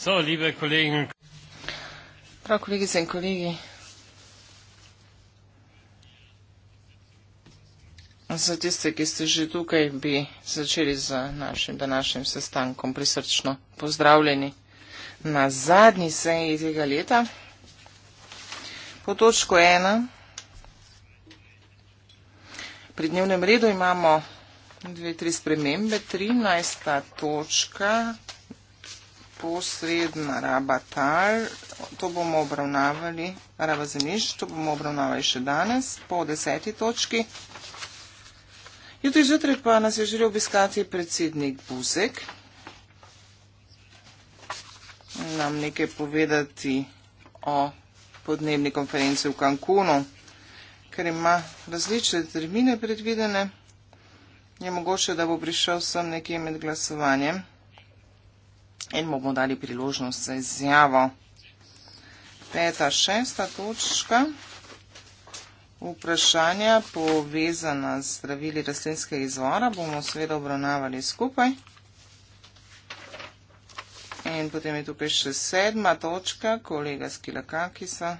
So, liebe Kollegen. Frau Kollegin, Kollege. Za tiste, ki ste že tukaj, bi začeli z našim današnjim sestankom prisrčno pozdravljeni na zadnji seji tega leta. Po točko ena pri dnevnem redu imamo dve, tri spremembe. 13. točka posredna raba tal, to bomo obravnavali, raba zemljišč, to bomo obravnavali še danes po deseti točki. Jutri zjutraj pa nas je želel obiskati predsednik Buzek, nam nekaj povedati o podnebni konferenci v Cancunu, ker ima različne termine predvidene. Je mogoče, da bo prišel sem nekje med glasovanjem in mu bomo dali priložnost za izjavo. Peta, šesta točka. Vprašanja povezana z zdravili rastlinskega izvora bomo seveda obravnavali skupaj. In potem je tukaj še sedma točka, kolega Skilakakisa.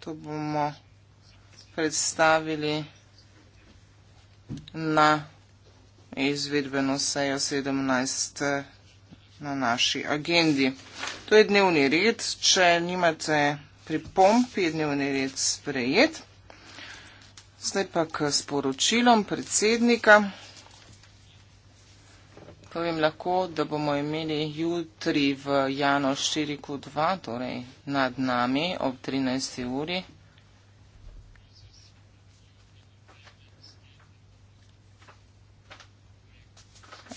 To bomo predstavili na izvedbeno sejo 17 eh, na naši agendi. To je dnevni red, če nimate pripomp, je dnevni red sprejet. Zdaj pa k sporočilom predsednika. Povem lahko, da bomo imeli jutri v Jano 4.2, torej nad nami ob 13. uri.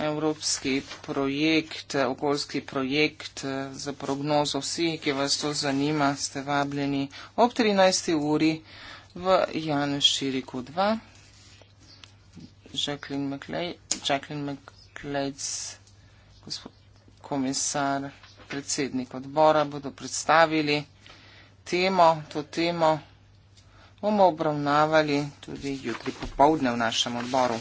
evropski projekt, okoljski projekt eh, za prognozo. Vsi, ki vas to zanima, ste vabljeni ob 13. uri v Janus Širiku 2. Jacqueline McLeods, komisar, predsednik odbora, bodo predstavili temo, to temo bomo obravnavali tudi jutri popovdne v našem odboru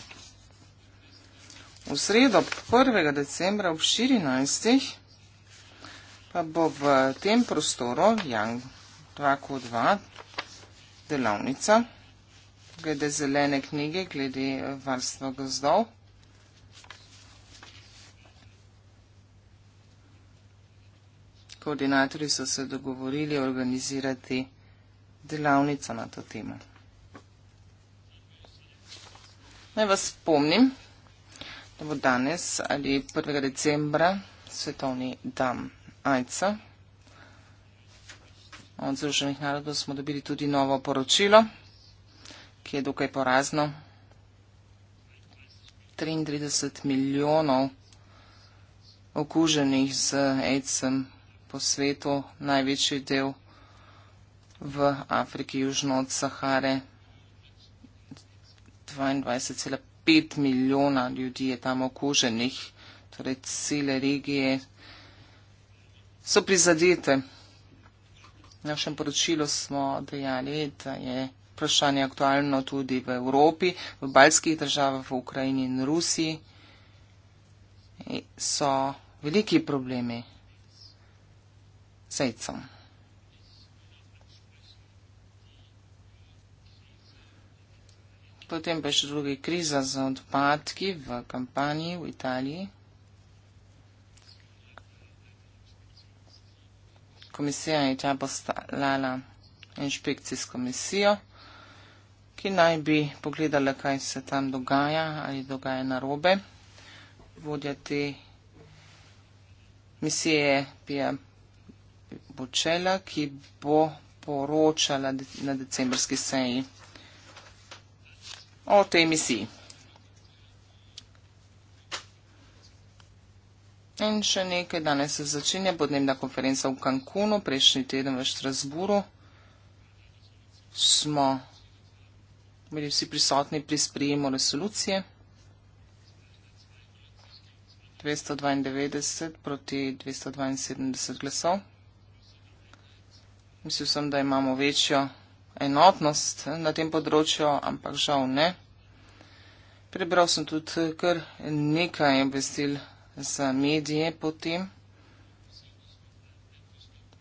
v sredo 1. decembra ob 14. pa bo v tem prostoru Young 2Q2 delavnica glede zelene knjige, glede eh, varstva gozdov. Koordinatorji so se dogovorili organizirati delavnico na to temo. Naj vas spomnim, da bo danes ali 1. decembra svetovni dan Ajca. Od Združenih narodov smo dobili tudi novo poročilo, ki je dokaj porazno. 33 milijonov okuženih z AIDS-em po svetu, največji del v Afriki, južno od Sahare, pet milijona ljudi je tam okuženih, torej cele regije so prizadete. V našem poročilu smo dejali, da je vprašanje aktualno tudi v Evropi, v baljskih državah, v Ukrajini in Rusiji. E, so veliki problemi zajcem. Potem pa je še drugi kriza za odpadki v kampanji v Italiji. Komisija je tja postala inšpekcijsko misijo, ki naj bi pogledala, kaj se tam dogaja ali dogaja narobe. Vodja te misije je Bočela, ki bo poročala na decembrski seji o tej emisiji. In še nekaj, danes se začinja podnebna konferenca v Cancunu, prejšnji teden v Štrasburu. Smo bili vsi prisotni pri sprijemu resolucije. 292 proti 272 glasov. Mislil sem, da imamo večjo enotnost na tem področju, ampak žal ne. Prebral sem tudi eh, kar nekaj besedil za medije potem,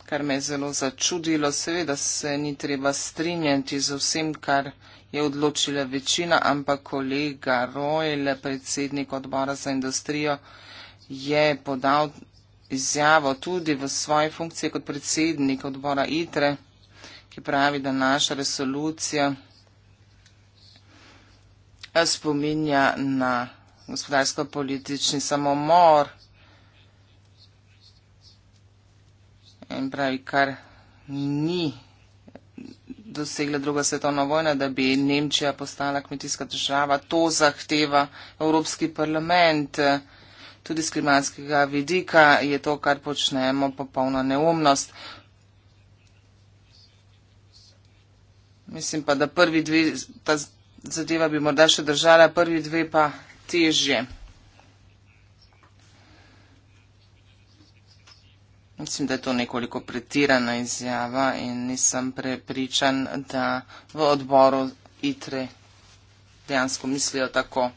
kar me je zelo začudilo. Seveda se ni treba strinjati z vsem, kar je odločila večina, ampak kolega Rojl, predsednik odbora za industrijo, je podal izjavo tudi v svoji funkciji kot predsednik odbora ITRE, ki pravi, da naša resolucija Eh, spominja na gospodarsko-politični samomor in pravi, kar ni dosegla druga svetovna vojna, da bi Nemčija postala kmetijska država. To zahteva Evropski parlament. Tudi z klimatskega vidika je to, kar počnemo, popolna neumnost. Mislim pa, da prvi dve, ta zadeva bi morda še držala, prvi dve pa težje. Mislim, da je to nekoliko pretirana izjava in nisem prepričan, da v odboru ITRE dejansko mislijo tako.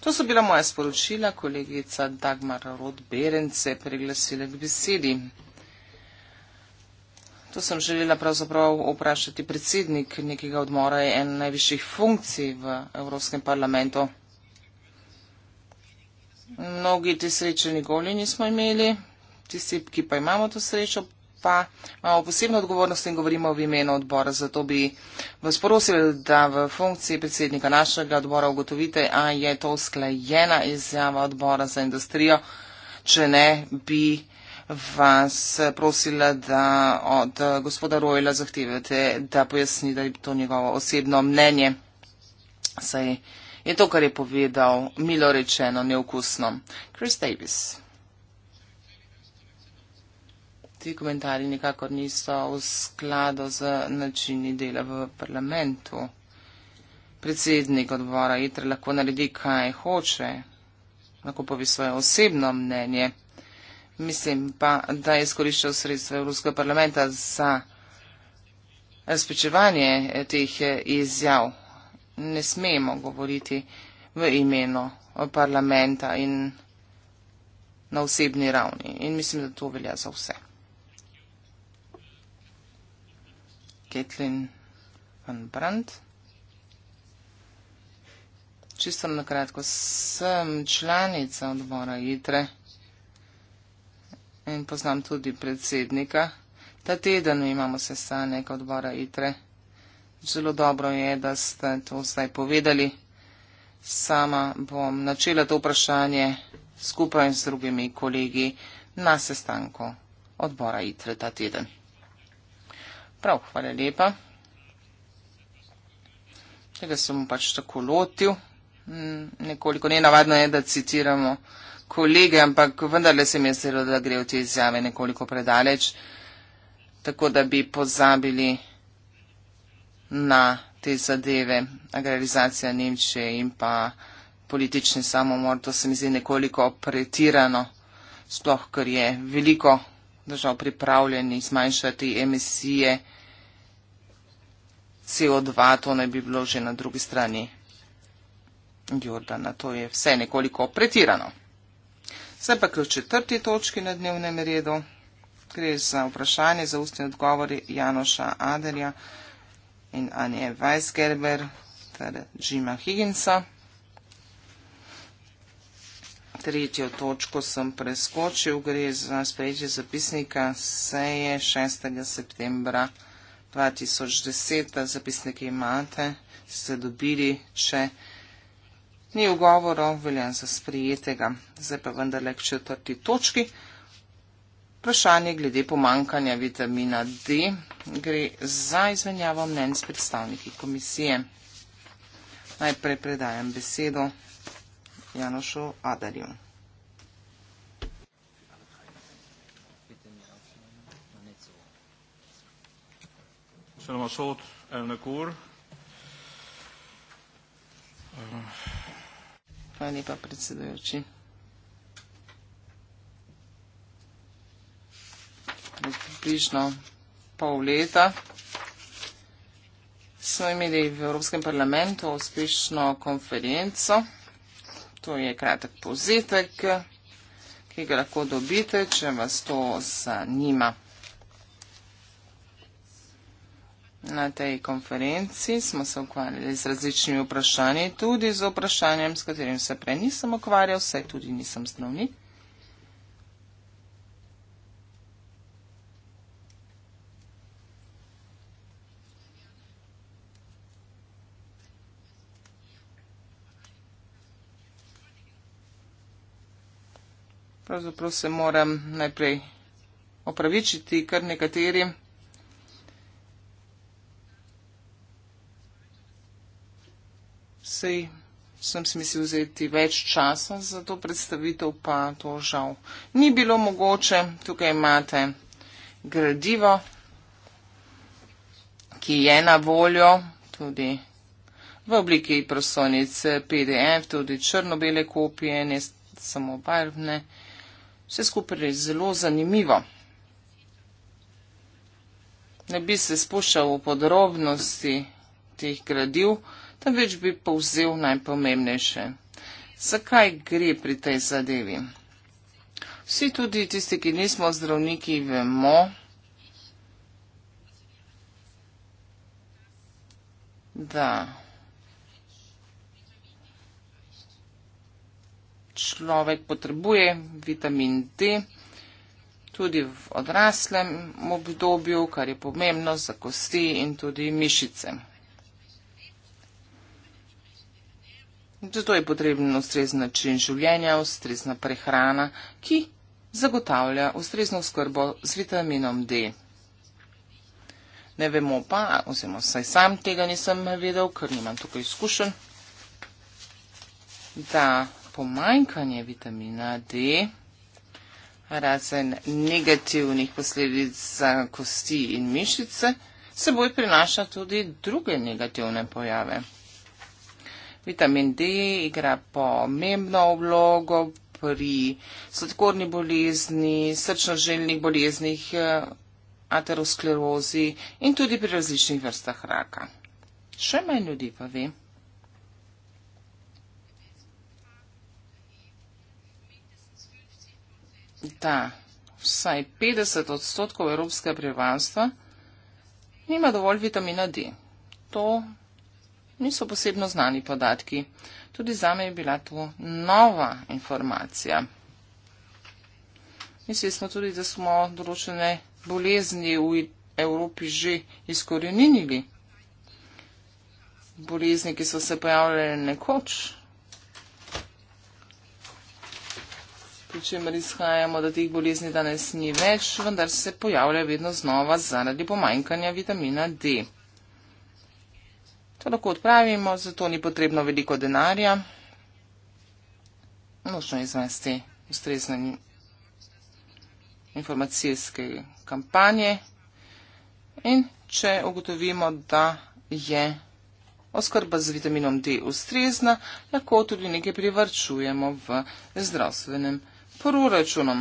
To so bila moja sporočila, kolegica Dagmar Rod Berence preglasila k besedi. To sem želela pravzaprav vprašati predsednik nekega odmora in najvišjih funkcij v Evropskem parlamentu. Mnogi te sreče nikoli nismo imeli, tisti, ki pa imamo to srečo, pa imamo posebno odgovornost in govorimo v imenu odbora. Zato bi vas prosil, da v funkciji predsednika našega odbora ugotovite, a je to usklajena izjava odbora za industrijo, če ne bi vas prosila, da od gospoda Rojla zahtevate, da pojasni, da je to njegovo osebno mnenje. Saj je to, kar je povedal, milo rečeno, neukusno. Chris Davis. Ti komentarji nikakor niso v skladu z načini dela v parlamentu. Predsednik odbora ITR lahko naredi, kaj hoče, lahko povi svoje osebno mnenje. Mislim pa, da je izkoriščal sredstva Evropskega parlamenta za razpečevanje eh, teh eh, izjav. Ne smemo govoriti v imenu parlamenta in na osebni ravni. In mislim, da to velja za vse. Ketlin van Brandt. Čisto na kratko, sem članica odbora ITRE in poznam tudi predsednika. Ta teden imamo sestanek odbora ITRE. Zelo dobro je, da ste to zdaj povedali. Sama bom načela to vprašanje skupaj s drugimi kolegi na sestanku odbora ITRE ta teden. Prav, hvala lepa. Tega sem pač tako lotil. Nekoliko nenavadno je, da citiramo kolege, ampak vendarle se mi je zdelo, da gre v te izjave nekoliko predaleč, tako da bi pozabili na te zadeve, agrarizacija Nemčije in pa politični samomor. To se mi zdi nekoliko pretirano, sploh ker je veliko držav pripravljeni zmanjšati emisije CO2, to naj bi bilo že na drugi strani. Jordana, to je vse nekoliko pretirano. Zdaj pa ključ četrti točki na dnevnem redu. Gre za vprašanje za ustne odgovori Janoša Aderja in Anje Weisgerber ter Jima Higginsa. Tretjo točko sem preskočil, gre za sprejetje zapisnika seje 6. septembra 2010. Zapisnike imate, ste dobili še Ni ugovorov, veljen za sprijetega. Zdaj pa vendarle k četrti točki. Vprašanje glede pomankanja vitamina D gre za izmenjavo mnen s predstavniki komisije. Najprej predajam besedo Janošu Adarju. Šalom šot, elnekur. Hvala lepa, predsedujoči. Približno pol leta smo imeli v Evropskem parlamentu uspešno konferenco. To je kratek povzetek, ki ga lahko dobite, če vas to zanima. Na tej konferenci smo se ukvarjali z različnimi vprašanji, tudi z vprašanjem, s katerim se prej nisem ukvarjal, vse tudi nisem zdravnik. Pravzaprav se moram najprej opravičiti, ker nekaterim sej sem si mislil vzeti več časa za to predstavitev, pa to žal ni bilo mogoče. Tukaj imate gradivo, ki je na voljo tudi v obliki prosonice PDF, tudi črno-bele kopije, ne samo barvne. Vse skupaj je zelo zanimivo. Ne bi se spuščal v podrobnosti teh gradiv temveč bi povzel najpomembnejše. Zakaj gre pri tej zadevi? Vsi tudi tisti, ki nismo zdravniki, vemo, da človek potrebuje vitamin D tudi v odraslem obdobju, kar je pomembno za kosti in tudi mišice. Zato je potreben ustrezen način življenja, ustrezna prehrana, ki zagotavlja ustrezno skrbo z vitaminom D. Ne vemo pa, oziroma saj sam tega nisem vedel, ker nimam tukaj izkušen, da pomanjkanje vitamina D razen negativnih posledic za kosti in mišice, seboj prinaša tudi druge negativne pojave. Vitamin D igra pomembno vlogo pri sladkorni bolezni, srčnoželjnih boleznih, eh, aterosklerozi in tudi pri različnih vrstah raka. Še manj ljudi pa ve. Da, vsaj 50 odstotkov evropskega prebivalstva nima dovolj vitamina D. To niso posebno znani podatki. Tudi za me je bila to nova informacija. Mislili smo tudi, da smo določene bolezni v Evropi že izkorenili. Bolezni, ki so se pojavljale nekoč. Pričemer izhajamo, da teh bolezni danes ni več, vendar se pojavlja vedno znova zaradi pomanjkanja vitamina D. To lahko odpravimo, zato ni potrebno veliko denarja. Možno izvesti ustrezne informacijske kampanje. In če ugotovimo, da je oskrba z vitaminom D ustrezna, lahko tudi nekaj privrčujemo v zdravstvenem proračunu.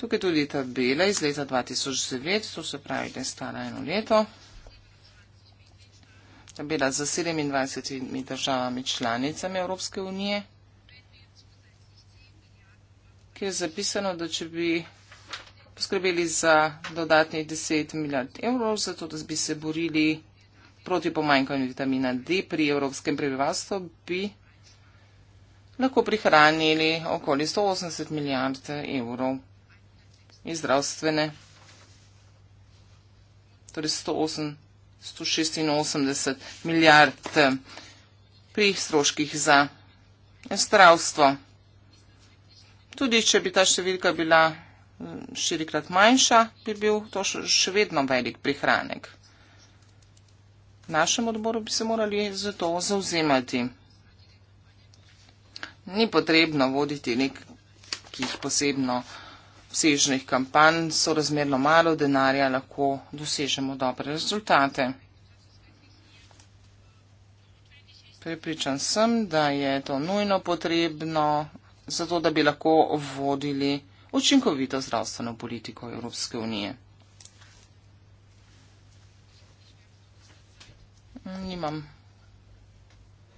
Tukaj tudi tabela iz leta 2009, to se pravi, da je stara eno leto sta bila za 27 državami članicami Evropske unije, kjer je zapisano, da če bi poskrbeli za dodatnih 10 milijard evrov, zato da bi se borili proti pomanjkanju vitamina D pri evropskem prebivalstvu, bi lahko prihranili okoli 180 milijard evrov iz zdravstvene, torej 108 milijard. 186 milijard pri stroških za zdravstvo. Tudi, če bi ta številka bila hm, širikrat manjša, bi bil to še vedno velik prihranek. V našem odboru bi se morali za to zauzemati. Ni potrebno voditi nekih posebno uh, obsežnih kampanj so razmerno malo denarja, lahko dosežemo dobre rezultate. Pripričan sem, da je to nujno potrebno, zato da bi lahko vodili učinkovito zdravstveno politiko Evropske unije. Nimam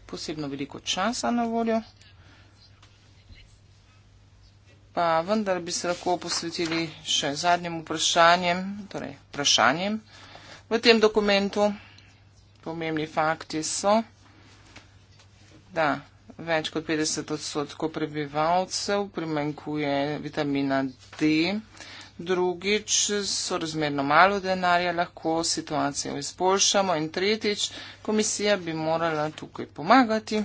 posebno veliko časa na voljo pa vendar bi se lahko posvetili še zadnjim vprašanjem, torej vprašanjem v tem dokumentu. Pomembni fakti so, da več kot 50 odstotkov prebivalcev primankuje vitamina D. Drugič, so razmerno malo denarja, lahko situacijo izboljšamo. In tretjič, komisija bi morala tukaj pomagati.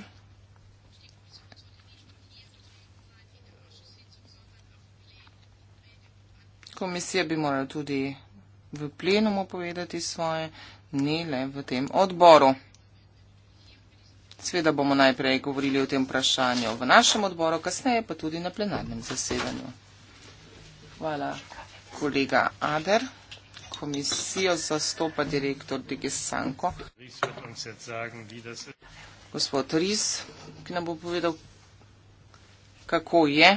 komisije bi morali tudi v plenumu povedati svoje, ne le v tem odboru. Sveda bomo najprej govorili o tem vprašanju v našem odboru, kasneje pa tudi na plenarnem zasedanju. Hvala, kolega Ader. Komisijo zastopa direktor Digesanko. Gospod Riz, ki nam bo povedal, kako je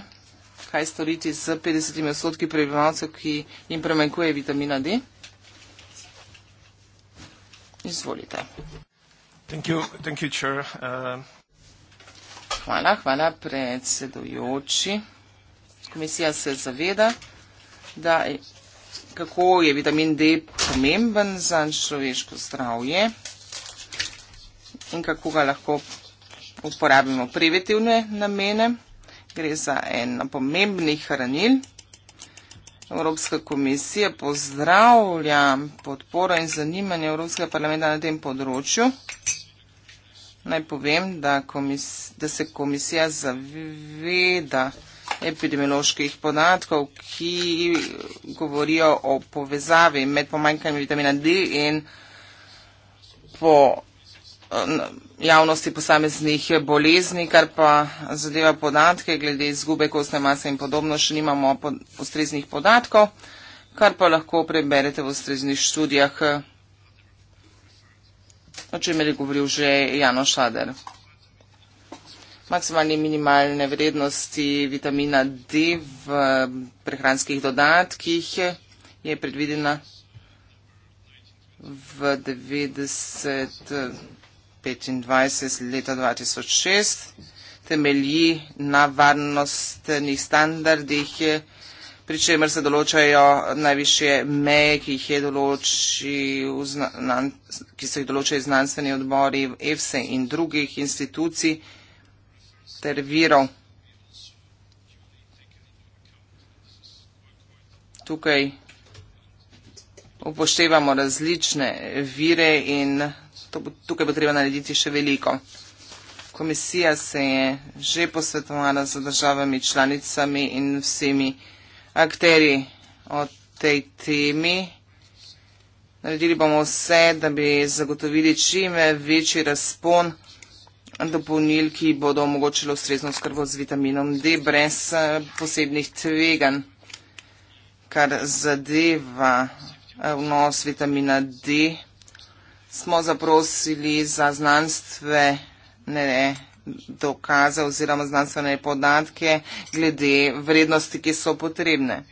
kaj storiti z 50 odstotki prebivalcev, ki jim premajkuje vitamina D. Izvolite. Thank you. Thank you, chair. Uh... Hvala, hvala predsedujoči. Komisija se zaveda, da kako je vitamin D pomemben za človeško zdravje in kako ga lahko uporabimo preventivne namene gre za eno pomembnih hranil. Evropska komisija pozdravlja podporo in zanimanje Evropskega parlamenta na tem področju. Naj povem, da, komis, da se komisija zaveda epidemioloških podatkov, ki govorijo o povezavi med pomanjkanjem vitamina D in po Eh, javnosti posameznih bolezni, kar pa zadeva podatke glede izgube kostne mase in podobno, še nimamo ustreznih podatkov, kar pa lahko preberete v ustreznih študijah, o čemer je govoril že Jano Šader. Maksimalne minimalne vrednosti vitamina D v prehranskih dodatkih je predvidena v 90. 25 leta 2006, temelji na varnostnih standardih, pri čemer se določajo najvišje meje, ki, jih je določi, ki so jih določili znanstveni odbori EFSE in drugih institucij ter virov. Tukaj upoštevamo različne vire in bo, tukaj bo treba narediti še veliko. Komisija se je že posvetovala z državami, članicami in vsemi akteri o tej temi. Naredili bomo vse, da bi zagotovili čim večji razpon dopolnil, ki bodo omogočili ustrezno skrbo z vitaminom D brez eh, posebnih tveganj, kar zadeva eh, vnos vitamina D smo zaprosili za znanstvene dokaze oziroma znanstvene podatke glede vrednosti, ki so potrebne.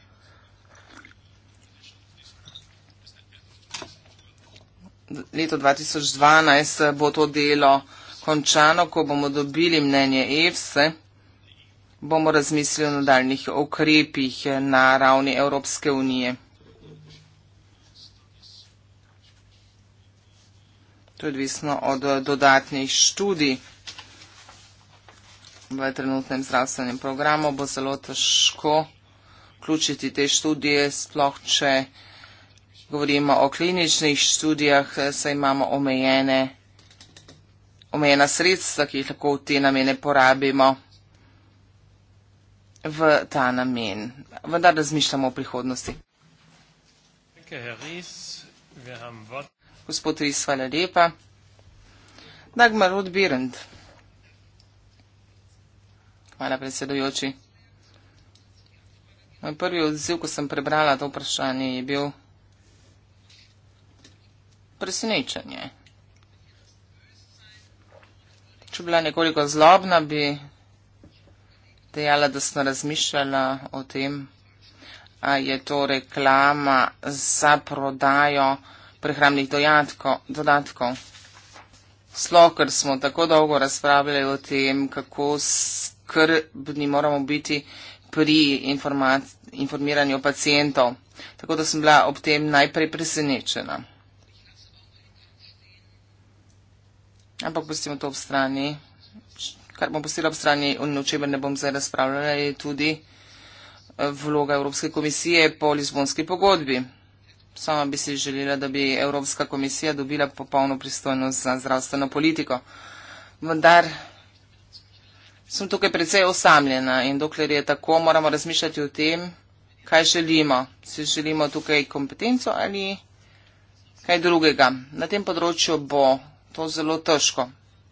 Leto 2012 bo to delo končano, ko bomo dobili mnenje EFS, bomo razmislili o nadaljnih okrepih na ravni Evropske unije. to je odvisno od eh, dodatnih študij. V trenutnem zdravstvenem programu bo zelo težko vključiti te študije, sploh če govorimo o kliničnih študijah, eh, saj imamo omejene, omejena sredstva, ki jih lahko v te namene porabimo v ta namen. Vendar razmišljamo o prihodnosti. Danke, Herr Ries. Wir haben Wort. Gospod Ris, hvala lepa. Dagmar Odbirend. Hvala, predsedujoči. Moj prvi odziv, ko sem prebrala to vprašanje, je bil presenečenje. Če bi bila nekoliko zlobna, bi dejala, da sem razmišljala o tem, a je to reklama za prodajo prehrambnih dodatkov. Slo, ker smo tako dolgo razpravljali o tem, kako skrbni moramo biti pri informiranju pacijentov. Tako da sem bila ob tem najprej presenečena. Ampak pustimo to ob strani. Kar bom pustila ob strani in o čemer ne bom zdaj razpravljala, je tudi vloga Evropske komisije po Lizbonski pogodbi. Sama bi si želela, da bi Evropska komisija dobila popolno pristojnost za zdravstveno politiko. Vendar sem tukaj precej osamljena in dokler je tako, moramo razmišljati o tem, kaj želimo. Si želimo tukaj kompetenco ali kaj drugega. Na tem področju bo to zelo težko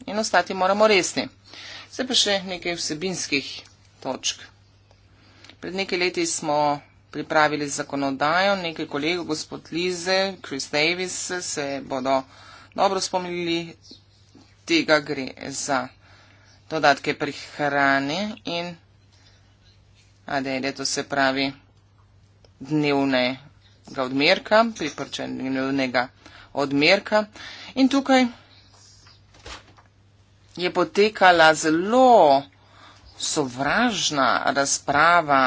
in ostati moramo resni. Zdaj pa še nekaj vsebinskih točk. Pred nekaj leti smo pripravili zakonodajo, nekaj kolegov, gospod Lize, Chris Davis, se bodo dobro spomnili, tega gre za dodatke pri hrani in adele, to se pravi dnevnega odmerka, priporočenega dnevnega odmerka. In tukaj je potekala zelo sovražna razprava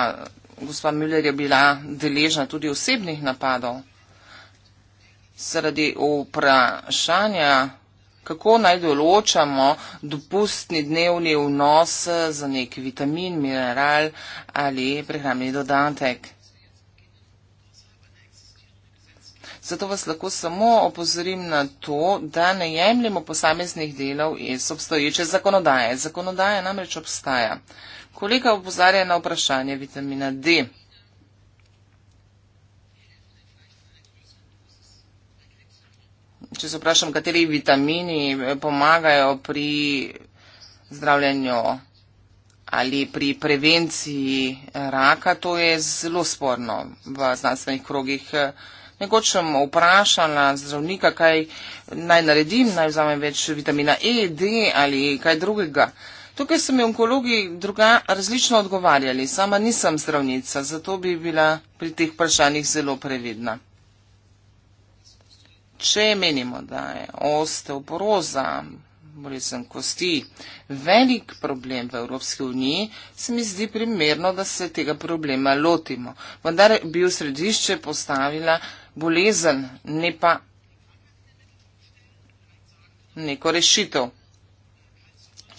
gospa Müller je bila deležna tudi osebnih napadov. Sredi vprašanja, kako naj določamo dopustni dnevni vnos za nek vitamin, mineral ali prehrambni dodatek. Zato vas lahko samo opozorim na to, da ne jemljemo posameznih delov iz obstoječe zakonodaje. Zakonodaja namreč obstaja. Kolega obozarja na vprašanje vitamina D. Če se vprašam, kateri vitamini pomagajo pri zdravljenju ali pri prevenciji raka, to je zelo sporno v znanstvenih krogih. Nekoč sem vprašala zdravnika, kaj naj naredim, naj vzamem več vitamina E, D ali kaj drugega. Tukaj so mi onkologi druga, različno odgovarjali. Sama nisem zdravnica, zato bi bila pri teh vprašanjih zelo previdna. Če menimo, da je osteoporoza, bolezen kosti, velik problem v Evropski uniji, se mi zdi primerno, da se tega problema lotimo. Vendar bi v središče postavila bolezen, ne pa neko rešitev.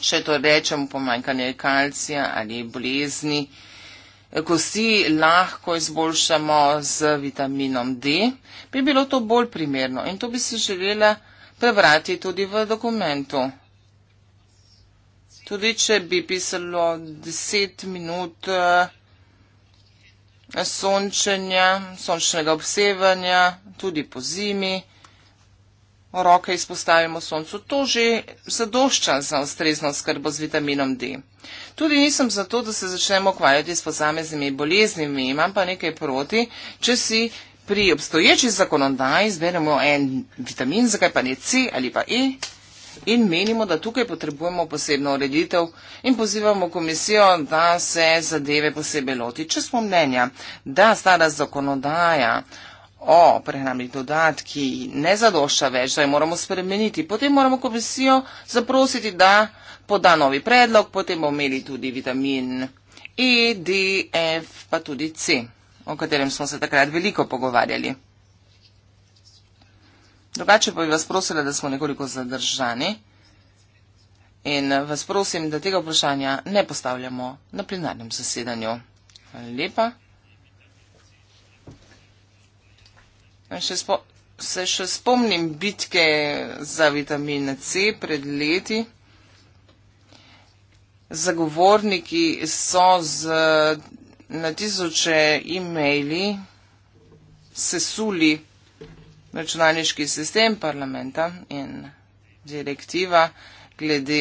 Če to rečemo, pomankanje kalcija ali bolezni, kosti lahko izboljšamo z vitaminom D, bi bilo to bolj primerno in to bi se želela prebrati tudi v dokumentu. Tudi če bi pisalo 10 minut eh, sončenja, sončnega obsevanja, tudi po zimi roke izpostavimo soncu, to že zadošča za ustrezno skrbo z vitaminom D. Tudi nisem za to, da se začnemo ukvarjati s posameznimi boleznimi, imam pa nekaj proti, če si pri obstoječi zakonodaji zberemo en vitamin, zakaj pa ne C ali pa E. In menimo, da tukaj potrebujemo posebno ureditev in pozivamo komisijo, da se zadeve posebej loti. Če smo mnenja, da stara zakonodaja uh, o prehrambnih dodatki ne zadošča več, da jo moramo spremeniti, potem moramo komisijo zaprositi, da poda novi predlog, potem bomo imeli tudi vitamin E, D, F, pa tudi C, o katerem smo se takrat veliko pogovarjali. Drugače pa bi vas prosila, da smo nekoliko zadržani in vas prosim, da tega vprašanja ne postavljamo na plenarnem zasedanju. Hvala lepa. Še spo, se še spomnim bitke za vitamin C pred leti. Zagovorniki so z na tisoče e-maili sesuli računalniški sistem parlamenta in direktiva glede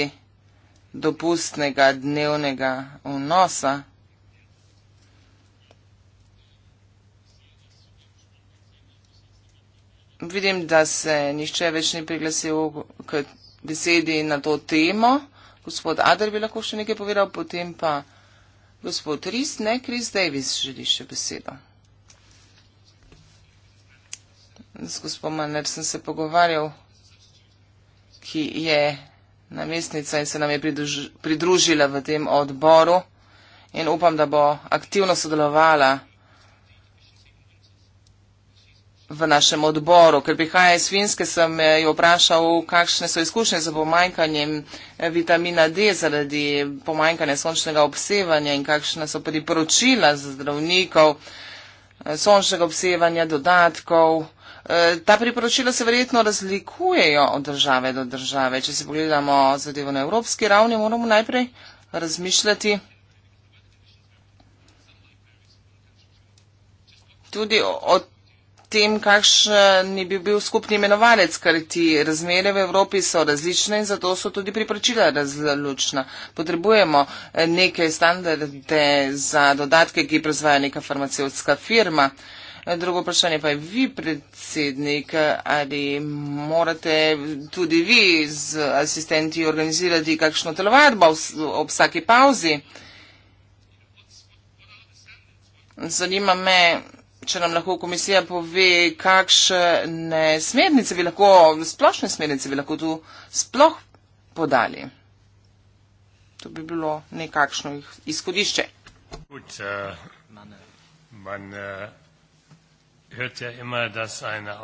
dopustnega dnevnega vnosa Vidim, da se nišče več ni priglasil k besedi na to temo. Gospod Adar bi lahko še nekaj povedal, potem pa gospod Riz, ne, Kris Davis želi še besedo. Z gospod Manner sem se pogovarjal, ki je namestnica in se nam je pridruž pridružila v tem odboru in upam, da bo aktivno sodelovala v našem odboru, ker prihaja iz Finske, sem eh, jo vprašal, kakšne so izkušnje z pomanjkanjem eh, vitamina D zaradi pomanjkanja sončnega obsevanja in kakšna so priporočila zdravnikov eh, sončnega obsevanja, dodatkov. Ta priporočila se verjetno razlikujejo od države do države. Če si pogledamo zadevo na evropski ravni, moramo najprej razmišljati tudi o tem, kakšen ni bi bil skupni imenovalec, ker ti razmere v Evropi so različne in zato so tudi pripračila različna. Potrebujemo eh, neke standarde za dodatke, ki proizvaja neka farmacevtska firma. Eh, drugo vprašanje pa je vi, predsednik, eh, ali morate tudi vi z asistenti organizirati kakšno telovadbo ob vsaki pauzi? Zanima me, Če nam lahko komisija pove, kakšne smernice bi lahko, splošne smernice bi lahko tu sploh podali. To bi bilo nekakšno izhodišče. Gut, uh, man, uh, ja immer, das eine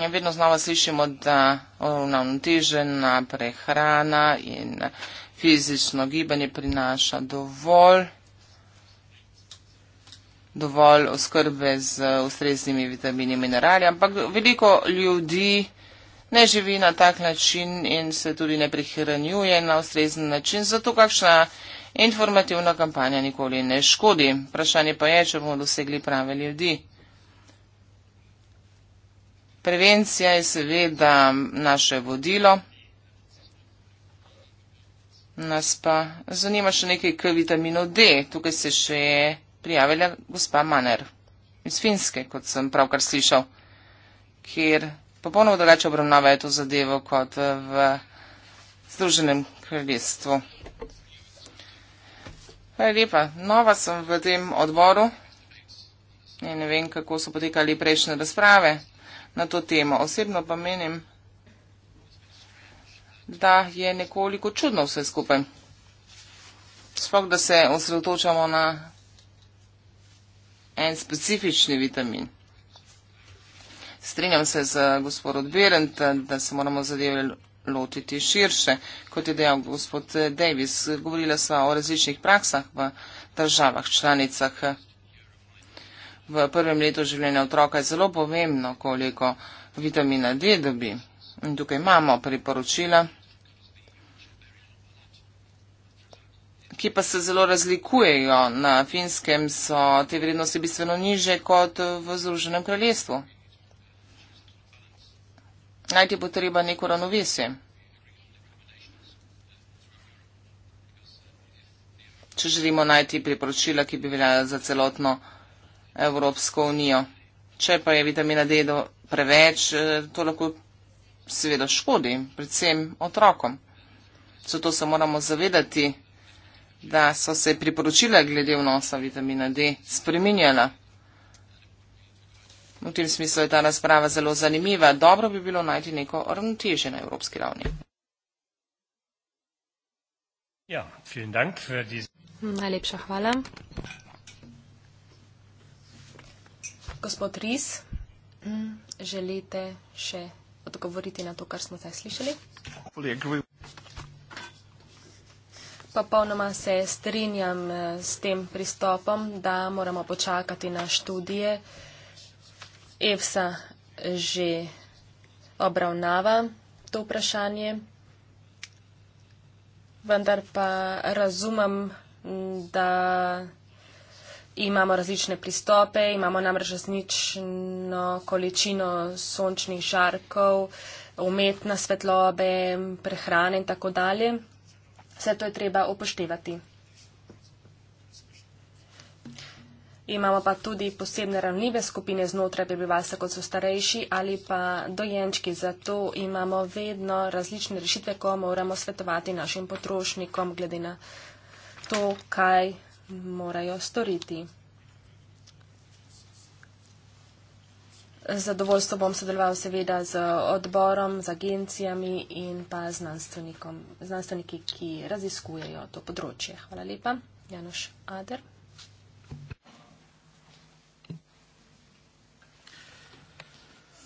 ja, vedno znova slišimo, da uravnotežena prehrana in fizično gibanje prinaša dovolj dovolj oskrbe z ustreznimi vitamini in minerali, ampak veliko ljudi ne živi na tak način in se tudi ne prihranjuje na ustrezen način, zato kakšna informativna kampanja nikoli ne škodi. Vprašanje pa je, če bomo dosegli prave ljudi. Prevencija je seveda naše vodilo. Nas pa zanima še nekaj k vitaminu D. Tukaj se še prijavila gospa Maner iz Finske, kot sem pravkar slišal, kjer popolnoma drugače obravnavajo to zadevo kot eh, v Združenem kraljestvu. Hvala lepa. Nova sem v tem odboru in ne vem, kako so potekali prejšnje razprave na to temo. Osebno pa menim, da je nekoliko čudno vse skupaj. Spok, da se osredotočamo na en specifični vitamin. Strinjam se z gospodom Berendom, da se moramo zadeve lotiti širše, kot je dejal gospod Davis. Govorila sva o različnih praksah v državah, članicah. V prvem letu življenja otroka je zelo pomembno, koliko vitamina D dobi. In tukaj imamo priporočila. ki pa se zelo razlikujejo. Na finskem so te vrednosti bistveno niže kot v Združenem kraljestvu. Najti bo treba neko ravnovesje. Če želimo najti priporočila, ki bi veljala za celotno Evropsko unijo. Če pa je vitamina D preveč, eh, to lahko seveda škodi, predvsem otrokom. Zato se moramo zavedati, da so se priporočila glede vnosa vitamina D spreminjala. V tem smislu je ta razprava zelo zanimiva. Dobro bi bilo najti neko ravnotežje na evropski ravni. Ja, dank für die... Najlepša hvala. Gospod Ries, mm, želite še odgovoriti na to, kar smo zdaj slišali? Popolnoma se strinjam eh, s tem pristopom, da moramo počakati na študije. EFSA že obravnava to vprašanje, vendar pa razumem, da imamo različne pristope, imamo namreč različno količino sončnih žarkov, umetne svetlobe, prehrane in tako dalje. Vse to je treba upoštevati. Imamo pa tudi posebne ravnive skupine znotraj prebivalstva, kot so starejši ali pa dojenčki. Zato imamo vedno različne rešitve, ko moramo svetovati našim potrošnikom glede na to, kaj morajo storiti. zadovoljstvo bom sodeloval seveda z odborom, z agencijami in pa znanstvenikom, znanstveniki, ki raziskujejo to področje. Hvala lepa. Janoš Ader.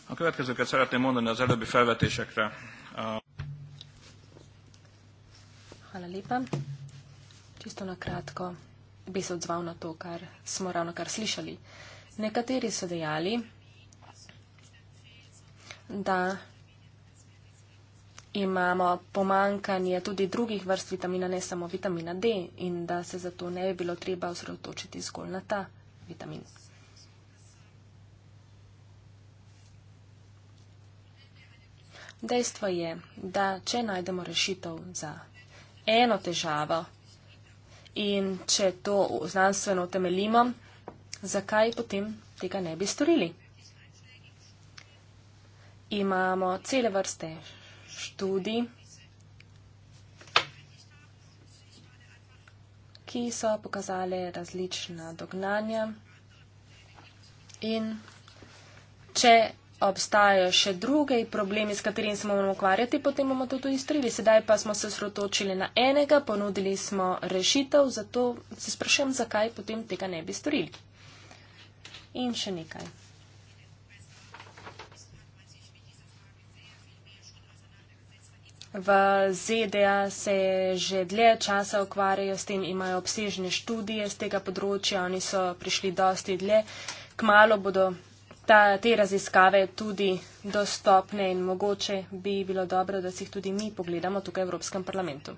A következő kell szeretném mondani az előbbi felvetésekre. Hvala lepa. Čisto na kratko bi se odzval na to, kar smo ravno kar slišali. Nekateri so dejali, da imamo pomankanje tudi drugih vrst vitamina, ne samo vitamina D, in da se zato ne bi bilo treba osredotočiti zgolj na ta vitamin. Dejstvo je, da če najdemo rešitev za eno težavo in če to znanstveno utemeljimo, zakaj potem tega ne bi storili? imamo cele vrste študij, ki so pokazali različna dognanja in če obstajajo še druge problemi, s katerimi se moramo ukvarjati, potem bomo to tudi strili. Sedaj pa smo se srotočili na enega, ponudili smo rešitev, zato se sprašujem, zakaj potem tega ne bi strili. In še nekaj. V ZDA se že dlje časa ukvarjajo s tem, imajo obsežne študije z tega področja, oni so prišli dosti dlje. Kmalo bodo ta, te raziskave tudi dostopne in mogoče bi bilo dobro, da si jih tudi mi pogledamo tukaj v Evropskem parlamentu.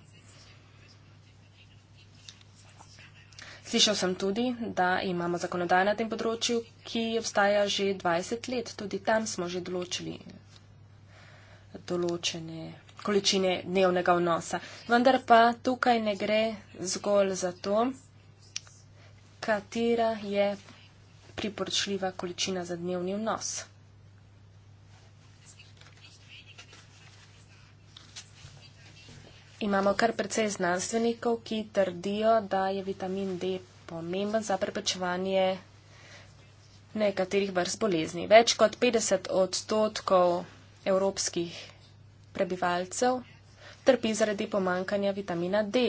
Slišal sem tudi, da imamo zakonodaj na tem področju, ki obstaja že 20 let. Tudi tam smo že določili določene količine dnevnega vnosa. Vendar pa tukaj ne gre zgolj za to, katera je priporočljiva količina za dnevni vnos. Imamo kar precej znanstvenikov, ki trdijo, da je vitamin D pomemben za preprečevanje nekaterih vrst bolezni. Več kot 50 odstotkov evropskih prebivalcev trpi zaradi pomankanja vitamina D.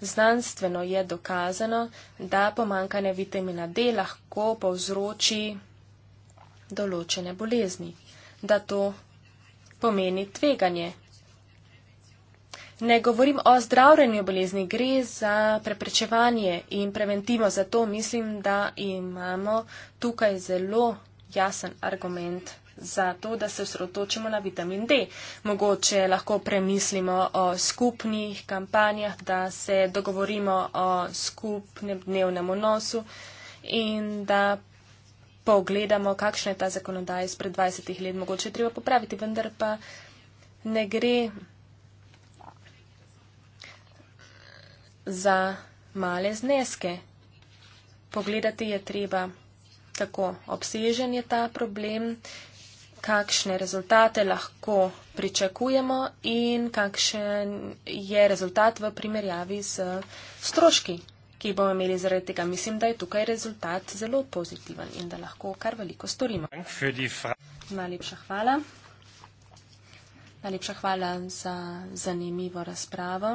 Znanstveno je dokazano, da pomankanje vitamina D lahko povzroči določene bolezni, da to pomeni tveganje. Ne govorim o zdravljenju bolezni, gre za preprečevanje in preventivo. Zato mislim, da imamo tukaj zelo jasen argument zato, da se osredotočimo na vitamin D. Mogoče lahko premislimo o skupnih kampanjah, da se dogovorimo o skupnem dnevnem nosu in da pogledamo, kakšna je ta zakonodaja izpred 20 let. Mogoče je treba popraviti, vendar pa ne gre za male zneske. Pogledati je treba, kako obsežen je ta problem kakšne rezultate lahko pričakujemo in kakšen je rezultat v primerjavi z stroški, ki jih bomo imeli zaradi tega. Mislim, da je tukaj rezultat zelo pozitiven in da lahko kar veliko storimo. Najlepša hvala. Najlepša hvala za zanimivo razpravo.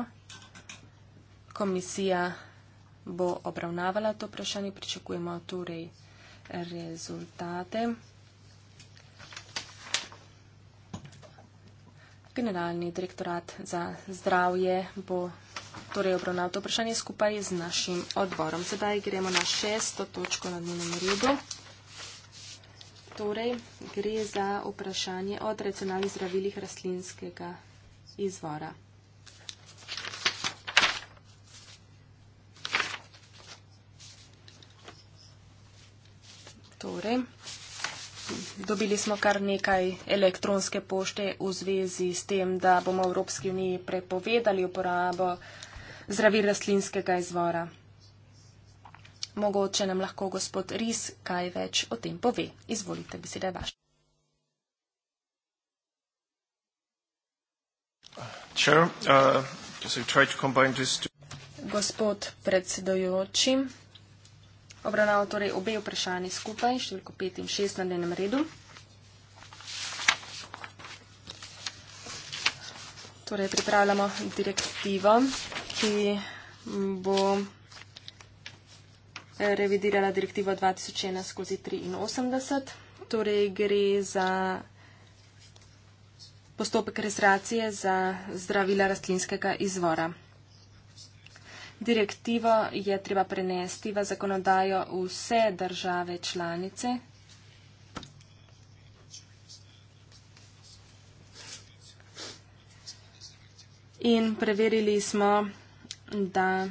Komisija bo obravnavala to vprašanje, pričakujemo torej rezultate. Generalni direktorat za zdravje bo torej obravnal to vprašanje skupaj z našim odborom. Sedaj gremo na šesto točko na dnevnem redu. Torej, gre za vprašanje o tradicionalnih zdravilih rastlinskega izvora. Torej, dobili smo kar nekaj elektronske pošte v zvezi s tem, da bomo v Evropski uniji prepovedali uporabo zdravil rastlinskega izvora. Mogoče nam lahko gospod Ris kaj več o tem pove. Izvolite, beseda je vaša. Sure. Uh, to... Gospod predsedojoči, obravnava torej obe vprašanje skupaj, številko 5 in 6 na dnevnem redu. Torej, pripravljamo direktivo, ki bo revidirala direktivo 2001 skozi 83. Torej, gre za postopek registracije za zdravila rastlinskega izvora. Direktivo je treba prenesti v zakonodajo vse države članice. In preverili smo, da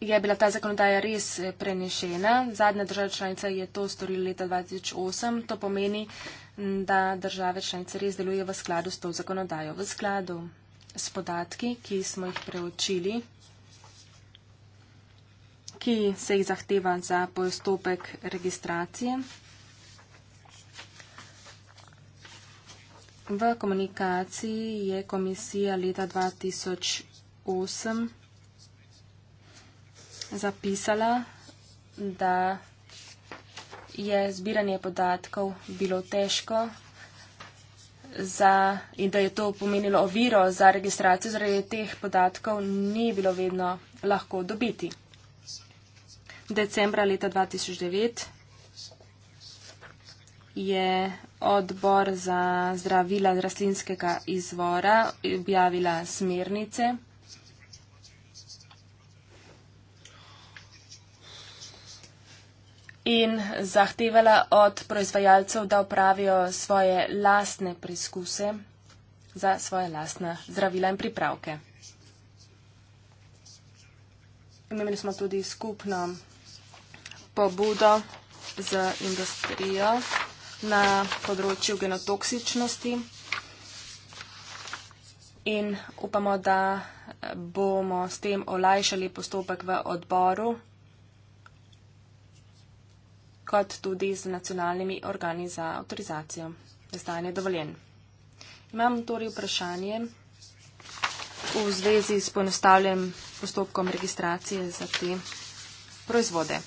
je bila ta zakonodaja res eh, prenešena. Zadnja država članica je to storila leta 2008. To pomeni, da države članice res delujejo v skladu s to zakonodajo. V skladu s podatki, ki smo jih preučili, ki se jih zahteva za postopek registracije. V komunikaciji je komisija leta 2008 zapisala, da je zbiranje podatkov bilo težko, za, in da je to pomenilo oviro za registracijo, zaradi teh podatkov ni bilo vedno lahko dobiti. Decembra leta 2009 je odbor za zdravila rastlinskega izvora objavila smernice. in zahtevala od proizvajalcev, da upravijo svoje lastne preizkuse za svoje lastne zdravila in pripravke. Imeli smo tudi skupno pobudo z industrijo na področju genotoksičnosti in upamo, da bomo s tem olajšali postopek v odboru kot tudi z nacionalnimi organi za avtorizacijo. Zdaj je dovoljen. Imam torej vprašanje v zvezi s ponostavljenim postopkom registracije za te proizvode.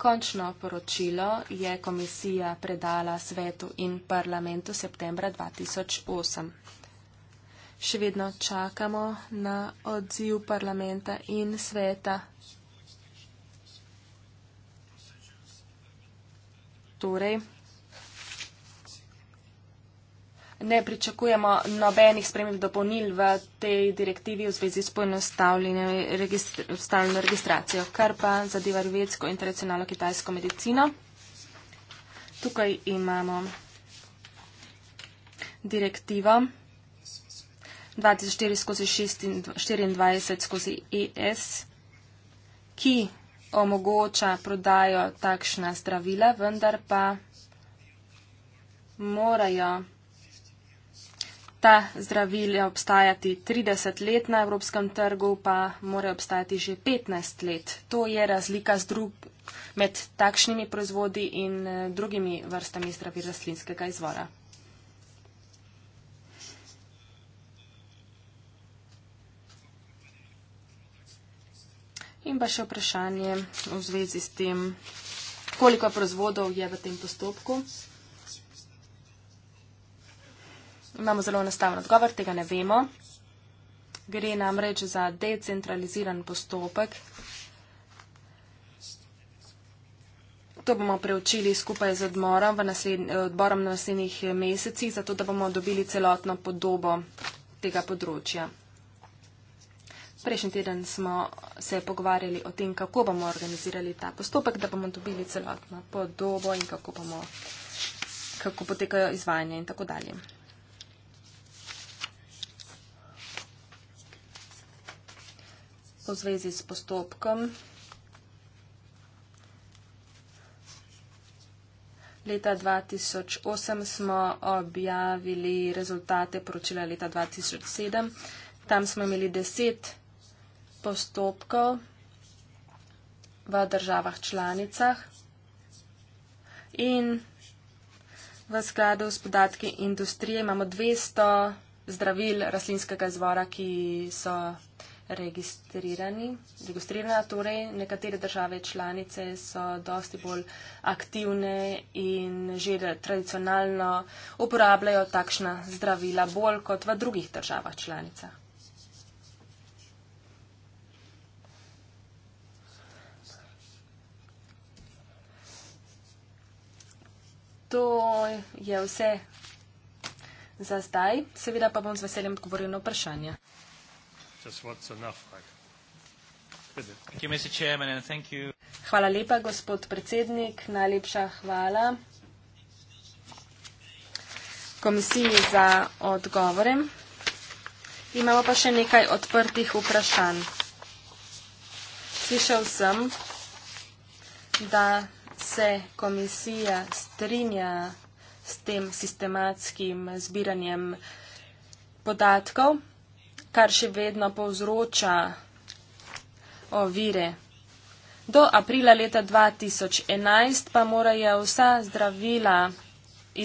Končno poročilo je komisija predala svetu in parlamentu septembra 2008. Še vedno čakamo na odziv parlamenta in sveta torej ne pričakujemo nobenih sprememb dopolnil v tej direktivi v zvezi s poenostavljeno registr registracijo, kar pa zadeva rvetsko in tradicionalno kitajsko medicino. Tukaj imamo direktivo 2004 skozi 24 skozi ES, ki omogoča prodajo takšna zdravila, vendar pa morajo ta zdravila obstajati 30 let na evropskem trgu, pa morajo obstajati že 15 let. To je razlika drug, med takšnimi proizvodi in eh, drugimi vrstami zdravil rastlinskega izvora. In pa še vprašanje v zvezi s tem, koliko proizvodov je v tem postopku. Imamo zelo enostaven odgovor, tega ne vemo. Gre namreč za decentraliziran postopek. To bomo preučili skupaj z odmorom v odborom na naslednjih mesecih, zato da bomo dobili celotno podobo tega področja. Prejšnji teden smo se pogovarjali o tem, kako bomo organizirali ta postopek, da bomo dobili celotno podobo in kako, bomo, kako potekajo izvajanje in tako dalje. V zvezi s postopkom. Leta 2008 smo objavili rezultate poročila leta 2007. Tam smo imeli deset postopkov v državah članicah in v skladu s podatki industrije imamo 200 zdravil raslinskega izvora, ki so registrirani. Registrirana torej nekatere države članice so dosti bolj aktivne in že tradicionalno uporabljajo takšna zdravila bolj kot v drugih državah članicah. to je vse za zdaj. Seveda pa bom z veseljem odgovoril na vprašanje. Hvala lepa, gospod predsednik. Najlepša hvala komisiji za odgovore. Imamo pa še nekaj odprtih vprašanj. Slišal sem, da se komisija strinja s tem sistematskim zbiranjem podatkov, kar še vedno povzroča ovire. Do aprila leta 2011 pa morajo vsa zdravila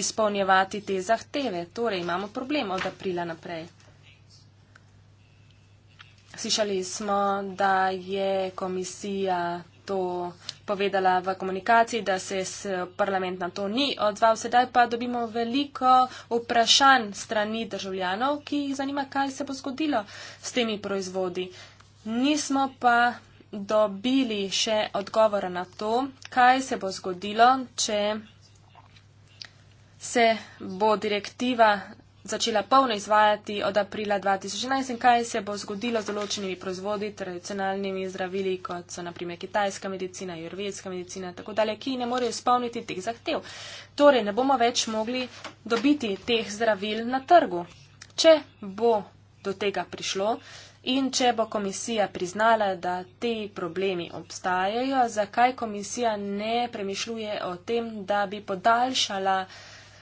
izpolnjevati te zahteve. Torej imamo problem od aprila naprej. Slišali smo, da je komisija to povedala v komunikaciji, da se parlament na to ni odzval. Sedaj pa dobimo veliko vprašanj strani državljanov, ki jih zanima, kaj se bo zgodilo s temi proizvodi. Nismo pa dobili še odgovora na to, kaj se bo zgodilo, če se bo direktiva začela polno izvajati od aprila 2011 in kaj se bo zgodilo z določenimi proizvodi, tradicionalnimi zdravili, kot so naprimer kitajska medicina, jurvedska medicina in tako dalje, ki ne morejo izpolniti teh zahtev. Torej, ne bomo več mogli dobiti teh zdravil na trgu. Če bo do tega prišlo in če bo komisija priznala, da te problemi obstajajo, zakaj komisija ne premišljuje o tem, da bi podaljšala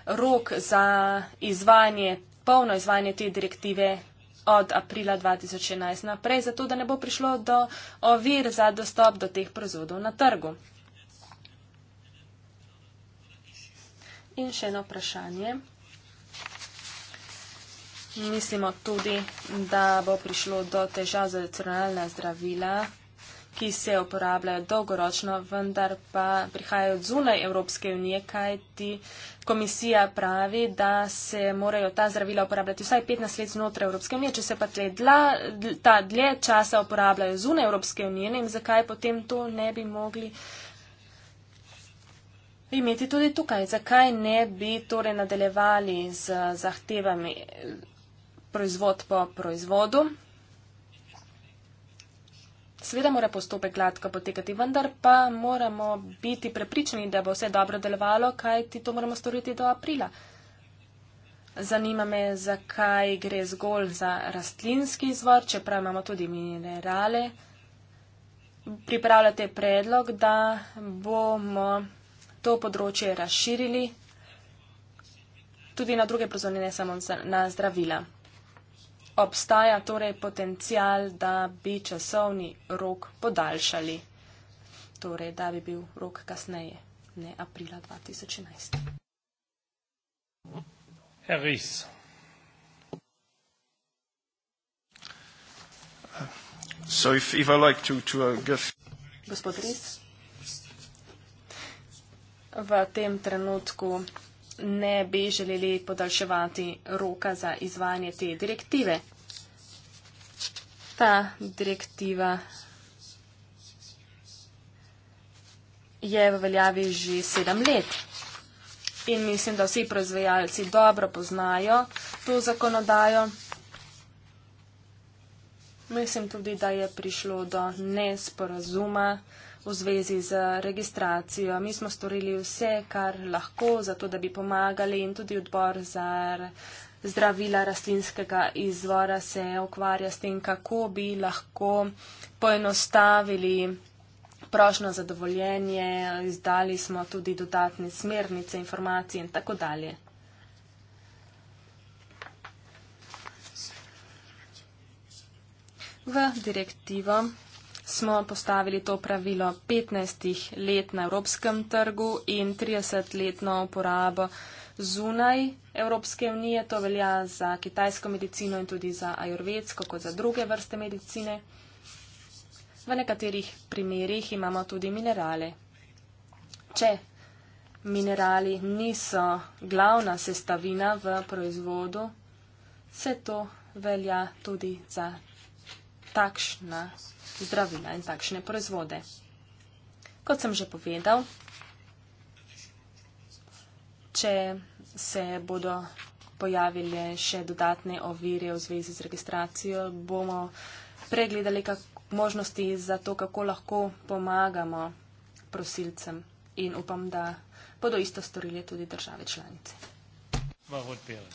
rok za izvajanje, polno izvajanje te direktive od aprila 2011 naprej, zato da ne bo prišlo do ovir za dostop do teh proizvodov na trgu. In še eno vprašanje. Mislimo tudi, da bo prišlo do težav za tradicionalna zdravila ki se uporabljajo dolgoročno, vendar pa prihajajo od zunaj Evropske unije, kajti komisija pravi, da se morajo ta zdravila uporabljati vsaj 15 let znotraj Evropske unije. Če se pa tle dla, ta dlje časa uporabljajo zunaj Evropske unije, ne vem, zakaj potem to ne bi mogli. Imeti tudi tukaj, zakaj ne bi torej nadaljevali z zahtevami eh, proizvod po proizvodu. Sveda mora postopek gladko potekati, vendar pa moramo biti prepričani, da bo vse dobro delovalo, kaj ti to moramo storiti do aprila. Zanima me, zakaj gre zgolj za rastlinski izvor, čeprav imamo tudi minerale. Pripravljate predlog, da bomo to področje razširili tudi na druge prozorne, ne samo na zdravila obstaja torej potencial, da bi časovni rok podaljšali, torej da bi bil rok kasneje, ne aprila 2011. Heris. So if, if I like to, to uh, give... Gospod Riz, v tem trenutku ne bi želeli podaljševati roka za izvajanje te direktive. Ta direktiva je v veljavi že sedem let. In mislim, da vsi proizvajalci dobro poznajo to zakonodajo. Mislim tudi, da je prišlo do nesporazuma v zvezi z registracijo. Mi smo storili vse, kar lahko, zato da bi pomagali in tudi odbor za zdravila rastlinskega izvora se ukvarja s tem, kako bi lahko poenostavili prošno zadovoljenje, izdali smo tudi dodatne smernice, informacije in tako dalje. V direktivo smo postavili to pravilo 15 let na evropskem trgu in 30 letno uporabo zunaj Evropske unije. To velja za kitajsko medicino in tudi za ajurvedsko, kot za druge vrste medicine. V nekaterih primerjih imamo tudi minerale. Če minerali niso glavna sestavina v proizvodu, se to velja tudi za takšna zdravila in takšne proizvode. Kot sem že povedal, če se bodo pojavile še dodatne ovire v zvezi z registracijo, bomo pregledali možnosti za to, kako lahko pomagamo prosilcem in upam, da bodo isto storili tudi države članice. Vielen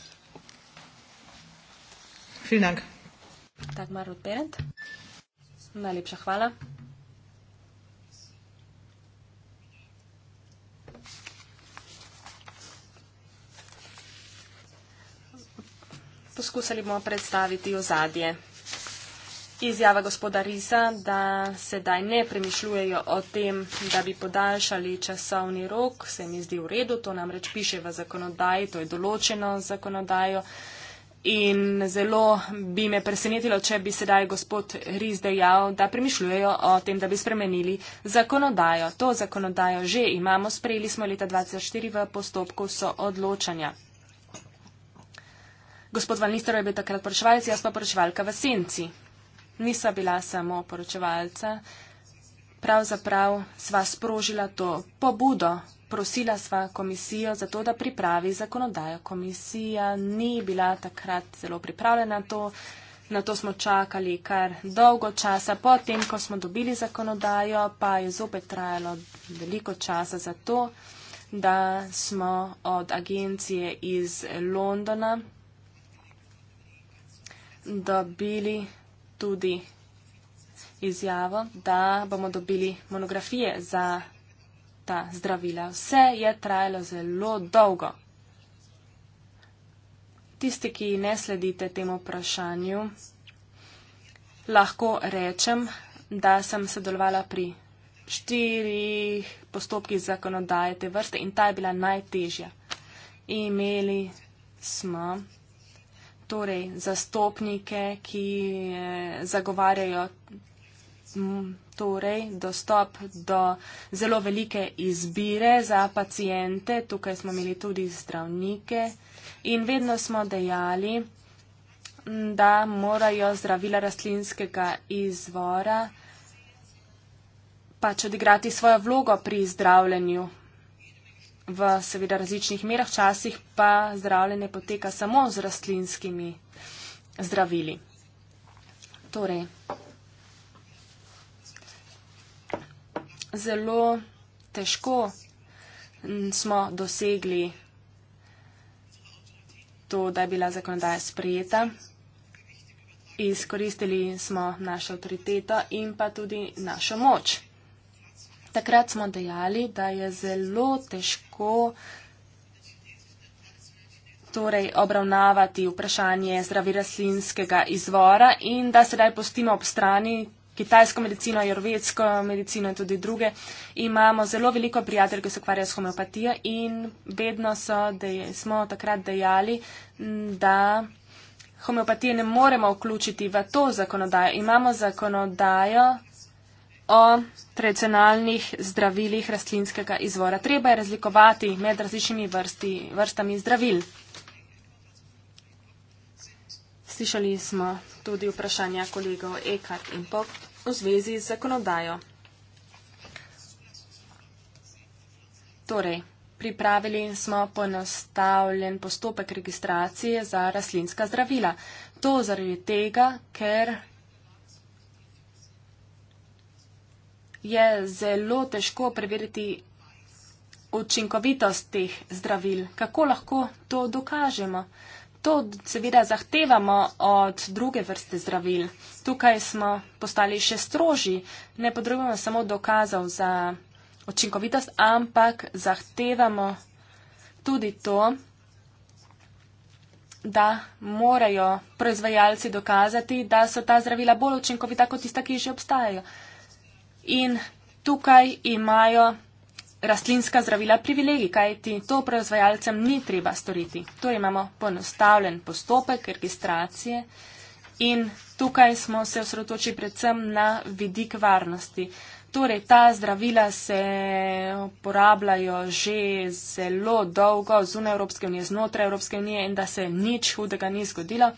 Dank. Dagmar Roth-Berendt. Najlepša hvala. Poskusili bomo predstaviti ozadje. Izjava gospoda Risa, da sedaj ne premišljujejo o tem, da bi podaljšali časovni rok, se mi zdi v redu, to namreč piše v zakonodaji, to je določeno zakonodajo. In zelo bi me presenetilo, če bi sedaj gospod Riz dejal, da premišljujejo o tem, da bi spremenili zakonodajo. To zakonodajo že imamo, sprejeli smo leta 2004 v postopku soodločanja. Gospod Valnistro je bil takrat poročevalec, jaz pa poročevalka v senci. Nisa bila samo poročevalca, pravzaprav sva sprožila to pobudo prosila sva komisijo za to, da pripravi zakonodajo. Komisija ni bila takrat zelo pripravljena na to. Na to smo čakali kar dolgo časa, potem, ko smo dobili zakonodajo, pa je zopet trajalo veliko časa za to, da smo od agencije iz Londona dobili tudi izjavo, da bomo dobili monografije za ta zdravila. Vse je trajalo zelo dolgo. Tisti, ki ne sledite temu vprašanju, lahko rečem, da sem sodelovala pri štirih postopkih zakonodaje te vrste in ta je bila najtežja. Imeli smo torej zastopnike, ki eh, zagovarjajo torej dostop do zelo velike izbire za pacijente. Tukaj smo imeli tudi zdravnike in vedno smo dejali, da morajo zdravila rastlinskega izvora pač odigrati svojo vlogo pri zdravljenju. V seveda različnih merah časih pa zdravljenje poteka samo z rastlinskimi zdravili. Torej, zelo težko smo dosegli to, da je bila zakonodaja sprejeta. Izkoristili smo našo avtoriteto in pa tudi našo moč. Takrat smo dejali, da je zelo težko torej, obravnavati vprašanje zdravi raslinskega izvora in da sedaj postimo ob strani kitajsko medicino, jervetsko medicino in tudi druge. Imamo zelo veliko prijatelj, ki se ukvarjajo s homeopatijo in vedno so, da smo takrat dejali, mm, da homeopatije ne moremo vključiti v to zakonodajo. Imamo zakonodajo o tradicionalnih zdravilih rastlinskega izvora. Treba je razlikovati med različnimi vrsti, vrstami zdravil. Slišali smo tudi vprašanja kolegov Ekart in Pop v zvezi z zakonodajo. Torej, pripravili smo ponostavljen postopek registracije za rastlinska zdravila. To zaradi tega, ker je zelo težko preveriti učinkovitost teh zdravil. Kako lahko to dokažemo? to seveda zahtevamo od druge vrste zdravil. Tukaj smo postali še stroži, ne podrobujemo samo dokazov za učinkovitost, ampak zahtevamo tudi to, da morajo proizvajalci dokazati, da so ta zdravila bolj učinkovita kot tista, ki že obstajajo. In tukaj imajo rastlinska zdravila privilegij, kajti to proizvajalcem ni treba storiti. Torej imamo ponostavljen postopek registracije in tukaj smo se osredotočili predvsem na vidik varnosti. Torej, ta zdravila se uporabljajo že zelo dolgo zunaj Evropske unije, znotraj Evropske unije in da se nič hudega ni zgodilo.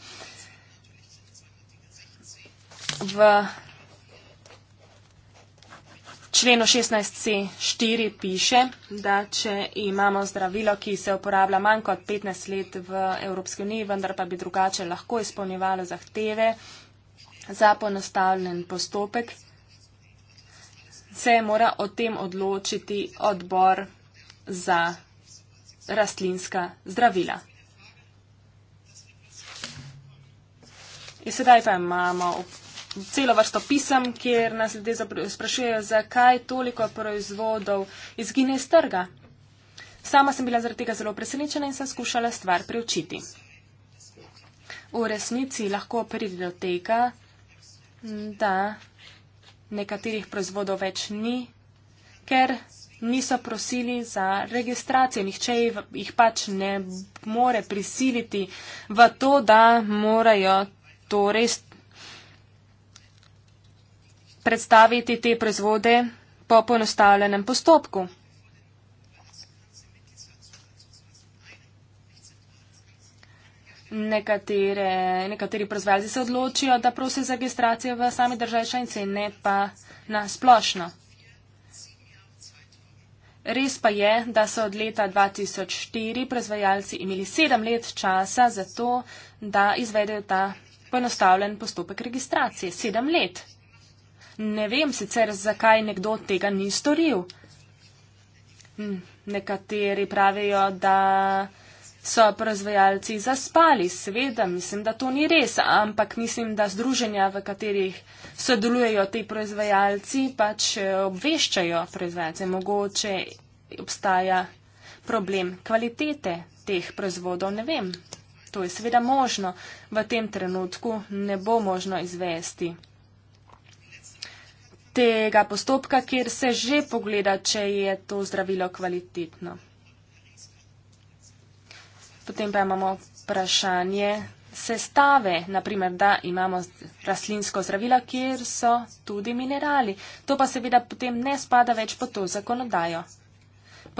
V členu 16c4 piše, da če imamo zdravilo, ki se uporablja manj kot 15 let v Evropski uniji, vendar pa bi drugače lahko izpolnjevalo zahteve za ponostavljen postopek, se mora o tem odločiti odbor za rastlinska zdravila. In sedaj pa imamo celo vrsto pisem, kjer nas ljudje sprašujejo, zakaj toliko proizvodov izgine iz trga. Sama sem bila zaradi tega zelo presenečena in sem skušala stvar preučiti. V resnici lahko pride do tega, da nekaterih proizvodov več ni, ker niso prosili za registracijo. Nihče jih pač ne more prisiliti v to, da morajo to res predstaviti te proizvode po ponostavljenem postopku. Nekatere, nekateri proizvajalci se odločijo, da prosijo za registracijo v sami državi članici, ne pa na splošno. Res pa je, da so od leta 2004 proizvajalci imeli sedem let časa za to, da izvedejo ta ponostavljen postopek registracije. Sedem let. Ne vem sicer, zakaj nekdo tega ni storil. Hm, nekateri pravijo, da so proizvajalci zaspali. Seveda, mislim, da to ni res, ampak mislim, da združenja, v katerih sodelujejo ti proizvajalci, pač eh, obveščajo proizvajalce. Mogoče obstaja problem kvalitete teh proizvodov, ne vem. To je seveda možno. V tem trenutku ne bo možno izvesti tega postopka, kjer se že pogleda, če je to zdravilo kvalitetno. Potem pa imamo vprašanje sestave, naprimer, da imamo rastlinsko zdravilo, kjer so tudi minerali. To pa seveda potem ne spada več po to zakonodajo.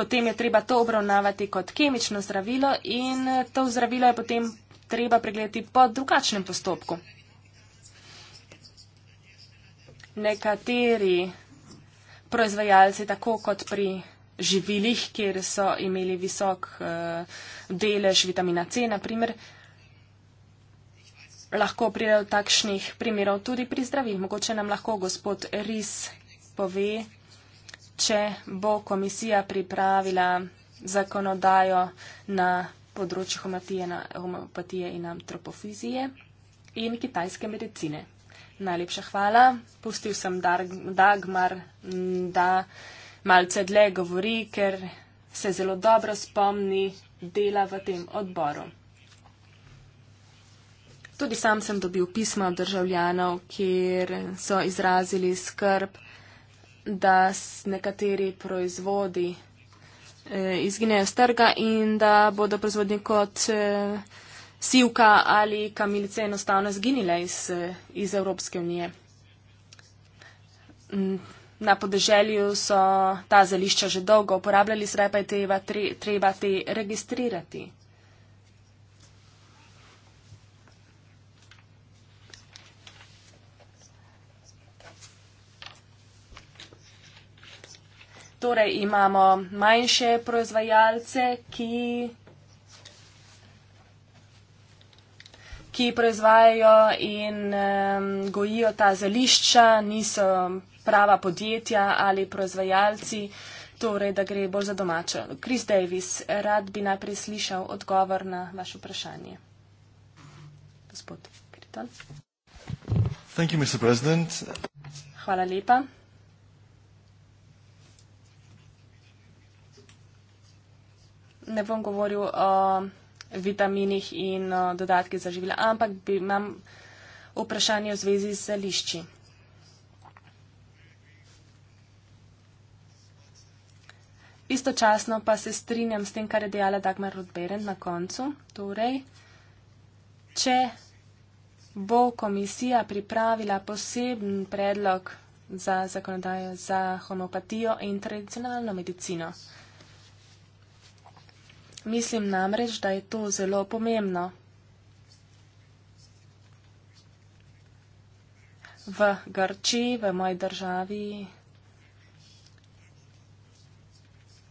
Potem je treba to obravnavati kot kemično zdravilo in to zdravilo je potem treba pregledati po drugačnem postopku nekateri proizvajalci, tako kot pri živilih, kjer so imeli visok uh, delež vitamina C, naprimer, lahko pridejo takšnih primerov tudi pri zdravih. Mogoče nam lahko gospod Ris pove, če bo komisija pripravila zakonodajo na področju homeopatije in antropofizije in kitajske medicine. Najlepša hvala. Pustil sem Darg, Dagmar, da malce dlje govori, ker se zelo dobro spomni dela v tem odboru. Tudi sam sem dobil pisma od državljanov, kjer so izrazili skrb, da nekateri proizvodi eh, izginejo z trga in da bodo proizvodni kot. Eh, sivka ali kamilice enostavno zginile iz, iz Evropske unije. Mm, na podeželju so ta zelišča že dolgo uporabljali, sedaj pa je treba, treba te registrirati. Torej imamo manjše proizvajalce, ki ki proizvajajo in um, gojijo ta zališča, niso prava podjetja ali proizvajalci, torej da gre bolj za domačo. Chris Davis, rad bi najprej slišal odgovor na vaše vprašanje. Gospod Kriton. Thank you, Mr. President. Hvala lepa. Ne bom govoril o. Uh, vitaminih in uh, dodatkih za živila, ampak bi, imam vprašanje v zvezi z zelišči. Istočasno pa se strinjam s tem, kar je dejala Dagmar Rudberen na koncu. Torej, če bo komisija pripravila poseben predlog za zakonodajo za homopatijo in tradicionalno medicino, Mislim namreč, da je to zelo pomembno. V Grčiji, v moji državi,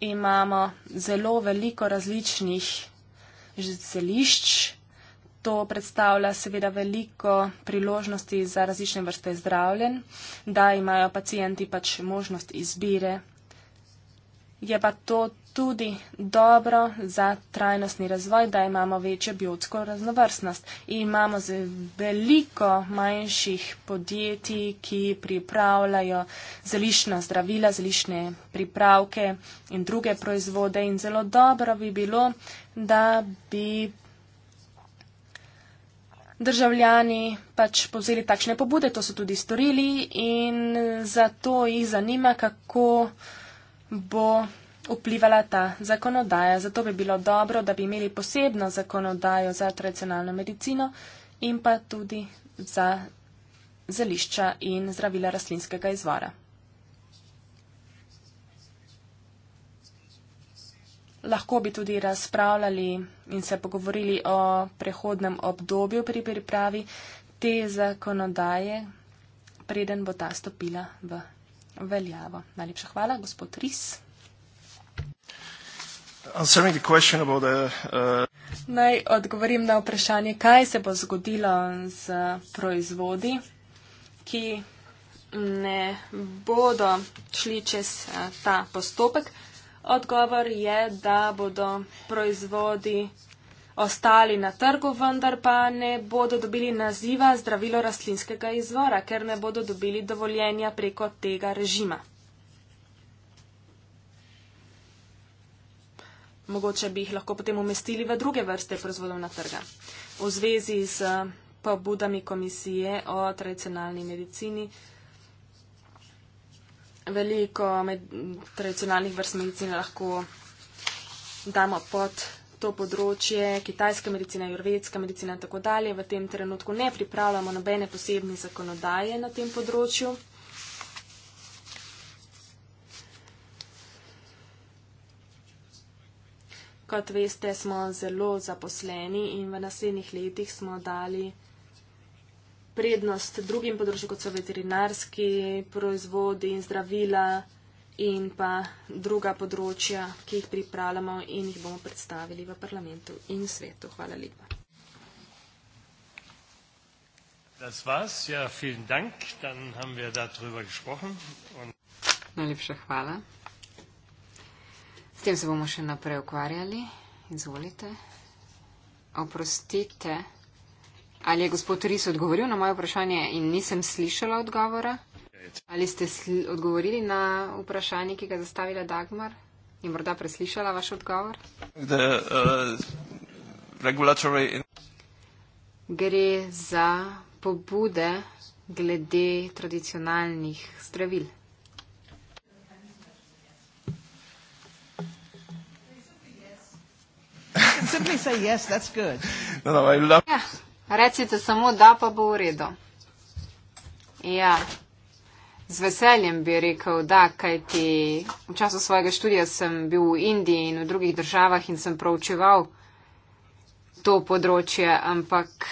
imamo zelo veliko različnih zelišč. To predstavlja seveda veliko priložnosti za različne vrste zdravljen, da imajo pacijenti pač možnost izbire je pa to tudi dobro za trajnostni razvoj, da imamo večjo biotsko raznovrstnost. In imamo veliko manjših podjetij, ki pripravljajo zališna zdravila, zališne pripravke in druge proizvode. In zelo dobro bi bilo, da bi državljani pač povzeli takšne pobude, to so tudi storili in zato jih zanima, kako bo vplivala ta zakonodaja. Zato bi bilo dobro, da bi imeli posebno zakonodajo za tradicionalno medicino in pa tudi za zelišča in zdravila rastlinskega izvora. Lahko bi tudi razpravljali in se pogovorili o prehodnem obdobju pri pripravi te zakonodaje, preden bo ta stopila v veljavo. Najlepša hvala, gospod Ris. Uh, Naj odgovorim na vprašanje, kaj se bo zgodilo z proizvodi, ki ne bodo šli čez uh, ta postopek. Odgovor je, da bodo proizvodi ostali na trgu, vendar pa ne bodo dobili naziva zdravilo rastlinskega izvora, ker ne bodo dobili dovoljenja preko tega režima. Mogoče bi jih lahko potem umestili v druge vrste proizvodov na trga. V zvezi z eh, pobudami komisije o tradicionalni medicini, veliko med, tradicionalnih vrst medicine lahko damo pod to področje kitajska medicina, jurvedska medicina in tako dalje. V tem trenutku ne pripravljamo nobene posebne zakonodaje na tem področju. Kot veste, smo zelo zaposleni in v naslednjih letih smo dali prednost drugim področjem, kot so veterinarski proizvodi in zdravila in pa druga področja, ki jih pripravljamo in jih bomo predstavili v parlamentu in svetu. Hvala lepa. Das war's. Ja, vielen Dank. Dann haben wir darüber gesprochen. Und Najlepša hvala. S tem se bomo še naprej ukvarjali. Izvolite. Oprostite. Ali je gospod Ris odgovoril na moje vprašanje in nisem slišala odgovora? Ali ste odgovorili na vprašanje, ki ga je zastavila Dagmar in morda preslišala vaš odgovor? The, uh, regulatory... Gre za pobude glede tradicionalnih zdravil. Yes, no, no, ja, recite samo da, pa bo v redu. Ja. Z veseljem bi rekel, da, kaj ti v času svojega študija sem bil v Indiji in v drugih državah in sem proučeval to področje, ampak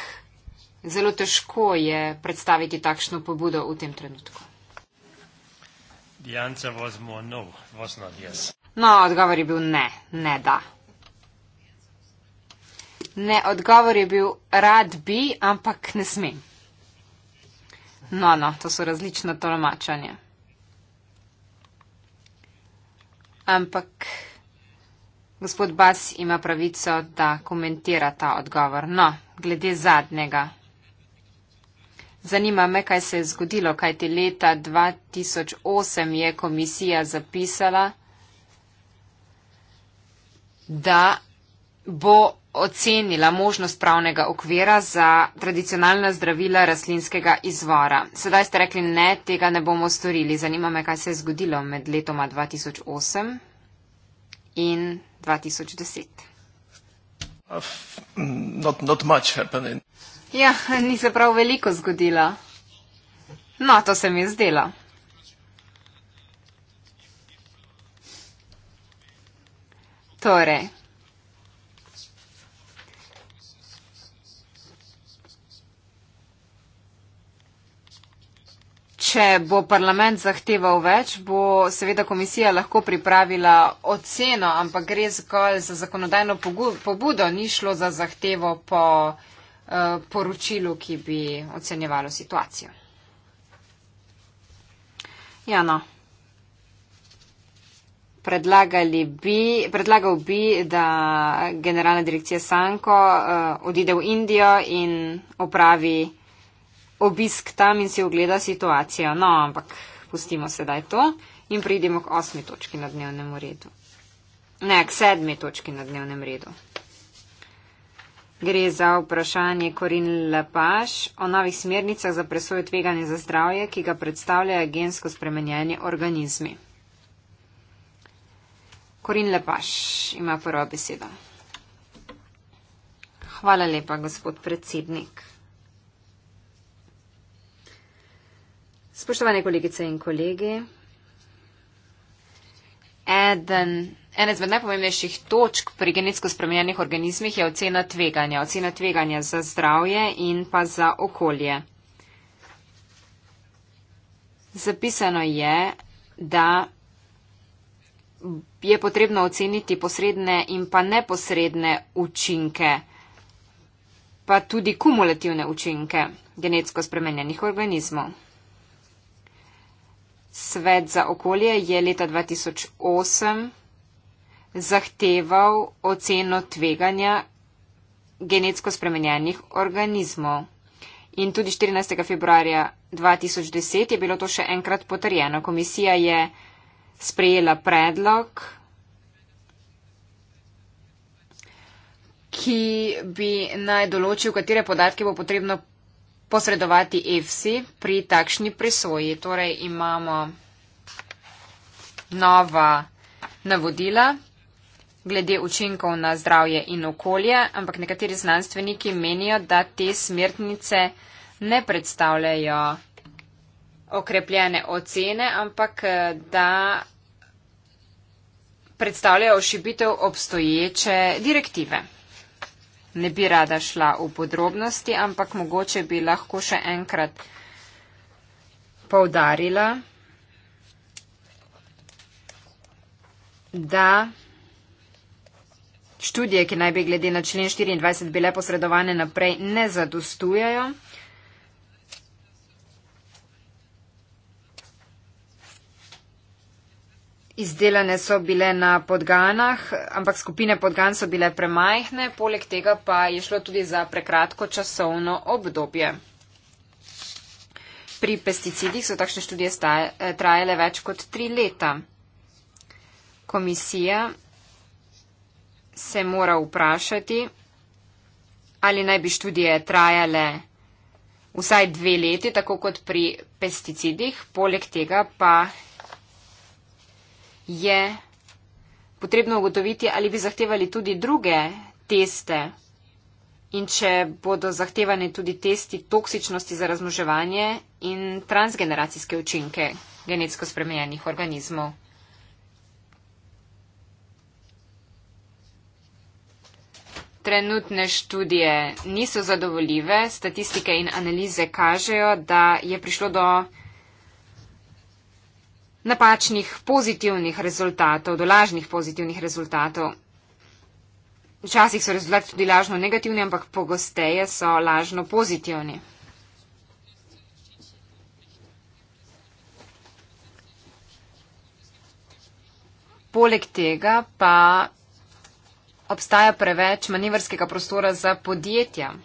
zelo težko je predstaviti takšno pobudo v tem trenutku. No, no, odgovor je bil ne, ne da. Ne, odgovor je bil rad bi, ampak ne smem. No, no, to so različna tolmačanja. Ampak gospod Bas ima pravico, da komentira ta odgovor. No, glede zadnjega. Zanima me, kaj se je zgodilo, kaj ti leta 2008 je komisija zapisala, da bo ocenila možnost pravnega okvira za tradicionalna zdravila rastlinskega izvora. Sedaj ste rekli, ne, tega ne bomo storili. Zanima me, kaj se je zgodilo med letoma 2008 in 2010. Uh, not, not much happening. Ja, ni se prav veliko zgodilo. No, to se mi je zdelo. Torej, če bo parlament zahteval več, bo seveda komisija lahko pripravila oceno, ampak gre zgolj za zakonodajno pobudo, ni šlo za zahtevo po eh, poročilu, ki bi ocenjevalo situacijo. Ja, no. Predlagali bi, predlagal bi, da generalna direkcija Sanko uh, odide v Indijo in opravi obisk tam in si ogleda situacijo. No, ampak pustimo sedaj to in pridemo k osmi točki na dnevnem redu. Ne, k sedmi točki na dnevnem redu. Gre za vprašanje Korin Lepaš o novih smernicah za presojo tveganja za zdravje, ki ga predstavljajo gensko spremenjeni organizmi. Korin Lepaš ima prvo besedo. Hvala lepa, gospod predsednik. Spoštovane kolegice in kolegi, eden, ena izmed najpomembnejših točk pri genetsko spremenjenih organizmih je ocena tveganja. Ocena tveganja za zdravje in pa za okolje. Zapisano je, da je potrebno oceniti posredne in pa neposredne učinke, pa tudi kumulativne učinke genetsko spremenjenih organizmov. Svet za okolje je leta 2008 zahteval oceno tveganja genetsko spremenjenih organizmov. In tudi 14. februarja 2010 je bilo to še enkrat potrjeno. Komisija je sprejela predlog, ki bi naj določil, katere podatke bo potrebno posredovati EFSI pri takšni presoji. Torej imamo nova navodila glede učinkov na zdravje in okolje, ampak nekateri znanstveniki menijo, da te smrtnice ne predstavljajo okrepljene ocene, ampak eh, da predstavljajo ošibitev obstoječe direktive ne bi rada šla v podrobnosti, ampak mogoče bi lahko še enkrat povdarila, da študije, ki naj bi glede na člen 24 bile posredovane naprej, ne zadostujejo. Izdelane so bile na podganah, ampak skupine podgan so bile premajhne, poleg tega pa je šlo tudi za prekratko časovno obdobje. Pri pesticidih so takšne študije eh, trajale več kot tri leta. Komisija se mora vprašati, ali naj bi študije trajale vsaj dve leti, tako kot pri pesticidih, poleg tega pa je potrebno ugotoviti, ali bi zahtevali tudi druge teste in če bodo zahtevani tudi testi toksičnosti za razmoževanje in transgeneracijske učinke genetsko spremenjenih organizmov. Trenutne študije niso zadovoljive, statistike in analize kažejo, da je prišlo do napačnih pozitivnih rezultatov, do lažnih pozitivnih rezultatov. Včasih so rezultati tudi lažno negativni, ampak pogosteje so lažno pozitivni. Poleg tega pa obstaja preveč manevrskega prostora za podjetja.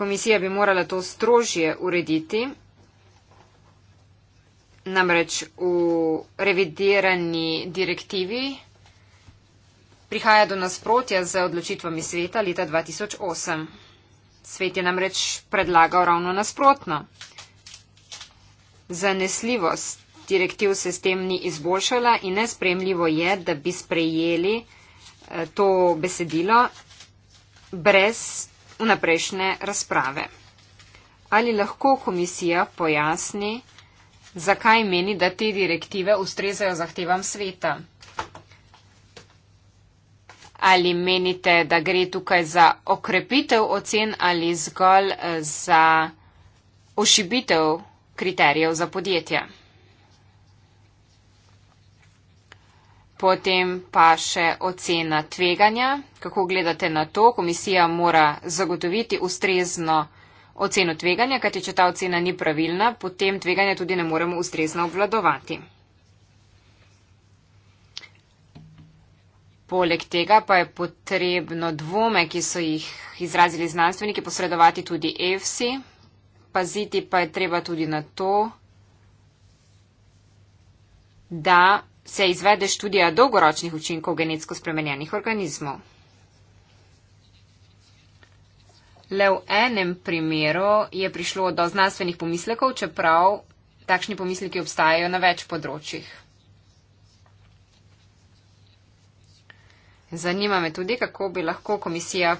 Komisija bi morala to strožje urediti. Namreč v revidirani direktivi prihaja do nasprotja z odločitvami sveta leta 2008. Svet je namreč predlagal ravno nasprotno. Zanesljivost direktiv se s tem ni izboljšala in nespremljivo je, da bi sprejeli eh, to besedilo brez vnaprejšnje razprave. Ali lahko komisija pojasni, zakaj meni, da te direktive ustrezajo zahtevam sveta? Ali menite, da gre tukaj za okrepitev ocen ali zgolj eh, za ošibitev kriterijev za podjetja? Potem pa še ocena tveganja. Kako gledate na to? Komisija mora zagotoviti ustrezno oceno tveganja, kajti če ta ocena ni pravilna, potem tveganja tudi ne moremo ustrezno obvladovati. Poleg tega pa je potrebno dvome, ki so jih izrazili znanstveniki, posredovati tudi EFSI. Paziti pa je treba tudi na to, da se izvede študija dolgoročnih učinkov genetsko spremenjenih organizmov. Le v enem primeru je prišlo do znanstvenih pomislekov, čeprav takšni pomisleki obstajajo na več področjih. Zanima me tudi, kako bi lahko komisija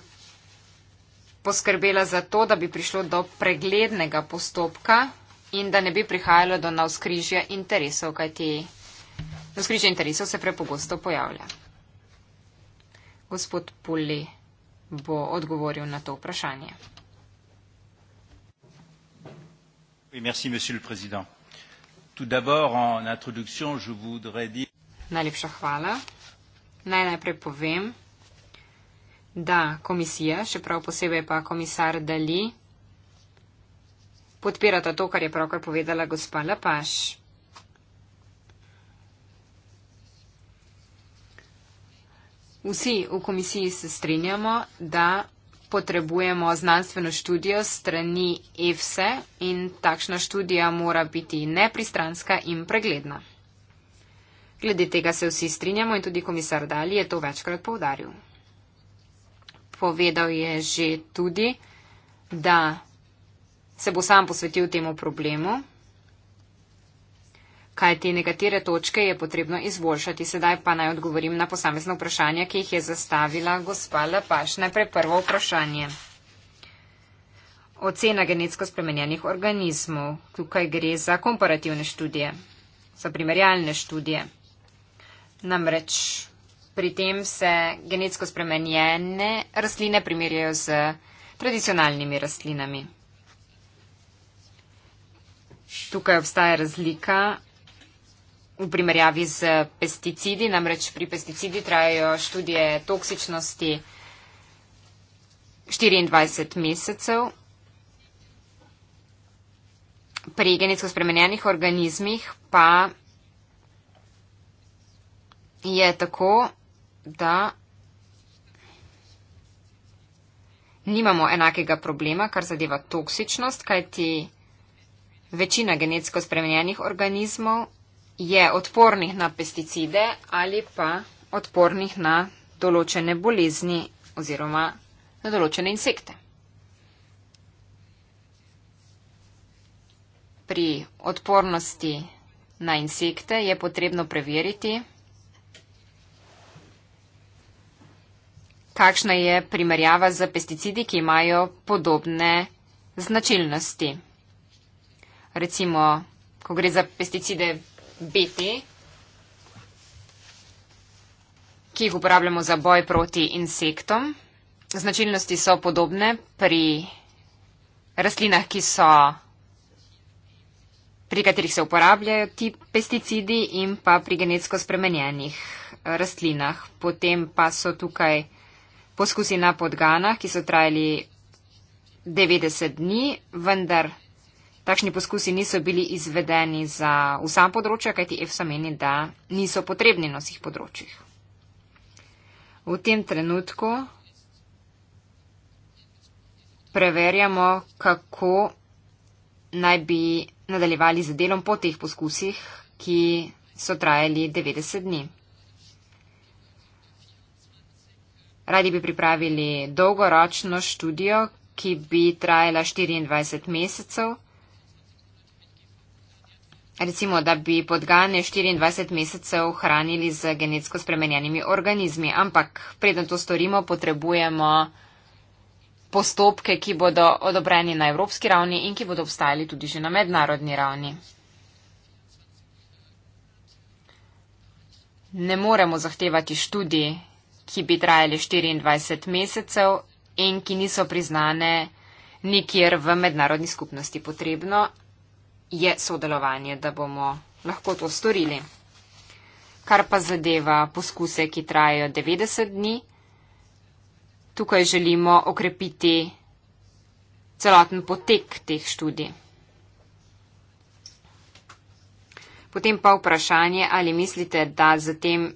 poskrbela za to, da bi prišlo do preglednega postopka in da ne bi prihajalo do navskrižja interesov, kajti Razkrižje interesov se prepogosto pojavlja. Gospod Pulli bo odgovoril na to vprašanje. Merci, Tout en je dire... Najlepša hvala. Naj najprej povem, da komisija, še prav posebej pa komisar Dali, podpirata to, kar je pravkar povedala gospa Lapaš. Vsi v komisiji se strinjamo, da potrebujemo znanstveno študijo strani EFSE in takšna študija mora biti nepristranska in pregledna. Glede tega se vsi strinjamo in tudi komisar Dali je to večkrat povdaril. Povedal je že tudi, da se bo sam posvetil temu problemu kaj te nekatere točke je potrebno izboljšati. Sedaj pa naj odgovorim na posamezne vprašanja, ki jih je zastavila gospa Lepaš. Najprej prvo vprašanje. Ocena genetsko spremenjenih organizmov. Tukaj gre za komparativne študije, za primerjalne študije. Namreč pri tem se genetsko spremenjene rastline primerjajo z tradicionalnimi rastlinami. Tukaj obstaja razlika v primerjavi z pesticidi, namreč pri pesticidi trajajo študije toksičnosti 24 mesecev. Pri genetsko spremenjenih organizmih pa je tako, da nimamo enakega problema, kar zadeva toksičnost, kajti večina genetsko spremenjenih organizmov je odpornih na pesticide ali pa odpornih na določene bolezni oziroma na določene insekte. Pri odpornosti na insekte je potrebno preveriti, kakšna je primerjava z pesticidi, ki imajo podobne značilnosti. Recimo, ko gre za pesticide biti, ki jih uporabljamo za boj proti insektom. Značilnosti so podobne pri rastlinah, ki so pri katerih se uporabljajo ti pesticidi in pa pri genetsko spremenjenih eh, rastlinah. Potem pa so tukaj poskusi na podganah, ki so trajali 90 dni, vendar takšni poskusi niso bili izvedeni za vsa področja, kajti EFSA meni, da niso potrebni na vseh področjih. V tem trenutku preverjamo, kako naj bi nadaljevali z delom po teh poskusih, ki so trajali 90 dni. Radi bi pripravili dolgoročno študijo, ki bi trajala 24 mesecev. Recimo, da bi podgane 24 mesecev hranili z genetsko spremenjenimi organizmi, ampak preden to storimo, potrebujemo postopke, ki bodo odobreni na evropski ravni in ki bodo obstajali tudi že na mednarodni ravni. Ne moremo zahtevati študij, ki bi trajali 24 mesecev in ki niso priznane nikjer v mednarodni skupnosti. Potrebno je sodelovanje, da bomo lahko to storili. Kar pa zadeva poskuse, ki trajajo 90 dni, tukaj želimo okrepiti celoten potek teh študij. Potem pa vprašanje, ali mislite, da zatem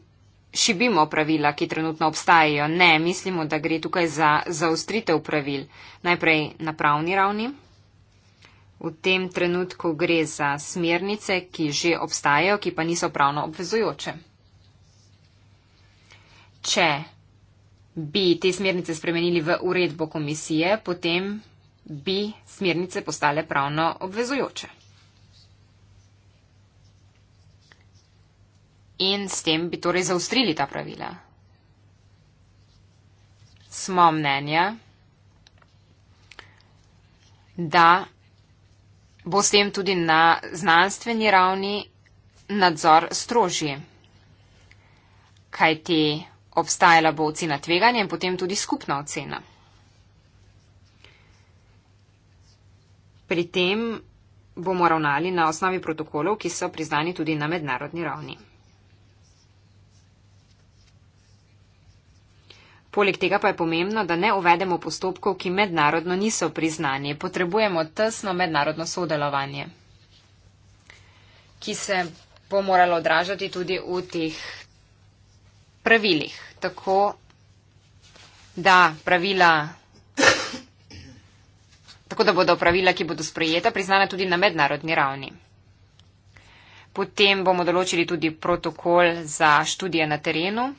šibimo pravila, ki trenutno obstajajo. Ne, mislimo, da gre tukaj za zaustritev pravil, najprej na pravni ravni v tem trenutku gre za smernice, ki že obstajajo, ki pa niso pravno obvezujoče. Če bi te smernice spremenili v uredbo komisije, potem bi smernice postale pravno obvezujoče. In s tem bi torej zaustrili ta pravila. Smo mnenja, da bo s tem tudi na znanstveni ravni nadzor strožji. Kaj ti obstajala bo ocena tveganja in potem tudi skupna ocena. Pri tem bomo ravnali na osnovi protokolov, ki so priznani tudi na mednarodni ravni. Poleg tega pa je pomembno, da ne uvedemo postopkov, ki mednarodno niso priznani. Potrebujemo tesno mednarodno sodelovanje, ki se bo moralo odražati tudi v teh pravilih. Tako da, pravila, tako da bodo pravila, ki bodo sprejeta, priznana tudi na mednarodni ravni. Potem bomo določili tudi protokol za študije na terenu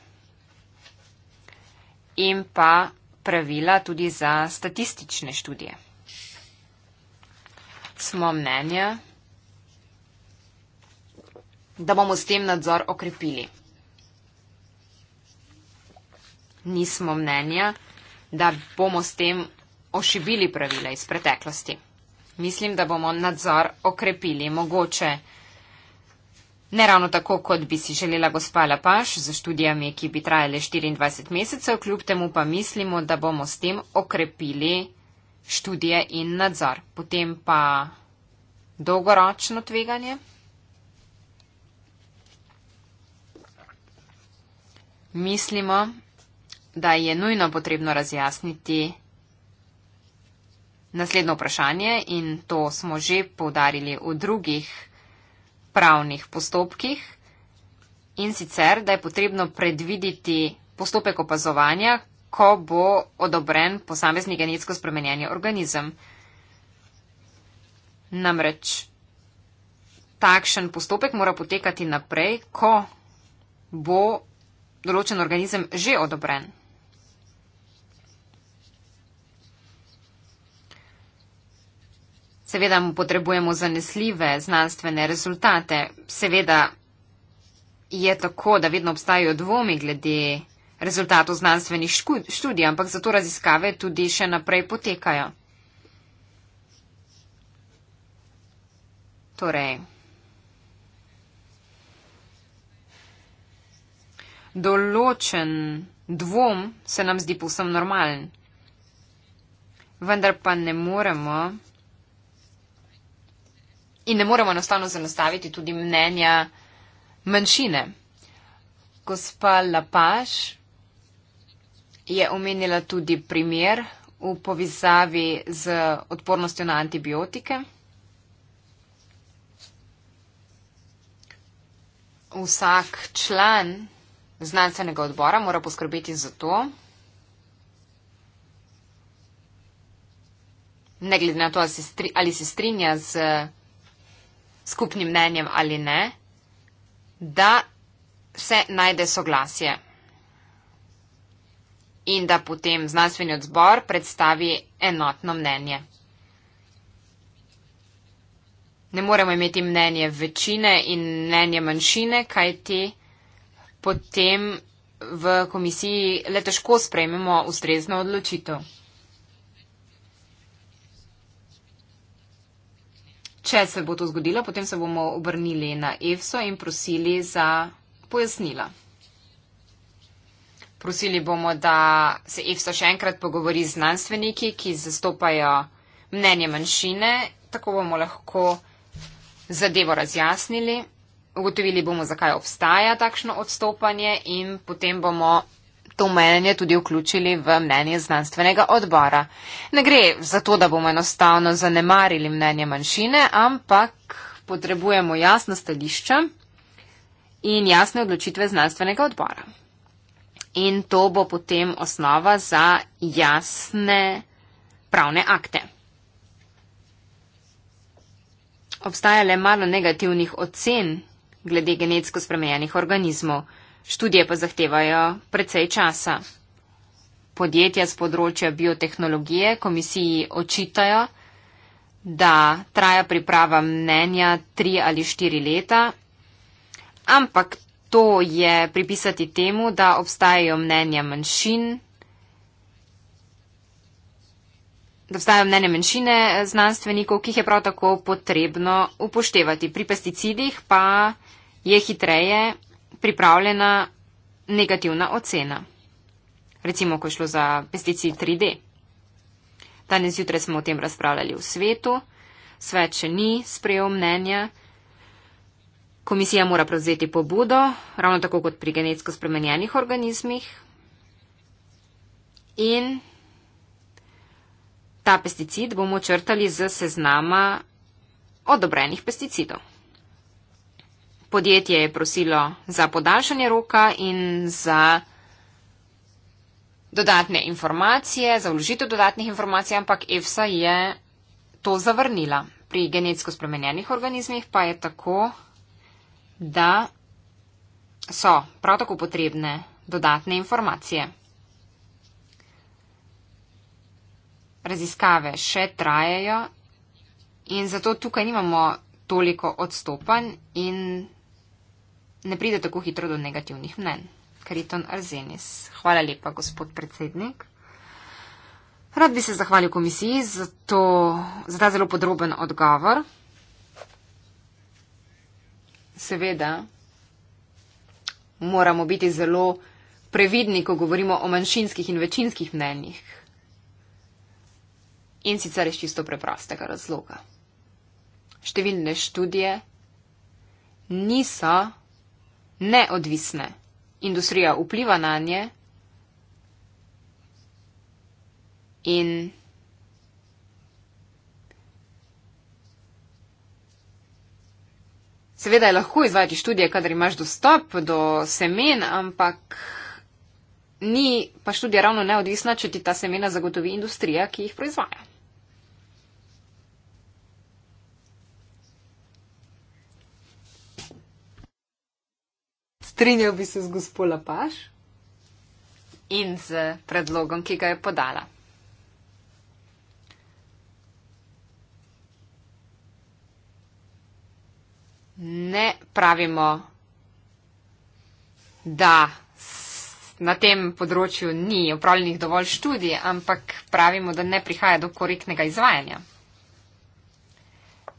in pa pravila tudi za statistične študije. Smo mnenja, da bomo s tem nadzor okrepili. Nismo mnenja, da bomo s tem ošibili pravila iz preteklosti. Mislim, da bomo nadzor okrepili. Mogoče Ne ravno tako, kot bi si želela gospa Lapaš z študijami, ki bi trajale 24 mesecev, kljub temu pa mislimo, da bomo s tem okrepili študije in nadzor. Potem pa dolgoročno tveganje. Mislimo, da je nujno potrebno razjasniti naslednjo vprašanje in to smo že povdarili v drugih pravnih postopkih in sicer, da je potrebno predviditi postopek opazovanja, ko bo odobren posamezni genetsko spremenjeni organizem. Namreč takšen postopek mora potekati naprej, ko bo določen organizem že odobren. Seveda mu potrebujemo zanesljive znanstvene rezultate. Seveda je tako, da vedno obstajajo dvomi glede rezultatov znanstvenih študij, ampak zato raziskave tudi še naprej potekajo. Torej, določen dvom se nam zdi povsem normalen, vendar pa ne moremo in ne moremo enostavno zanostaviti tudi mnenja manjšine. Gospa Lapaš je omenila tudi primer v povezavi z odpornostjo na antibiotike. Vsak član znanstvenega odbora mora poskrbeti za to, ne glede na to, ali se strinja z skupnim mnenjem ali ne, da se najde soglasje in da potem znanstveni odbor predstavi enotno mnenje. Ne moremo imeti mnenje večine in mnenje manjšine, kaj ti potem v komisiji le težko sprejmemo ustrezno odločitev. Če se bo to zgodilo, potem se bomo obrnili na EFSO in prosili za pojasnila. Prosili bomo, da se EFSO še enkrat pogovori z znanstveniki, ki zastopajo mnenje manjšine, tako bomo lahko zadevo razjasnili. Ugotovili bomo, zakaj obstaja takšno odstopanje in potem bomo to mnenje tudi vključili v mnenje znanstvenega odbora. Ne gre za to, da bomo enostavno zanemarili mnenje manjšine, ampak potrebujemo jasno stališče in jasne odločitve znanstvenega odbora. In to bo potem osnova za jasne pravne akte. Obstaja le malo negativnih ocen glede genetsko spremenjenih organizmov. Študije pa zahtevajo precej časa. Podjetja z področja biotehnologije komisiji očitajo, da traja priprava mnenja tri ali štiri leta, ampak to je pripisati temu, da obstajajo mnenja manjšin, da obstajajo mnenje manjšine znanstvenikov, ki jih je prav tako potrebno upoštevati. Pri pesticidih pa je hitreje pripravljena negativna ocena. Recimo, ko je šlo za pesticid 3D. Danes zjutraj smo o tem razpravljali v svetu, svet še ni sprejel mnenja. Komisija mora prevzeti pobudo, ravno tako kot pri genetsko spremenjenih organizmih. In ta pesticid bomo črtali z seznama odobrenih pesticidov podjetje je prosilo za podaljšanje roka in za dodatne informacije, za vložitev dodatnih informacij, ampak EFSA je to zavrnila. Pri genetsko spremenjenih organizmih pa je tako, da so prav tako potrebne dodatne informacije. Raziskave še trajajo in zato tukaj nimamo toliko odstopanj in ne pride tako hitro do negativnih mnen. Kriton Arzenis. Hvala lepa, gospod predsednik. Rad bi se zahvalil komisiji za, to, za ta zelo podroben odgovor. Seveda moramo biti zelo previdni, ko govorimo o manjšinskih in večinskih mnenjih. In sicer iz čisto preprostega razloga. Številne študije niso neodvisne. Industrija vpliva na nje in seveda je lahko izvajati študije, kadar imaš dostop do semen, ampak ni pa študija ravno neodvisna, če ti ta semena zagotovi industrija, ki jih proizvaja. strinjal bi se z gospoda Paš in z predlogom, ki ga je podala. Ne pravimo, da na tem področju ni opravljenih dovolj študij, ampak pravimo, da ne prihaja do korektnega izvajanja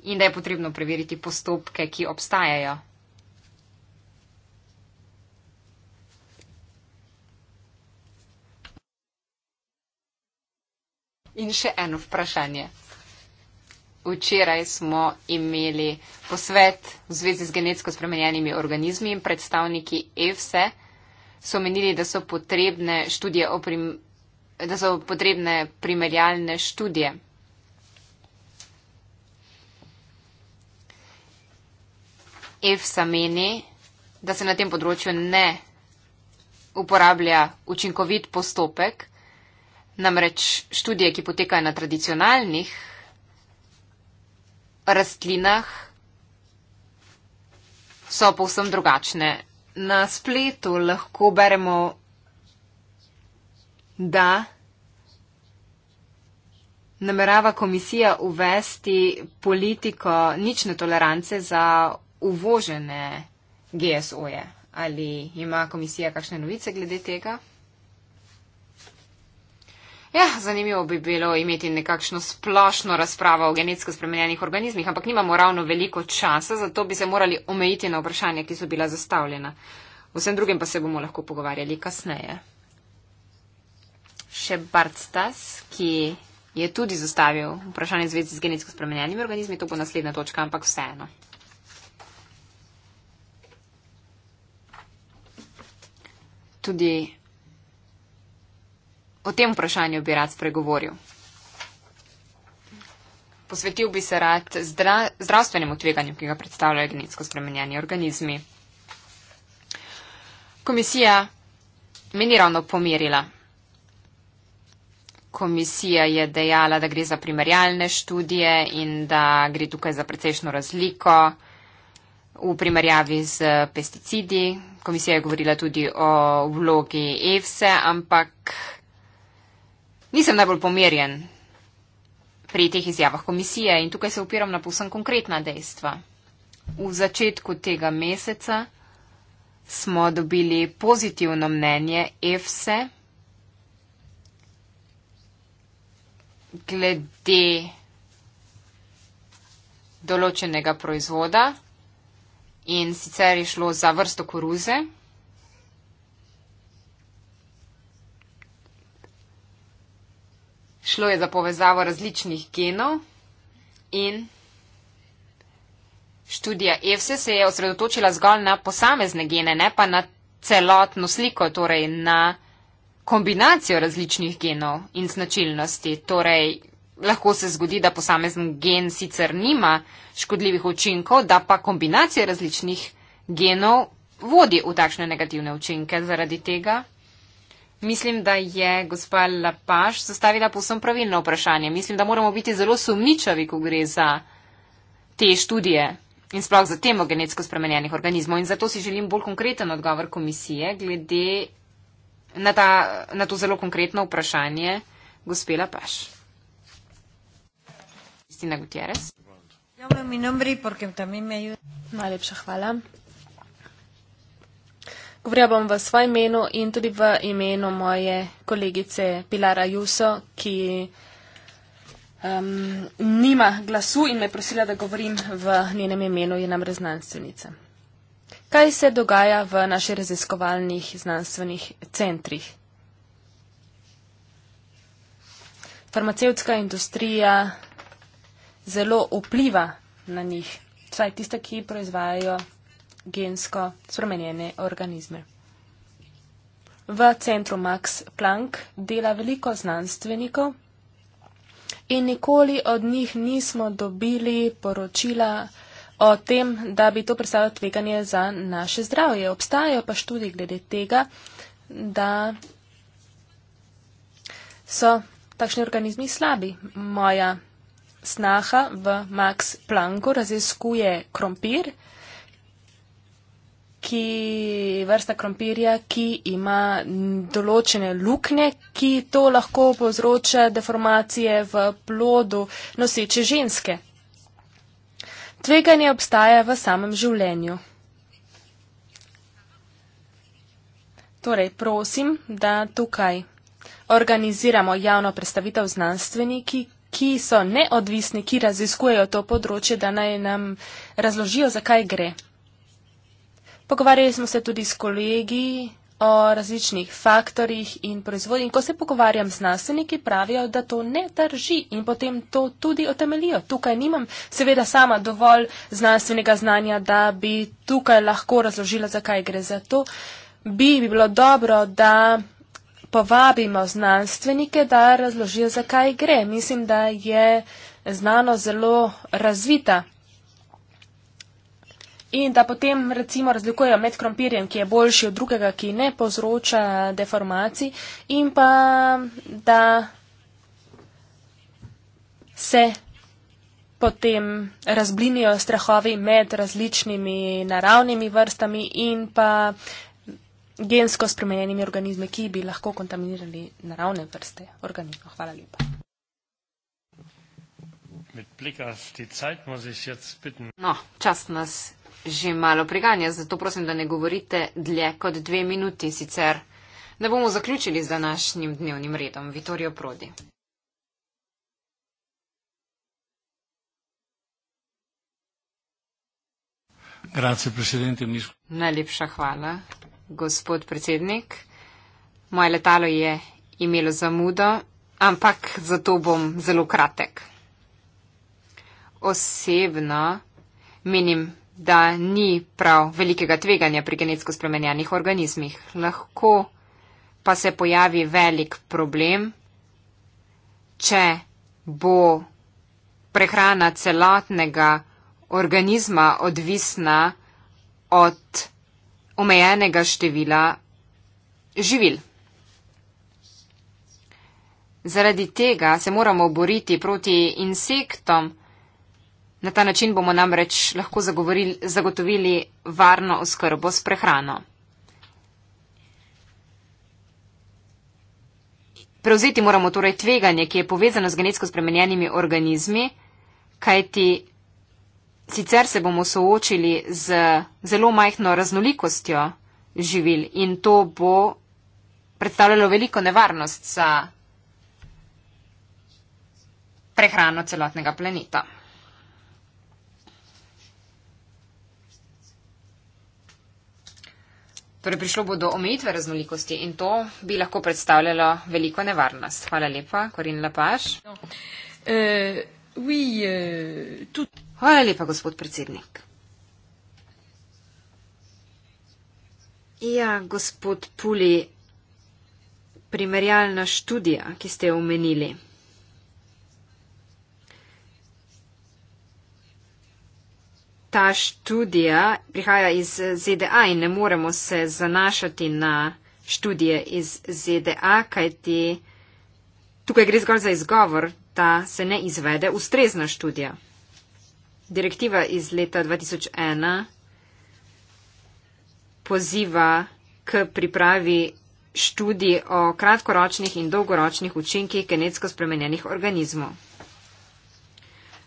in da je potrebno preveriti postopke, ki obstajajo In še eno vprašanje. Včeraj smo imeli posvet v zvezi z genetsko spremenjenimi organizmi in predstavniki EFSE so menili, da so potrebne študije o prim da so potrebne primerjalne študije. EFSA meni, da se na tem področju ne uporablja učinkovit postopek, Namreč študije, ki potekajo na tradicionalnih rastlinah, so povsem drugačne. Na spletu lahko beremo, da namerava komisija uvesti politiko nične tolerance za uvožene GSO-je. Ali ima komisija kakšne novice glede tega? Ja, zanimivo bi bilo imeti nekakšno splošno razpravo o genetsko spremenjenih organizmih, ampak nimamo ravno veliko časa, zato bi se morali omejiti na vprašanja, ki so bila zastavljena. Vsem drugim pa se bomo lahko pogovarjali kasneje. Še Bartstas, ki je tudi zastavil vprašanje zvezi z genetsko spremenjenimi organizmi, to bo naslednja točka, ampak vseeno. Tudi O tem vprašanju bi rad spregovoril. Posvetil bi se rad zdra, zdravstvenemu tveganju, ki ga predstavljajo genetsko spremenjeni organizmi. Komisija me ni ravno pomirila. Komisija je dejala, da gre za primerjalne študije in da gre tukaj za precejšno razliko v primerjavi z pesticidi. Komisija je govorila tudi o vlogi EFSE, ampak nisem najbolj pomirjen pri teh izjavah komisije in tukaj se upiram na povsem konkretna dejstva. V začetku tega meseca smo dobili pozitivno mnenje EFSE glede določenega proizvoda in sicer je šlo za vrsto koruze. šlo je za povezavo različnih genov in študija EFSE se je osredotočila zgolj na posamezne gene, ne pa na celotno sliko, torej na kombinacijo različnih genov in značilnosti. Torej, lahko se zgodi, da posamezen gen sicer nima škodljivih učinkov, da pa kombinacija različnih genov vodi v takšne negativne učinke zaradi tega. Mislim, da je gospa Lapaš zastavila povsem pravilno vprašanje. Mislim, da moramo biti zelo sumničavi, ko gre za te študije in sploh za temo genetsko spremenjenih organizmov. In zato si želim bolj konkreten odgovor komisije glede na, ta, na to zelo konkretno vprašanje gospe Lapaš. Ja, Najlepša hvala. Govorila bom v svojem imenu in tudi v imenu moje kolegice Pilara Juso, ki um, nima glasu in me prosila, da govorim v njenem imenu, je namreč znanstvenica. Kaj se dogaja v naših raziskovalnih znanstvenih centrih? Farmacevtska industrija zelo vpliva na njih, saj tiste, ki proizvajajo gensko spremenjene organizme. V centru Max Planck dela veliko znanstvenikov in nikoli od njih nismo dobili poročila o tem, da bi to predstavljalo tveganje za naše zdravje. Obstajajo pa študije glede tega, da so takšni organizmi slabi. Moja snaha v Max Plancku raziskuje krompir ki, vrsta krompirja, ki ima določene luknje, ki to lahko povzroča deformacije v plodu noseče ženske. Tveganje obstaja v samem življenju. Torej, prosim, da tukaj organiziramo javno predstavitev znanstveniki, ki so neodvisni, ki raziskujejo to področje, da naj nam razložijo, zakaj gre. Pogovarjali smo se tudi s kolegi o različnih faktorjih in proizvodih. Ko se pogovarjam s nasilniki, pravijo, da to ne drži in potem to tudi otemelijo. Tukaj nimam seveda sama dovolj znanstvenega znanja, da bi tukaj lahko razložila, zakaj gre za to. Bi, bi bilo dobro, da povabimo znanstvenike, da razložijo, zakaj gre. Mislim, da je znano zelo razvita in da potem recimo razlikujejo med krompirjem, ki je boljši od drugega, ki ne povzroča deformacij in pa da se potem razblinijo strahovi med različnimi naravnimi vrstami in pa gensko spremenjenimi organizmi, ki bi lahko kontaminirali naravne vrste organizmov. Hvala lepa. No, čas nas že malo preganja, zato prosim, da ne govorite dlje kot dve minuti, sicer ne bomo zaključili z današnjim dnevnim redom. Vitorijo Prodi. Grazie, Najlepša hvala, gospod predsednik. Moje letalo je imelo zamudo, ampak zato bom zelo kratek. Osebno menim, da ni prav velikega tveganja pri genetsko spremenjenih organizmih. Lahko pa se pojavi velik problem, če bo prehrana celotnega organizma odvisna od omejenega števila živil. Zaradi tega se moramo boriti proti insektom, Na ta način bomo namreč lahko zagotovili varno oskrbo s prehrano. Prevzeti moramo torej tveganje, ki je povezano z genetsko spremenjenimi organizmi, kajti sicer se bomo soočili z zelo majhno raznolikostjo živil in to bo predstavljalo veliko nevarnost za prehrano celotnega planeta. Torej, prišlo bo do omejitve raznolikosti in to bi lahko predstavljalo veliko nevarnost. Hvala lepa, Korin Lapaš. Eh, eh, Hvala lepa, gospod predsednik. Ja, gospod Puli, primerjalna študija, ki ste jo omenili. ta študija prihaja iz ZDA in ne moremo se zanašati na študije iz ZDA, kajti tukaj gre zgolj za izgovor, da se ne izvede ustrezna študija. Direktiva iz leta 2001 poziva k pripravi študij o kratkoročnih in dolgoročnih učinkih genetsko spremenjenih organizmov.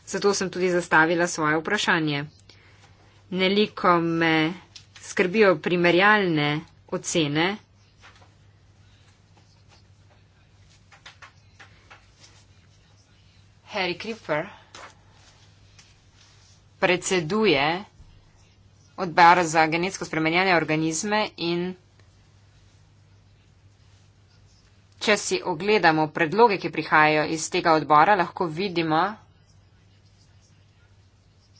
Zato sem tudi zastavila svoje vprašanje neliko me skrbijo primerjalne ocene. Harry Kripper predseduje odbor za genetsko spremenjene organizme in če si ogledamo predloge, ki prihajajo iz tega odbora, lahko vidimo,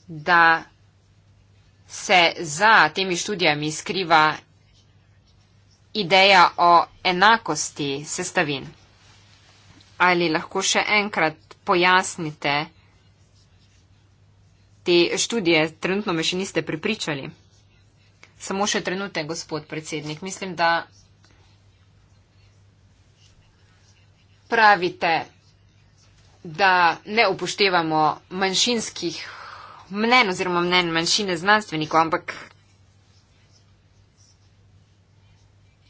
da se za temi študijami skriva ideja o enakosti sestavin. Ali lahko še enkrat pojasnite te študije, trenutno me še niste pripričali. Samo še trenutek, gospod predsednik. Mislim, da pravite, da ne upoštevamo manjšinskih mnen oziroma mnen manjšine znanstvenikov, ampak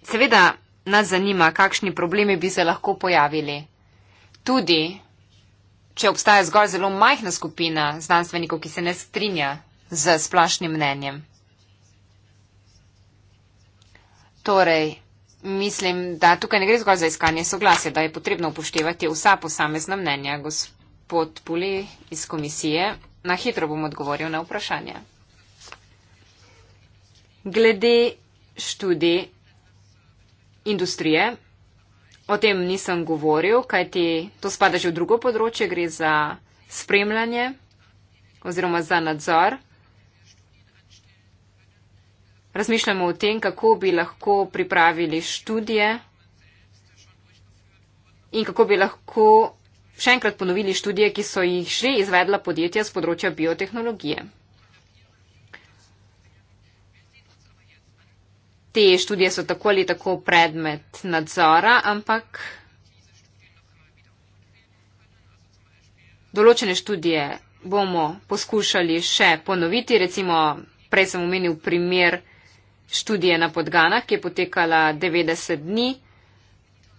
seveda nas zanima, kakšni problemi bi se lahko pojavili. Tudi, če obstaja zgolj zelo majhna skupina znanstvenikov, ki se ne strinja z splašnim mnenjem. Torej, mislim, da tukaj ne gre zgolj za iskanje soglasja, da je potrebno upoštevati vsa posamezna mnenja, gospod Puli iz komisije. Na hitro bom odgovoril na vprašanje. Glede študij industrije, o tem nisem govoril, kajti to spada že v drugo področje, gre za spremljanje oziroma za nadzor. Razmišljamo o tem, kako bi lahko pripravili študije in kako bi lahko še enkrat ponovili študije, ki so jih že izvedla podjetja z področja biotehnologije. Te študije so tako ali tako predmet nadzora, ampak določene študije bomo poskušali še ponoviti. Recimo, prej sem omenil primer študije na podganah, ki je potekala 90 dni.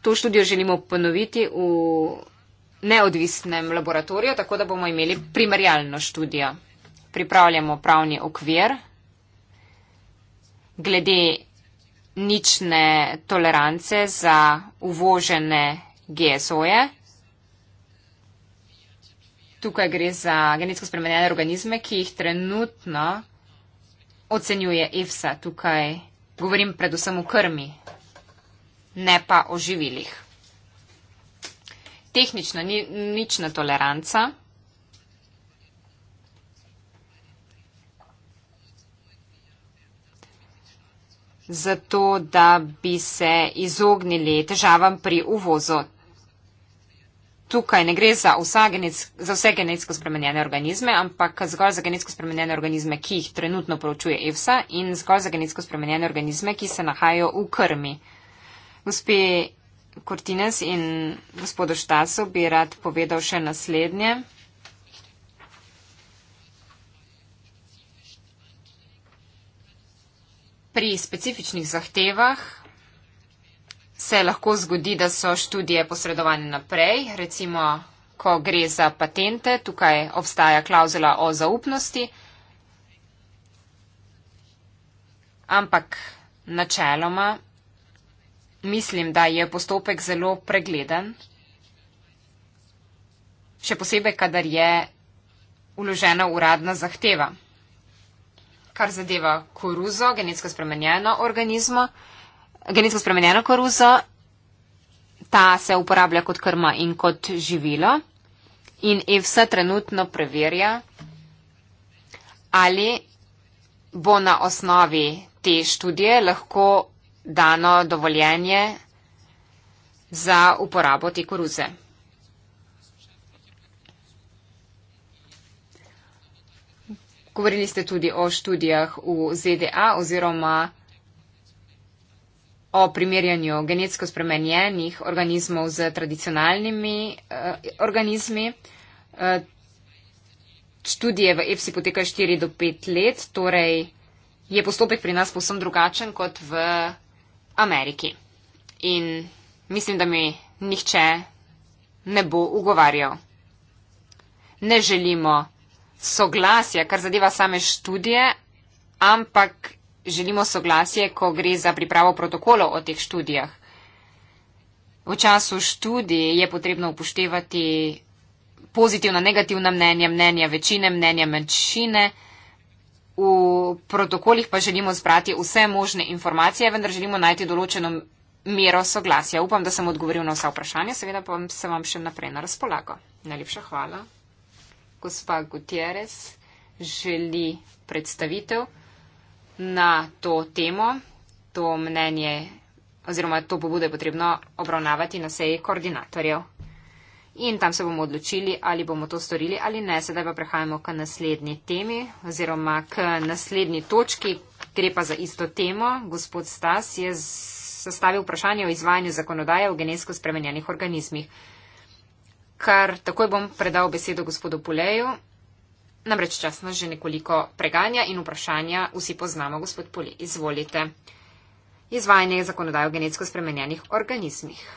To študijo želimo ponoviti v neodvisnem laboratoriju, tako da bomo imeli primerjalno študijo. Pripravljamo pravni okvir glede nične tolerance za uvožene GSO-je. Tukaj gre za genetsko spremenjene organizme, ki jih trenutno ocenjuje EFSA. Tukaj govorim predvsem o krmi, ne pa o živilih tehnična, ni, nična toleranca. Zato, da bi se izognili težavam pri uvozu. Tukaj ne gre za, genec, za vse genetsko spremenjene organizme, ampak zgolj za genetsko spremenjene organizme, ki jih trenutno poročuje EFSA in zgolj za genetsko spremenjene organizme, ki se nahajajo v krmi. Gospe Kortines in gospodu Štasu bi rad povedal še naslednje. Pri specifičnih zahtevah se lahko zgodi, da so študije posredovane naprej, recimo, ko gre za patente, tukaj obstaja klauzula o zaupnosti, ampak načeloma mislim, da je postopek zelo pregleden, še posebej, kadar je uložena uradna zahteva. Kar zadeva koruzo, genetsko spremenjeno organizmo, genetsko spremenjeno koruzo, ta se uporablja kot krma in kot živilo in EFSA trenutno preverja, ali bo na osnovi te študije lahko dano dovoljenje za uporabo te koruze. Govorili ste tudi o študijah v ZDA oziroma o primerjanju genetsko spremenjenih organizmov z tradicionalnimi eh, organizmi. Eh, študije v EPSI potekajo 4 do 5 let, torej je postopek pri nas povsem drugačen kot v Ameriki. In mislim, da mi nihče ne bo ugovarjal. Ne želimo soglasja, kar zadeva same študije, ampak želimo soglasje, ko gre za pripravo protokolov o teh študijah. V času študije je potrebno upoštevati pozitivna, negativna mnenja, mnenja večine, mnenja manjšine v protokolih pa želimo zbrati vse možne informacije, vendar želimo najti določeno mero soglasja. Upam, da sem odgovoril na vsa vprašanja, seveda pa se vam še naprej na razpolago. Najlepša hvala. Gospa Gutierrez želi predstavitev na to temo, to mnenje oziroma to pobudo je potrebno obravnavati na seji koordinatorjev. In tam se bomo odločili, ali bomo to storili ali ne. Sedaj pa prehajamo k naslednji temi oziroma k naslednji točki, gre pa za isto temo. Gospod Stas je sestavil vprašanje o izvajanju zakonodaje o genetsko spremenjenih organizmih. Kar takoj bom predal besedo gospodu Puleju. Namreč čas nas že nekoliko preganja in vprašanja vsi poznamo, gospod Pule. Izvolite. Izvajanje zakonodaje o genetsko spremenjenih organizmih.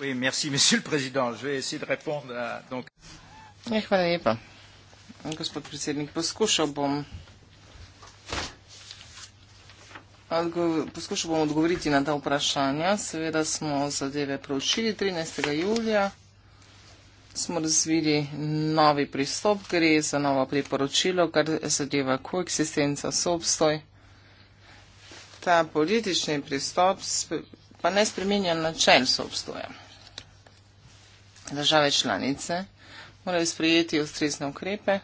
Oui, merci Monsieur le Président. Je vais essayer de répondre à donc. Ja, hvala lepa. Gospod predsednik, poskušal bom, poskušal bom odgovoriti na ta vprašanja. Seveda smo zadeve preučili 13. julija, smo razvili novi pristop, gre za novo priporočilo, kar zadeva koeksistenca, soobstoj. Ta politični pristop pa ne spremenja načel soobstoja države članice morajo sprejeti ustrezne ukrepe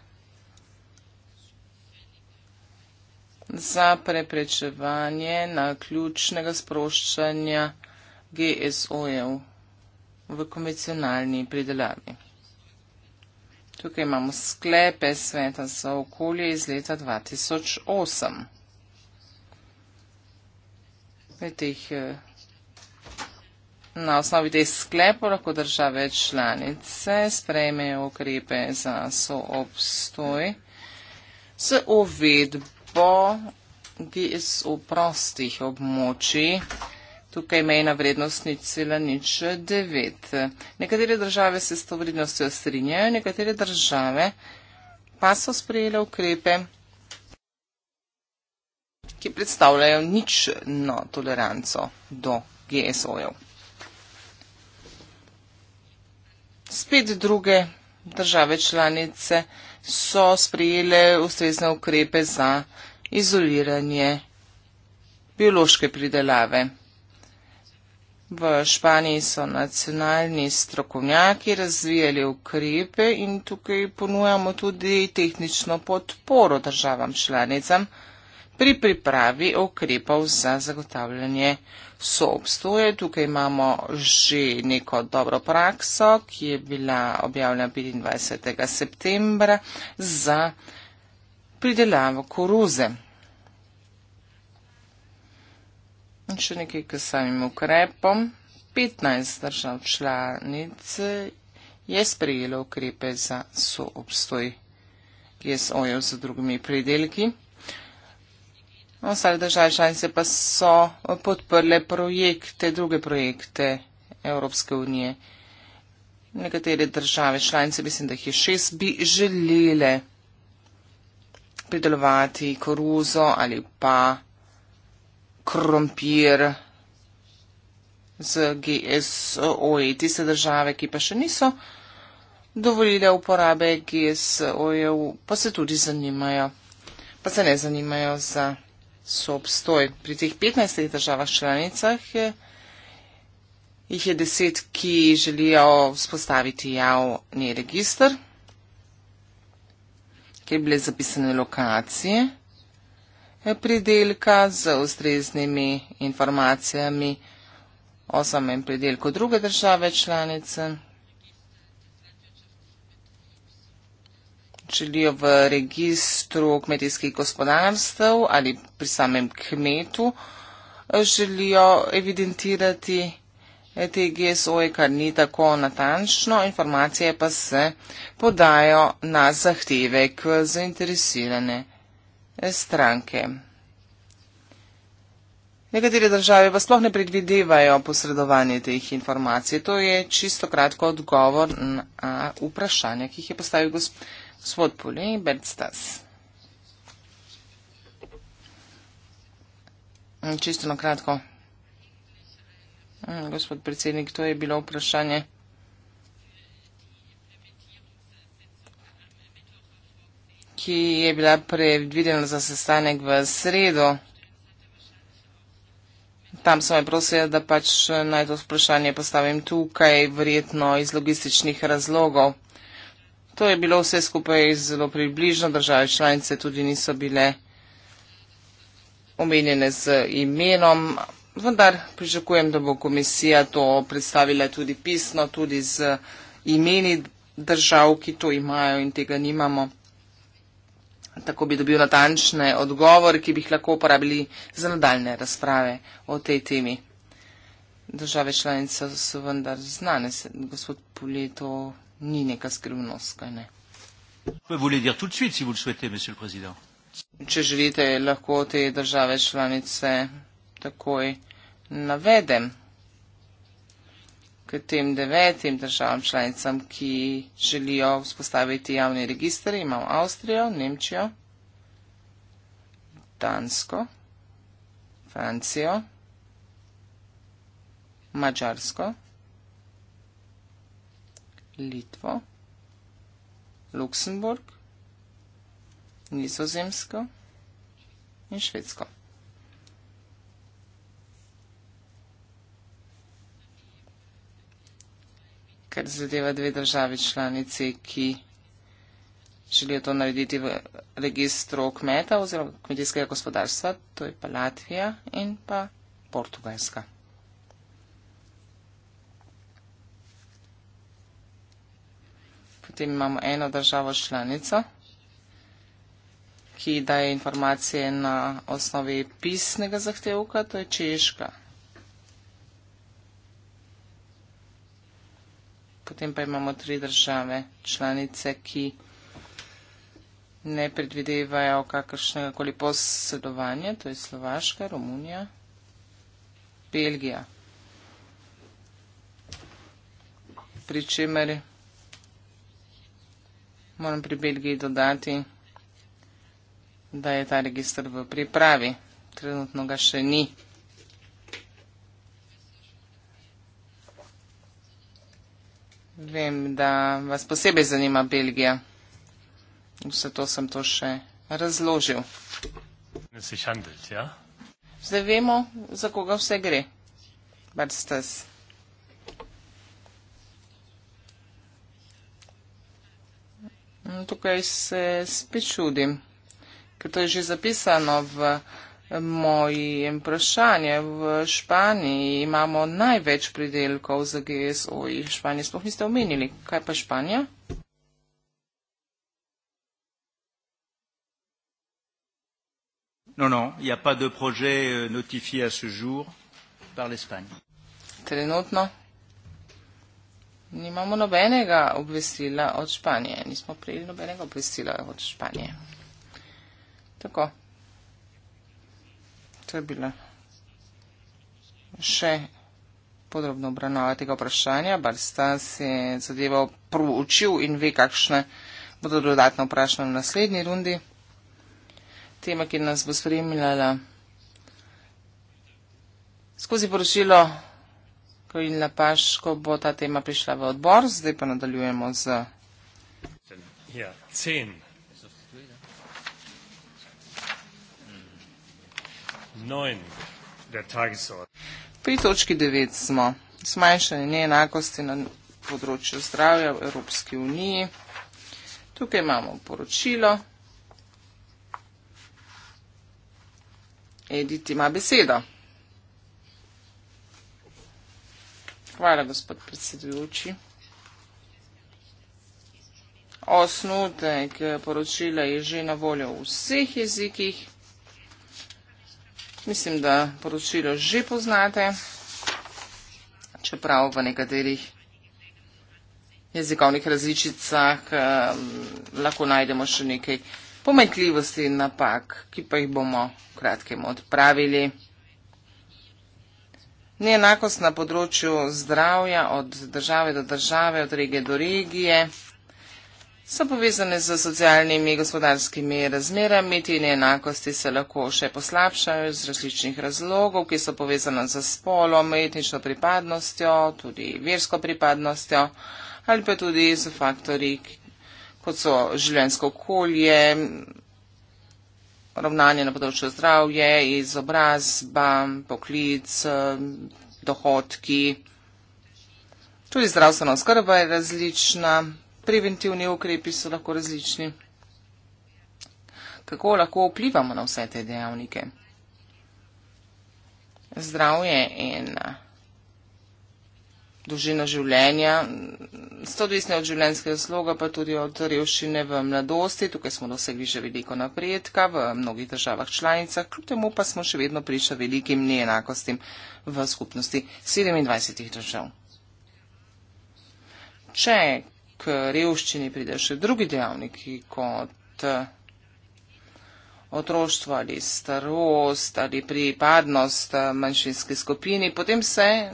za preprečevanje na ključnega sproščanja GSO-jev v konvencionalni pridelavi. Tukaj imamo sklepe Sveta za okolje iz leta 2008. V teh eh, Na osnovi teh sklepov lahko države članice sprejmejo ukrepe za soobstoj s uvedbo GSO prostih območij. Tukaj mejna vrednost ni cela nič devet. Nekatere države se s to vrednostjo strinjajo, nekatere države pa so sprejele ukrepe, ki predstavljajo nič no toleranco do GSO-jev. spet druge države članice so sprejele ustrezne ukrepe za izoliranje biološke pridelave. V Španiji so nacionalni strokovnjaki razvijali ukrepe in tukaj ponujamo tudi tehnično podporo državam članicam pri pripravi ukrepov za zagotavljanje so obstoje. Tukaj imamo že neko dobro prakso, ki je bila objavljena 25. septembra za pridelavo koruze. In še nekaj k samim ukrepom. 15 držav članic je sprejelo ukrepe za soobstoj GSO-jev z drugimi predelki. Ostale države članice pa so podprle projekte, druge projekte Evropske unije. Nekatere države članice, mislim, da jih je šest, bi želele pridelovati koruzo ali pa krompir z GSO. E. Tiste države, ki pa še niso dovolile uporabe GSO, pa se tudi zanimajo, pa se ne zanimajo za so obstoj. Pri teh 15 državah članicah je, eh, jih je 10, ki želijo vzpostaviti javni registr, kjer bile zapisane lokacije eh, pridelka z ustreznimi informacijami o samem pridelku druge države članice. želijo v registru kmetijskih gospodarstv ali pri samem kmetu eh, želijo evidentirati eh, te GSO-je, kar ni tako natančno, informacije pa se podajo na zahteve k zainteresirane eh, stranke. Nekatere države pa sploh ne predvidevajo posredovanje teh informacij. To je čisto kratko odgovor na vprašanje, ki jih je postavil gospod. Svod Poulet, Bert Stas. Mm, čisto na kratko. Mm, gospod predsednik, to je bilo vprašanje. Ki je bila predvidena za sestanek v sredo. Tam so me prosili, da pač naj to vprašanje postavim tukaj, verjetno iz logističnih razlogov. To je bilo vse skupaj zelo približno, države članice tudi niso bile omenjene z imenom, vendar pričakujem, da bo komisija to predstavila tudi pisno, tudi z imeni držav, ki to imajo in tega nimamo. Tako bi dobil natančne odgovore, ki bi jih lahko uporabili za nadaljne razprave o tej temi. Države članice so vendar znane, gospod Pulje, to ni neka skrivnost, kaj ne. Če želite, lahko te države članice takoj navedem k tem devetim državam članicam, ki želijo vzpostaviti javni register. Imamo Avstrijo, Nemčijo, Dansko, Francijo, Mačarsko, Litvo, Luksemburg, Nizozemsko in Švedsko. Ker zadeva dve državi članici, ki želijo to narediti v registru kmeta oziroma kmetijskega gospodarstva, to je pa Latvija in pa Portugalska. potem imamo eno državo članico, ki daje informacije na osnovi pisnega zahtevka, to je Češka. Potem pa imamo tri države članice, ki ne predvidevajo kakršnega koli posredovanja, to je Slovaška, Romunija, Belgija. Pričemer je moram pri Belgiji dodati, da je ta registr v pripravi. Trenutno ga še ni. Vem, da vas posebej zanima Belgija. Vse to sem to še razložil. Ja? Zdaj vemo, za koga vse gre. Barstas. Mm, tukaj se spet čudim, ker to je že zapisano v moji vprašanje. V Španiji imamo največ pridelkov za GSO in Španiji sploh niste omenili. Kaj pa Španija? No, no, ja pa de projet euh, notifié à ce jour par l'Espagne. Trenutno Nimamo nobenega obvestila od Španije. Nismo prejeli nobenega obvestila od Španije. Tako. To je bila še podrobno obranova tega vprašanja. Barstas je zadevo proučil in ve, kakšne bodo dodatno vprašanje v naslednji rundi. Tema, ki nas bo spremljala skozi poročilo pojedla paš, ko bo ta tema prišla v odbor. Zdaj pa nadaljujemo z ja, cen. Noin, Pri točki 9 smo smanjšanje neenakosti na področju zdravja v Evropski uniji. Tukaj imamo poročilo. Edith ima besedo. Hvala, gospod predsedujoči. Osnutek poročila je že na voljo v vseh jezikih. Mislim, da poročilo že poznate, čeprav v nekaterih jezikovnih različicah ehm, lahko najdemo še nekaj pomenkljivosti in napak, ki pa jih bomo kratkem odpravili. Neenakost na področju zdravja od države do države, od regije do regije so povezane z socialnimi in gospodarskimi razmerami. Ti neenakosti se lahko še poslabšajo iz različnih razlogov, ki so povezane z spolom, etnično pripadnostjo, tudi versko pripadnostjo ali pa tudi z faktori, kot so življensko okolje, ravnanje na področju zdravje, izobrazba, poklic, eh, dohodki. Tudi zdravstvena oskrba je različna, preventivni ukrepi so lahko različni. Kako lahko vplivamo na vse te dejavnike? Zdravje in dolžino življenja. Sto odvisne od življenjskega sloga, pa tudi od revščine v mladosti. Tukaj smo dosegli že veliko napredka v mnogih državah članicah, kljub temu pa smo še vedno priča velikim neenakostim v skupnosti 27 držav. Če k revščini pride še drugi dejavniki kot otroštvo ali starost ali pripadnost eh, manjšinski skupini, potem se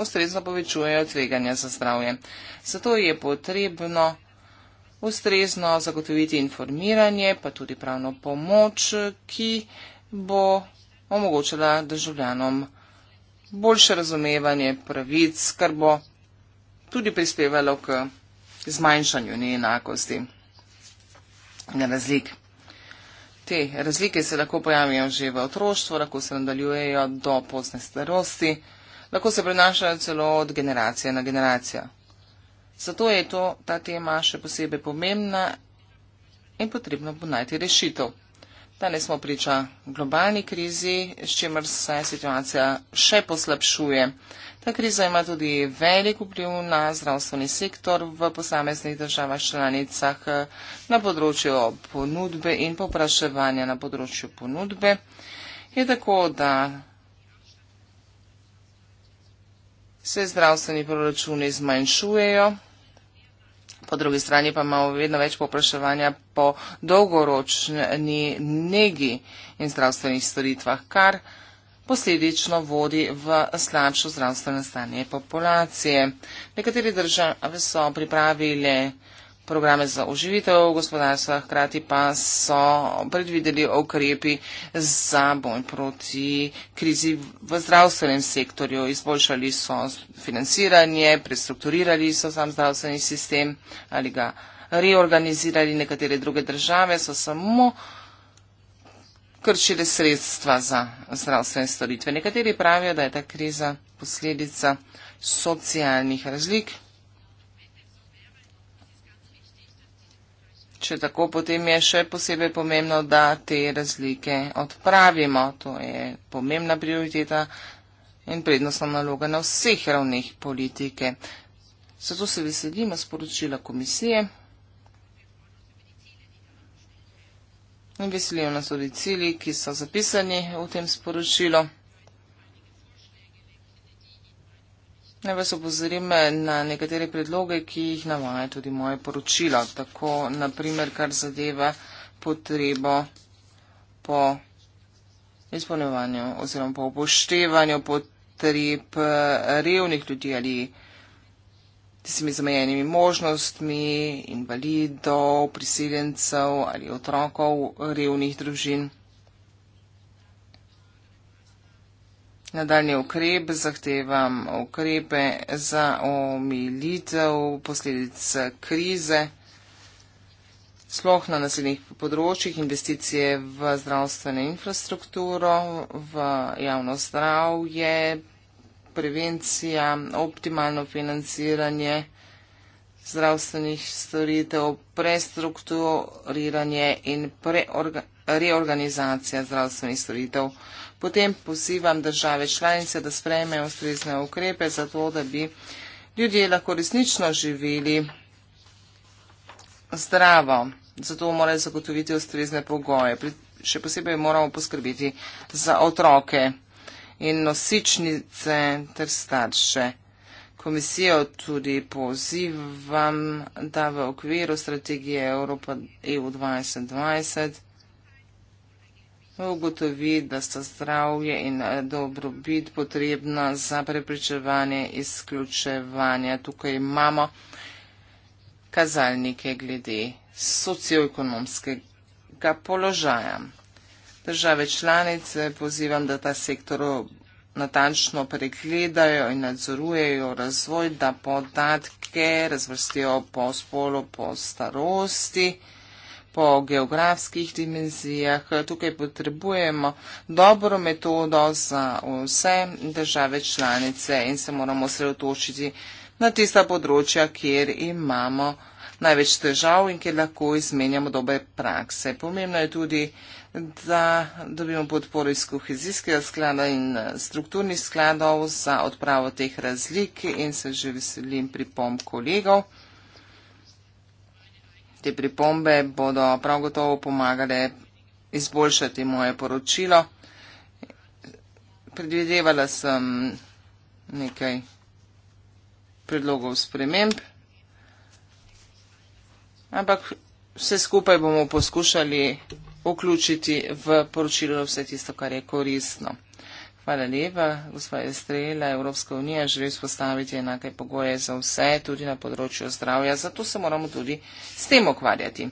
ustrezno povečujejo tveganja za zdravje. Zato je potrebno ustrezno zagotoviti informiranje, pa tudi pravno pomoč, ki bo omogočila državljanom boljše razumevanje pravic, kar bo tudi prispevalo k zmanjšanju neenakosti in razlik. Te razlike se lahko pojavijo že v otroštvu, lahko se nadaljujejo do pozne starosti, lahko se prenašajo celo od generacije na generacijo. Zato je to, ta tema še posebej pomembna in potrebno bo najti rešitev. Danes smo priča globalni krizi, s čimer se situacija še poslabšuje. Ta kriza ima tudi velik vpliv na zdravstveni sektor v posameznih državah članicah na področju ponudbe in popraševanja na področju ponudbe. Je tako, da se zdravstveni proračuni zmanjšujejo. Po drugi strani pa imamo vedno več popraševanja po dolgoročni negi in zdravstvenih storitvah, kar posledično vodi v slabšo zdravstveno stanje populacije. Nekatere države so pripravile programe za oživitev gospodarstva, hkrati pa so predvideli ukrepi za boj proti krizi v zdravstvenem sektorju. Izboljšali so financiranje, prestrukturirali so sam zdravstveni sistem ali ga reorganizirali. Nekatere druge države so samo krčile sredstva za zdravstvene storitve. Nekateri pravijo, da je ta kriza posledica socialnih razlik Če tako, potem je še posebej pomembno, da te razlike odpravimo. To je pomembna prioriteta in prednostna naloga na vseh ravneh politike. Zato se veselimo sporočila komisije. In veselijo nas tudi cilji, ki so zapisani v tem sporočilu. Naj vas opozorim eh, na nekatere predloge, ki jih navaja tudi moje poročilo. Tako, naprimer, kar zadeva potrebo po izpolnjevanju oziroma po upoštevanju potreb eh, revnih ljudi ali tistimi zamejenimi možnostmi, invalidov, priseljencev ali otrokov revnih družin. Nadaljni ukrep zahtevam ukrepe za omilitev posledic krize, sploh na naslednjih področjih investicije v zdravstveno infrastrukturo, v javno zdravje, prevencija, optimalno financiranje zdravstvenih storitev, prestrukturiranje in reorganizacija zdravstvenih storitev potem pozivam države članice, da sprejmejo ustrezne ukrepe za to, da bi ljudje lahko resnično živeli zdravo. Zato morajo zagotoviti ustrezne pogoje. Še posebej moramo poskrbiti za otroke in nosičnice ter starše. Komisijo tudi pozivam, da v okviru strategije Evropa EU 2020 ugotovi, da sta zdravje in eh, dobrobit potrebna za prepričevanje izključevanja. Tukaj imamo kazalnike glede socioekonomskega položaja. Države članice pozivam, da ta sektor natančno pregledajo in nadzorujejo razvoj, da podatke razvrstijo po spolu, po starosti po geografskih dimenzijah. Tukaj potrebujemo dobro metodo za vse države članice in se moramo sredotočiti na tista področja, kjer imamo največ težav in kjer lahko izmenjamo dobre prakse. Pomembno je tudi, da dobimo podporo iz kohezijskega sklada in strukturnih skladov za odpravo teh razlik in se že veselim pripom kolegov te pripombe bodo prav gotovo pomagale izboljšati moje poročilo. Predvidevala sem nekaj predlogov sprememb, ampak vse skupaj bomo poskušali vključiti v poročilo vse tisto, kar je koristno. Hvala lepa, gospa Estrela. Evropska unija želi vzpostaviti enake pogoje za vse, tudi na področju zdravja, zato se moramo tudi s tem okvarjati.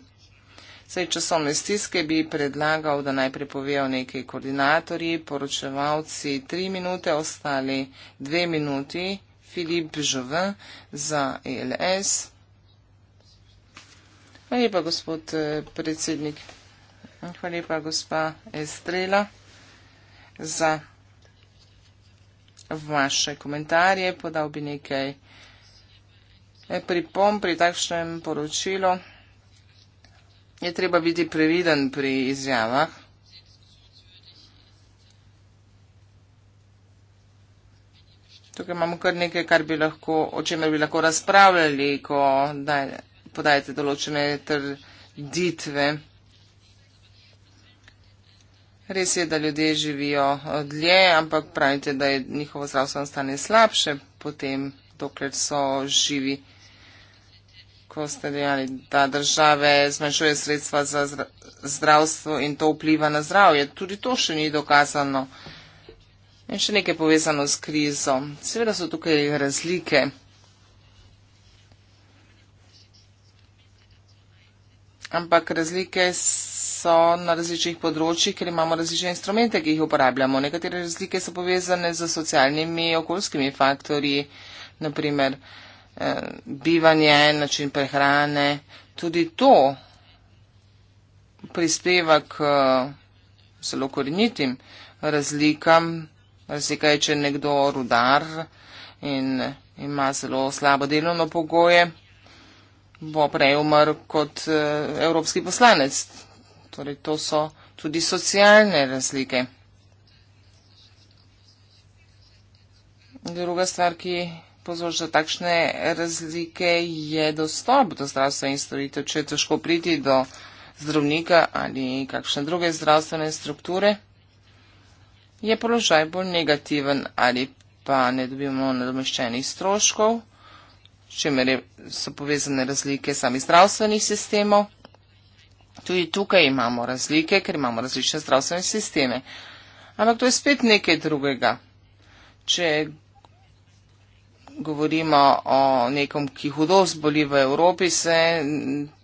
Zdaj, časovne stiske bi predlagal, da najprej povejo neki koordinatorji, poročevalci, tri minute, ostali dve minuti. Filip Žv za ELS. Hvala lepa, gospod eh, predsednik. Hvala lepa, gospa Estrela za v vaše komentarje, podal bi nekaj eh, pripom pri takšnem poročilu. Je treba biti previden pri izjavah. Tukaj imamo kar nekaj, kar bi lahko, o čemer bi lahko razpravljali, ko daj, podajate določene trditve. Res je, da ljudje živijo eh, dlje, ampak pravite, da je njihovo zdravstveno stanje slabše potem, dokler so živi. Ko ste dejali, da države zmanjšuje sredstva za zdravstvo in to vpliva na zdravje, tudi to še ni dokazano. In še nekaj povezano s krizo. Seveda so tukaj razlike. Ampak razlike so na različnih področjih, ker imamo različne instrumente, ki jih uporabljamo. Nekatere razlike so povezane z socialnimi okoljskimi faktorji, naprimer eh, bivanje, način prehrane. Tudi to prispeva k eh, zelo korenitim razlikam. Razlika je, če nekdo rudar in ima zelo slabo delovno pogoje, bo prej umrl kot eh, evropski poslanec. Torej, to so tudi socialne razlike. Druga stvar, ki povzroča takšne razlike, je dostop do zdravstvenih storitev. Če je težko priti do zdravnika ali kakšne druge zdravstvene strukture, je položaj bolj negativen ali pa ne dobimo nadomeščenih stroškov, s čimer so povezane razlike samih zdravstvenih sistemov. Tudi tukaj imamo razlike, ker imamo različne zdravstvene sisteme. Ampak to je spet nekaj drugega. Če govorimo o nekom, ki hudo zboli v Evropi, se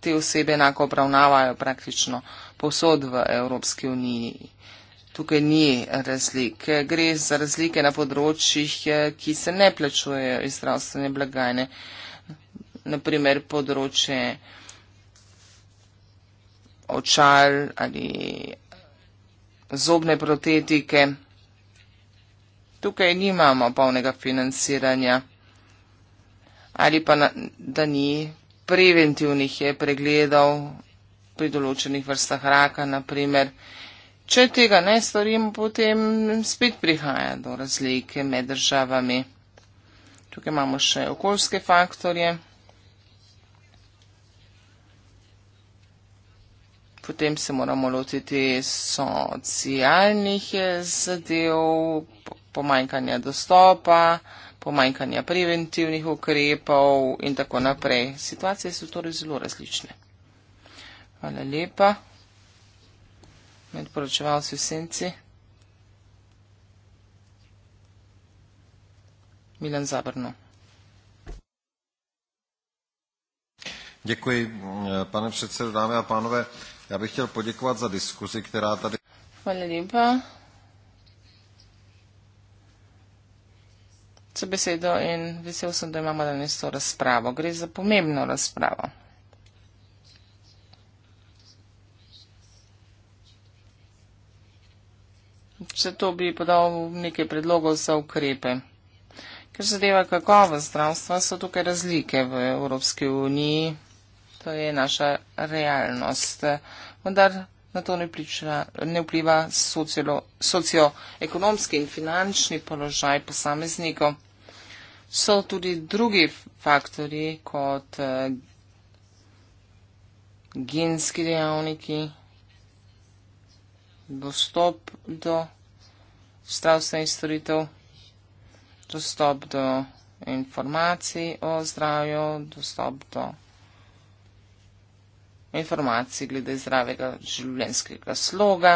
te osebe enako obravnavajo praktično posod v Evropski uniji. Tukaj ni razlik. Gre za razlike na področjih, ki se ne plačujejo iz zdravstvene blagajne. Naprimer področje očal ali zobne protetike. Tukaj nimamo polnega financiranja ali pa na, da ni preventivnih je pregledov pri določenih vrstah raka, naprimer. Če tega ne storim, potem spet prihaja do razlike med državami. Tukaj imamo še okoljske faktorje. Potem se moramo lotiti socialnih eh, zadev, pomanjkanja dostopa, pomanjkanja preventivnih ukrepov in tako naprej. Situacije so torej zelo različne. Hvala lepa. Med poročevalci v senci. Milan Zabrno. Děkuji, eh, pane předsedo, dámy a pánové. Já bych chtěl poděkovat za diskuzi, která tady. Hvala lepa. Se besedo in vesel sem, da imamo danes to razpravo. Gre za pomembno razpravo. Če to bi podal nekaj predlogov za ukrepe. Ker zadeva kakovost zdravstva, so tukaj razlike v Evropski uniji. To je naša realnost. Vendar na to ne, pliča, ne vpliva socioekonomski socio in finančni položaj posameznikov. So tudi drugi faktori kot eh, genski dejavniki, dostop do zdravstvenih storitev, dostop do informacij o zdravju, dostop do informacij glede zdravega življenjskega sloga.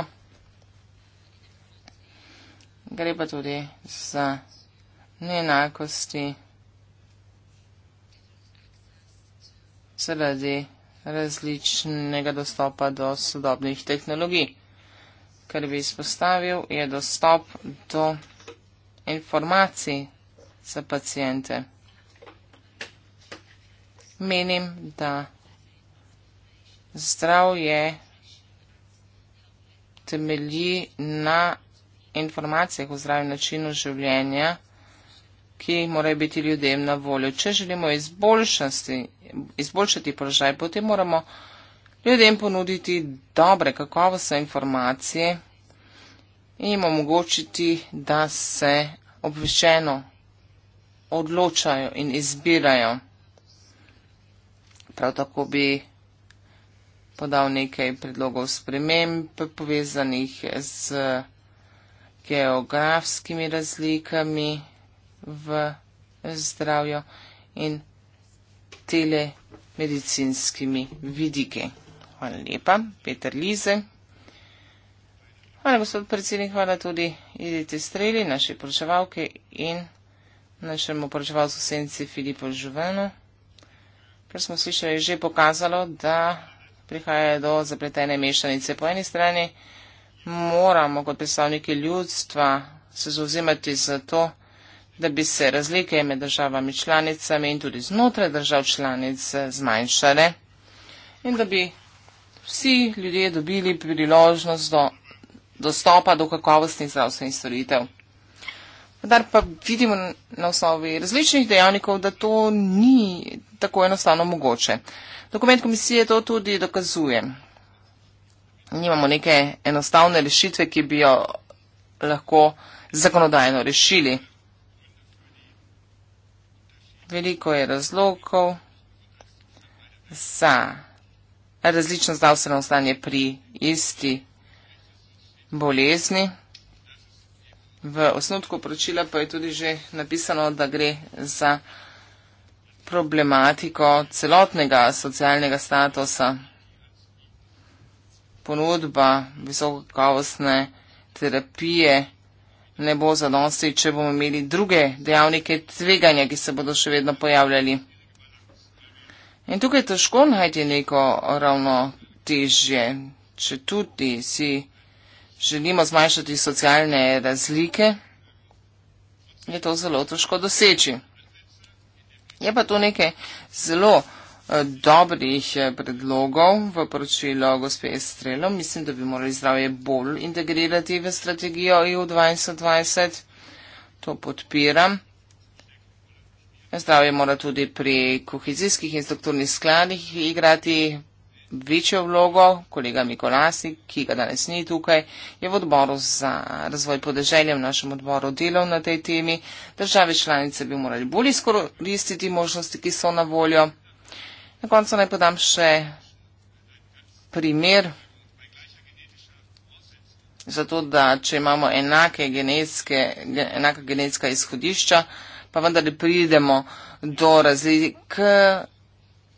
Gre pa tudi za neenakosti zaradi različnega dostopa do sodobnih tehnologij. Kar bi izpostavil, je dostop do informacij za pacijente. Menim, da Zdravje temelji na informacijah o zdravem načinu življenja, ki morajo biti ljudem na voljo. Če želimo izboljšati položaj, potem moramo ljudem ponuditi dobre, kakovostne informacije in jim omogočiti, da se obveščeno odločajo in izbirajo. Prav tako bi podal nekaj predlogov sprememb povezanih z geografskimi razlikami v zdravju in telemedicinskimi vidiki. Hvala lepa, Peter Lize. Hvala, gospod predsednik, hvala tudi Idite Streli, naši poročevalke in našemu poročevalcu Senci Filipu Žuvenu, ker smo slišali že pokazalo, da prihaja do zapletene mešanice. Po eni strani moramo kot predstavniki ljudstva se zauzemati za to, da bi se razlike med državami članicami in tudi znotraj držav članic zmanjšale in da bi vsi ljudje dobili priložnost do dostopa do kakovostnih zdravstvenih storitev. Vendar pa vidimo na osnovi različnih dejavnikov, da to ni tako enostavno mogoče. Dokument komisije to tudi dokazuje. Nimamo neke enostavne rešitve, ki bi jo lahko zakonodajno rešili. Veliko je razlogov za različno zdravstveno stanje pri isti bolezni. V osnutku poročila pa je tudi že napisano, da gre za problematiko celotnega socialnega statusa, ponudba visokokakovostne terapije ne bo zadosti, če bomo imeli druge dejavnike tveganja, ki se bodo še vedno pojavljali. In tukaj je težko najti neko ravno težje, če tudi si želimo zmanjšati socialne razlike, je to zelo težko doseči. Je pa to nekaj zelo eh, dobrih eh, predlogov v poročilo gospe Estrelo. Mislim, da bi morali zdravje bolj integrirati v strategijo EU 2020. To podpiram. Zdravje mora tudi pri kohezijskih in strukturnih skladih igrati večjo vlogo, kolega Mikolasik, ki ga danes ni tukaj, je v odboru za razvoj podeželja v našem odboru delal na tej temi. Države članice bi morali bolj izkoristiti možnosti, ki so na voljo. Na koncu naj podam še primer. Zato, da če imamo enake genetske, enaka genetska izhodišča, pa vendar pridemo do razlik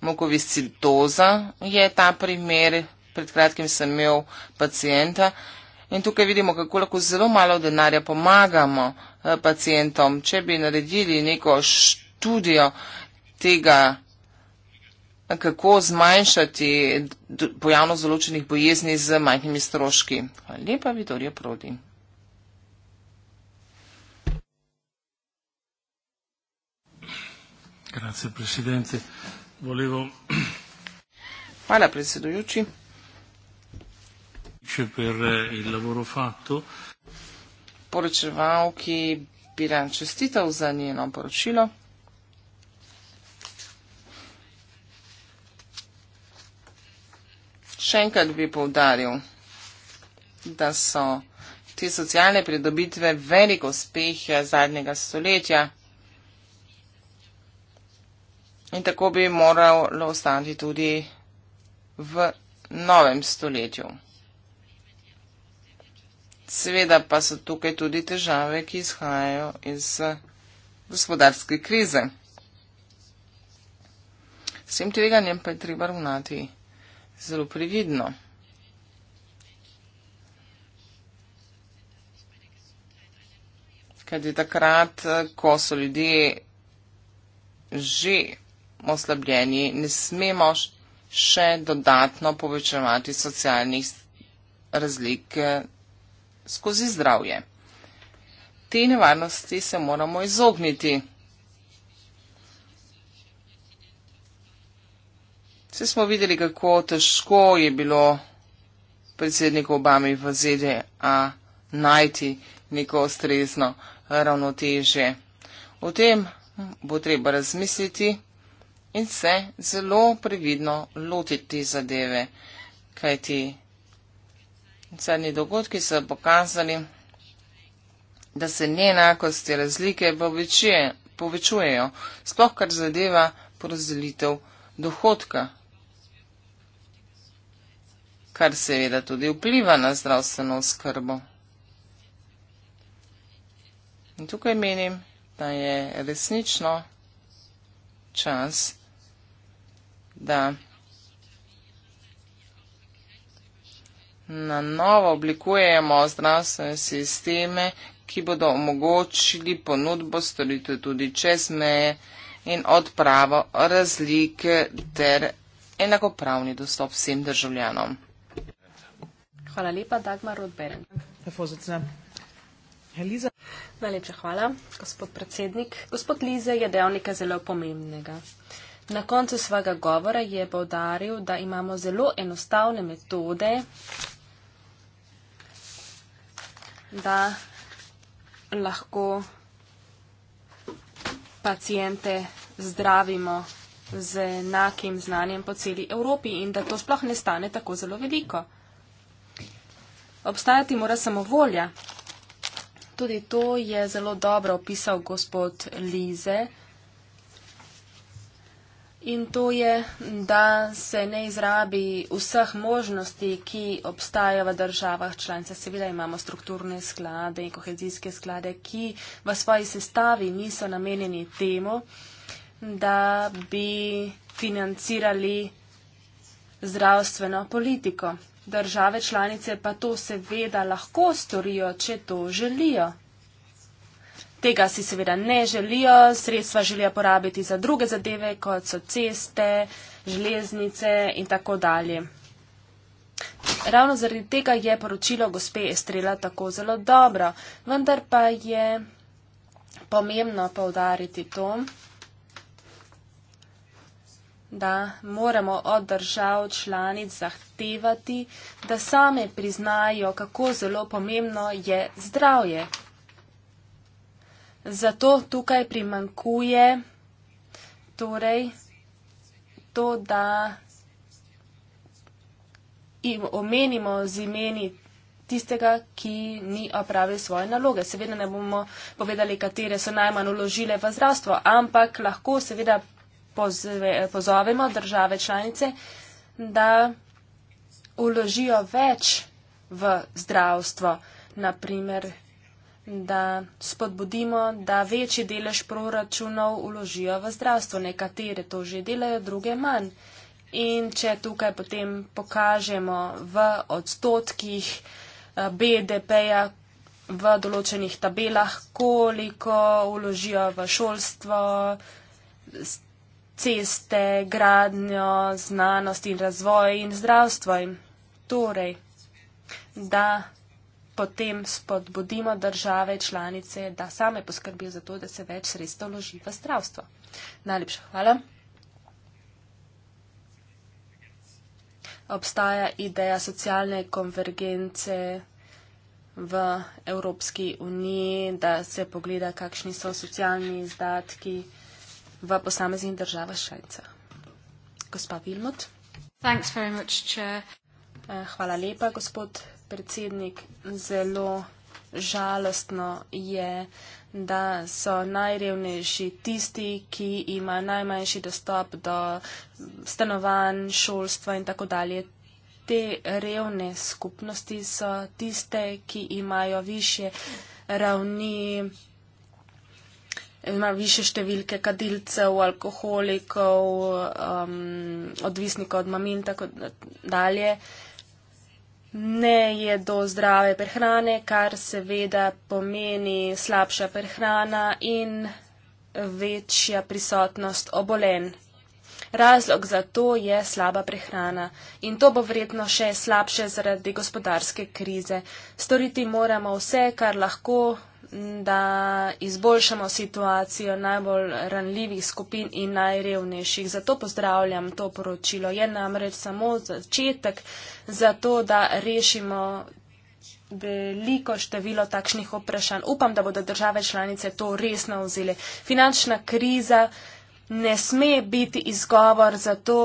mukoviscidoza je ta primer. Pred kratkim sem imel pacijenta in tukaj vidimo, kako lahko zelo malo denarja pomagamo eh, pacijentom. Če bi naredili neko študijo tega, kako zmanjšati pojavnost določenih bojezni z majhnimi stroški. Hvala lepa, Vidorja Prodi. Grazie, Presidente. Volevo. Hvala predsedujoči. Če per eh, il lavoro fatto. Poročevalki bi rad čestital za njeno poročilo. Še enkrat bi povdaril, da so te socialne pridobitve velik uspeh eh, zadnjega stoletja. In tako bi moralo ostati tudi v novem stoletju. Seveda pa so tukaj tudi težave, ki izhajajo iz gospodarske krize. S tem tveganjem pa je treba ravnati zelo previdno. Kaj je takrat, ko so ljudje že oslabljeni, ne smemo še dodatno povečevati socialnih razlik eh, skozi zdravje. Te nevarnosti se moramo izogniti. Vse smo videli, kako težko je bilo predsedniku Obami v ZDA najti neko ustrezno ravnotežje. O tem bo treba razmisliti in se zelo previdno lotiti zadeve, kajti zadnji dogodki so pokazali, da se neenakosti razlike povečuje, povečujejo, sploh kar zadeva porazdelitev dohodka, kar seveda tudi vpliva na zdravstveno skrbo. In tukaj menim, da je resnično čas da na novo oblikujemo zdravstvene sisteme, ki bodo omogočili ponudbo storitev tudi čez meje in odpravo razlike ter enakopravni dostop vsem državljanom. Hvala lepa, Dagmar Rodberen. Najlepša hvala, gospod predsednik. Gospod Lize je dejavnika zelo pomembnega. Na koncu svojega govora je povdaril, da imamo zelo enostavne metode, da lahko pacijente zdravimo z enakim znanjem po celi Evropi in da to sploh ne stane tako zelo veliko. Obstajati mora samo volja. Tudi to je zelo dobro opisal gospod Lize in to je, da se ne izrabi vseh možnosti, ki obstajajo v državah članice. Seveda imamo strukturne sklade in kohezijske sklade, ki v svoji sestavi niso namenjeni temu, da bi financirali zdravstveno politiko. Države članice pa to seveda lahko storijo, če to želijo. Tega si seveda ne želijo, sredstva želijo porabiti za druge zadeve, kot so ceste, železnice in tako dalje. Ravno zaradi tega je poročilo gospe Estrela tako zelo dobro, vendar pa je pomembno povdariti to, da moramo od držav članic zahtevati, da same priznajo, kako zelo pomembno je zdravje Zato tukaj primankuje torej to, da jim omenimo z imeni tistega, ki ni opravil svoje naloge. Seveda ne bomo povedali, katere so najmanj uložile v zdravstvo, ampak lahko seveda pozve, pozovemo države članice, da uložijo več v zdravstvo. Naprimer, da spodbudimo, da večji delež proračunov uložijo v zdravstvo. Nekatere to že delajo, druge manj. In če tukaj potem pokažemo v odstotkih eh, BDP-ja v določenih tabelah, koliko uložijo v šolstvo, ceste, gradnjo, znanost in razvoj in zdravstvo. Torej, da potem spodbudimo države članice, da same poskrbijo za to, da se več sredstev loži v zdravstvo. Najlepša hvala. Obstaja ideja socialne konvergence v Evropski uniji, da se pogleda, kakšni so socialni izdatki v posameznih državah šajca. Gospa Vilmot. Eh, hvala lepa, gospod predsednik, zelo žalostno je, da so najrevnejši tisti, ki imajo najmanjši dostop do stanovanj, šolstva in tako dalje. Te revne skupnosti so tiste, ki imajo više ravni, imajo više številke kadilcev, alkoholikov, um, odvisnikov od mamil in tako dalje ne jedo zdrave prehrane, kar seveda pomeni slabša prehrana in večja prisotnost obolen. Razlog za to je slaba prehrana in to bo vredno še slabše zaradi gospodarske krize. Storiti moramo vse, kar lahko, da izboljšamo situacijo najbolj ranljivih skupin in najrevnejših. Zato pozdravljam to poročilo. Je namreč samo začetek za to, da rešimo veliko število takšnih vprašanj. Upam, da bodo države članice to resno vzeli. Finančna kriza ne sme biti izgovor za to,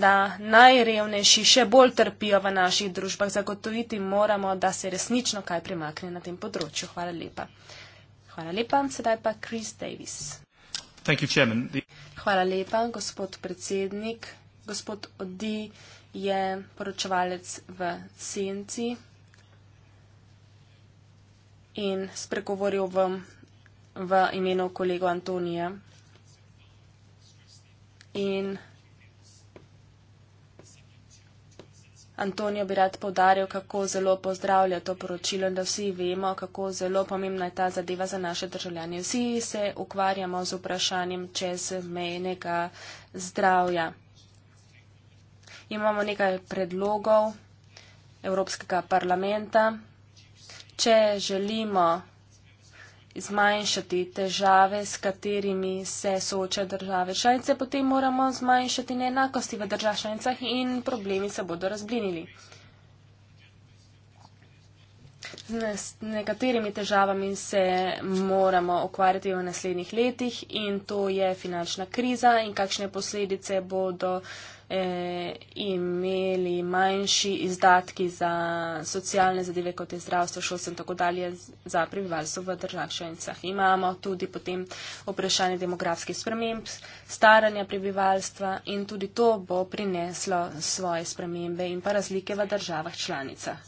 da najrevnejši še bolj trpijo v naših družbah. Zagotoviti moramo, da se resnično kaj premakne na tem področju. Hvala lepa. Hvala lepa. Sedaj pa Chris Davis. You, Hvala lepa, gospod predsednik. Gospod Odi je poročevalec v Senci in spregovoril v, v imenu kolego Antonija. In Antonijo bi rad povdaril, kako zelo pozdravlja to poročilo in da vsi vemo, kako zelo pomembna je ta zadeva za naše državljanje. Vsi se ukvarjamo z vprašanjem čezmejnega zdravja. Imamo nekaj predlogov Evropskega parlamenta. Če želimo zmanjšati težave, s katerimi se soočajo države članice, potem moramo zmanjšati neenakosti v državah članicah in problemi se bodo razblinili. Z nekaterimi težavami se moramo ukvarjati v naslednjih letih in to je finančna kriza in kakšne posledice bodo eh, imeli manjši izdatki za socialne zadeve, kot je zdravstvo, šolstvo in tako dalje za prebivalstvo v državah šeljnicah. Imamo tudi potem vprašanje demografskih sprememb, staranja prebivalstva in tudi to bo prineslo svoje spremembe in pa razlike v državah članicah.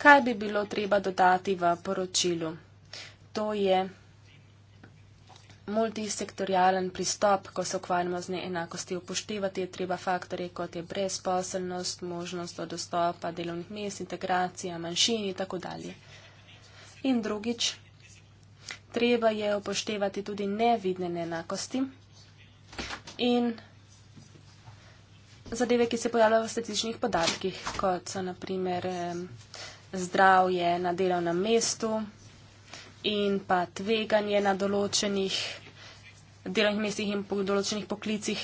Kaj bi bilo treba dodati v poročilu? To je multisektorijalen pristop, ko se ukvarjamo z neenakosti. Upoštevati je treba faktore, kot je brezposelnost, možnost do dostopa delovnih mest, integracija manjšin in tako dalje. In drugič, treba je upoštevati tudi nevidne neenakosti in zadeve, ki se pojavljajo v statičnih podatkih, kot so naprimer zdravje na delovnem mestu in pa tveganje na določenih delovnih mestih in po določenih poklicih.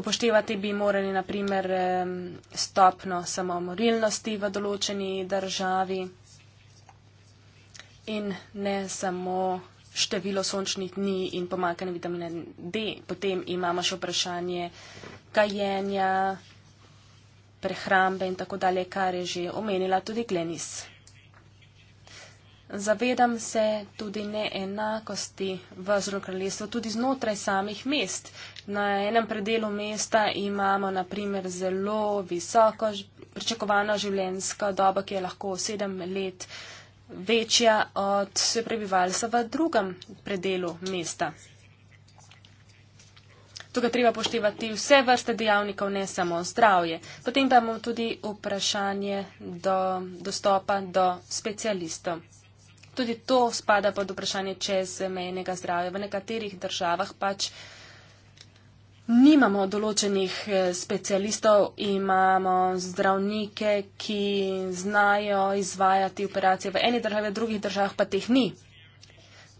Upoštevati bi morali naprimer stopno samomorilnosti v določeni državi in ne samo število sončnih dni in pomakanje vitamina D. Potem imamo še vprašanje kajenja, prehrambe in tako dalje, kar je že omenila tudi Glenis. Zavedam se tudi neenakosti v zrokraljestvu, tudi znotraj samih mest. Na enem predelu mesta imamo naprimer zelo visoko pričakovano življenjsko dobo, ki je lahko sedem let večja od vse prebivalstva v drugem predelu mesta. Tukaj treba poštevati vse vrste dejavnikov, ne samo zdravje. Potem pa imamo tudi vprašanje do dostopa do specialistov tudi to spada pod vprašanje čezmejnega zdravja. V nekaterih državah pač nimamo določenih eh, specialistov, imamo zdravnike, ki znajo izvajati operacije v eni državi, v drugih državah pa teh ni.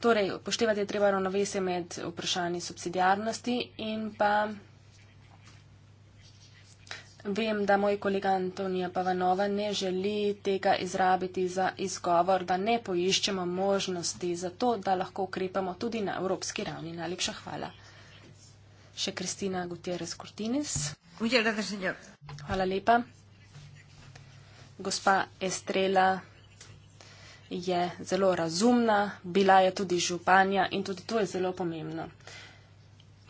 Torej, upoštevati je treba ravnovesje med vprašanji subsidijarnosti in pa Vem, da moj kolega Antonija Pavanova ne želi tega izrabiti za izgovor, da ne poiščemo možnosti za to, da lahko ukrepamo tudi na evropski ravni. Najlepša hvala. Še Kristina Gutierrez Cortines. Hvala lepa. Gospa Estrela je zelo razumna, bila je tudi županja in tudi to je zelo pomembno.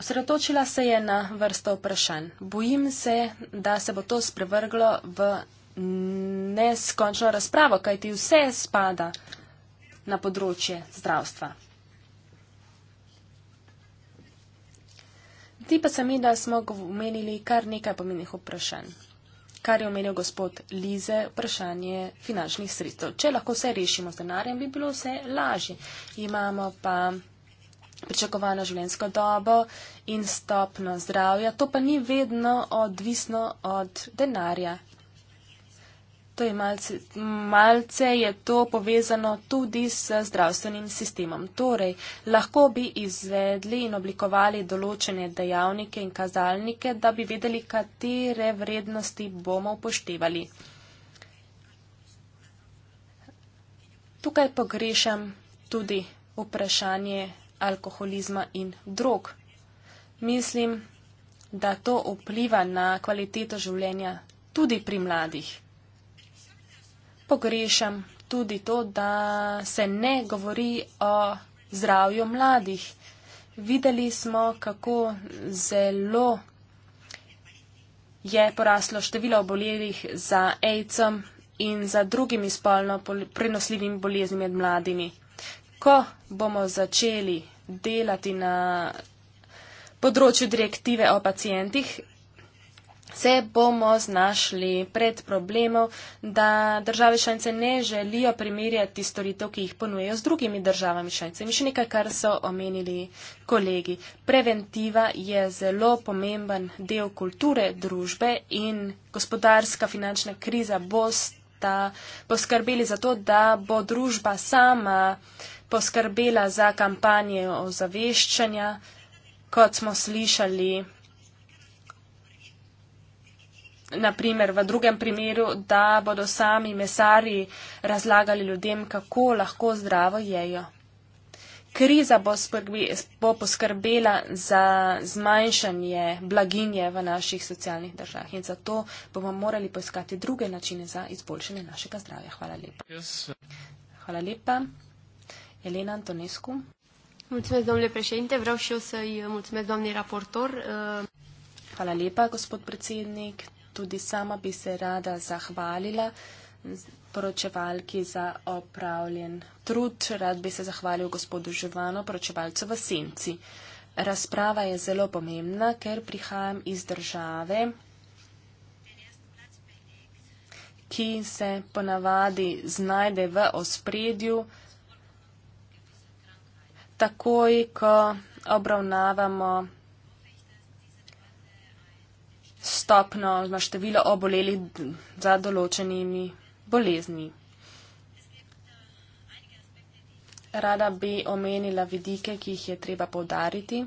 Osredotočila se je na vrsto vprašanj. Bojim se, da se bo to sprevrglo v neskončno razpravo, kajti vse spada na področje zdravstva. Ti pa sami, da smo omenili kar nekaj pomenih vprašanj. Kar je omenil gospod Lize, vprašanje finančnih sredstev. Če lahko vse rešimo z denarjem, bi bilo vse lažje. Imamo pa pričakovano življenjsko dobo in stopno zdravja. To pa ni vedno odvisno od denarja. To je malce, malce je to povezano tudi s zdravstvenim sistemom. Torej, lahko bi izvedli in oblikovali določene dejavnike in kazalnike, da bi vedeli, katere vrednosti bomo upoštevali. Tukaj pogrešam tudi vprašanje alkoholizma in drog. Mislim, da to vpliva na kvaliteto življenja tudi pri mladih. Pogrešam tudi to, da se ne govori o zdravju mladih. Videli smo, kako zelo je poraslo število obolelih za AIDS-om in za drugimi spolno prenosljivimi boleznimi med mladimi. Ko bomo začeli delati na področju direktive o pacijentih, se bomo znašli pred problemom, da države šance ne želijo primerjati storitev, ki jih ponujejo z drugimi državami šancemi. Še nekaj, kar so omenili kolegi. Preventiva je zelo pomemben del kulture družbe in gospodarska finančna kriza bosta poskrbeli za to, da bo družba sama uh, poskrbela za kampanje ozaveščanja, kot smo slišali naprimer v drugem primeru, da bodo sami mesari razlagali ljudem, kako lahko zdravo jejo. Kriza bo poskrbela za zmanjšanje blaginje v naših socialnih državah in zato bomo morali poiskati druge načine za izboljšanje našega zdravja. Hvala lepa. Hvala lepa. Elena Antonescu. Mulțumesc, domnule președinte. Vreau și eu să-i mulțumesc, doamnei raportor. Hvala lepa, gospod predsednik. Tudi sama bi se rada zahvalila poročevalki za opravljen trud. Rad bi se zahvalil gospodu Živano, poročevalcu v Senci. Razprava je zelo pomembna, ker prihajam iz države, ki se ponavadi znajde v ospredju, takoj, ko obravnavamo stopno oziroma število obolelih za določenimi bolezni. Rada bi omenila vidike, ki jih je treba povdariti,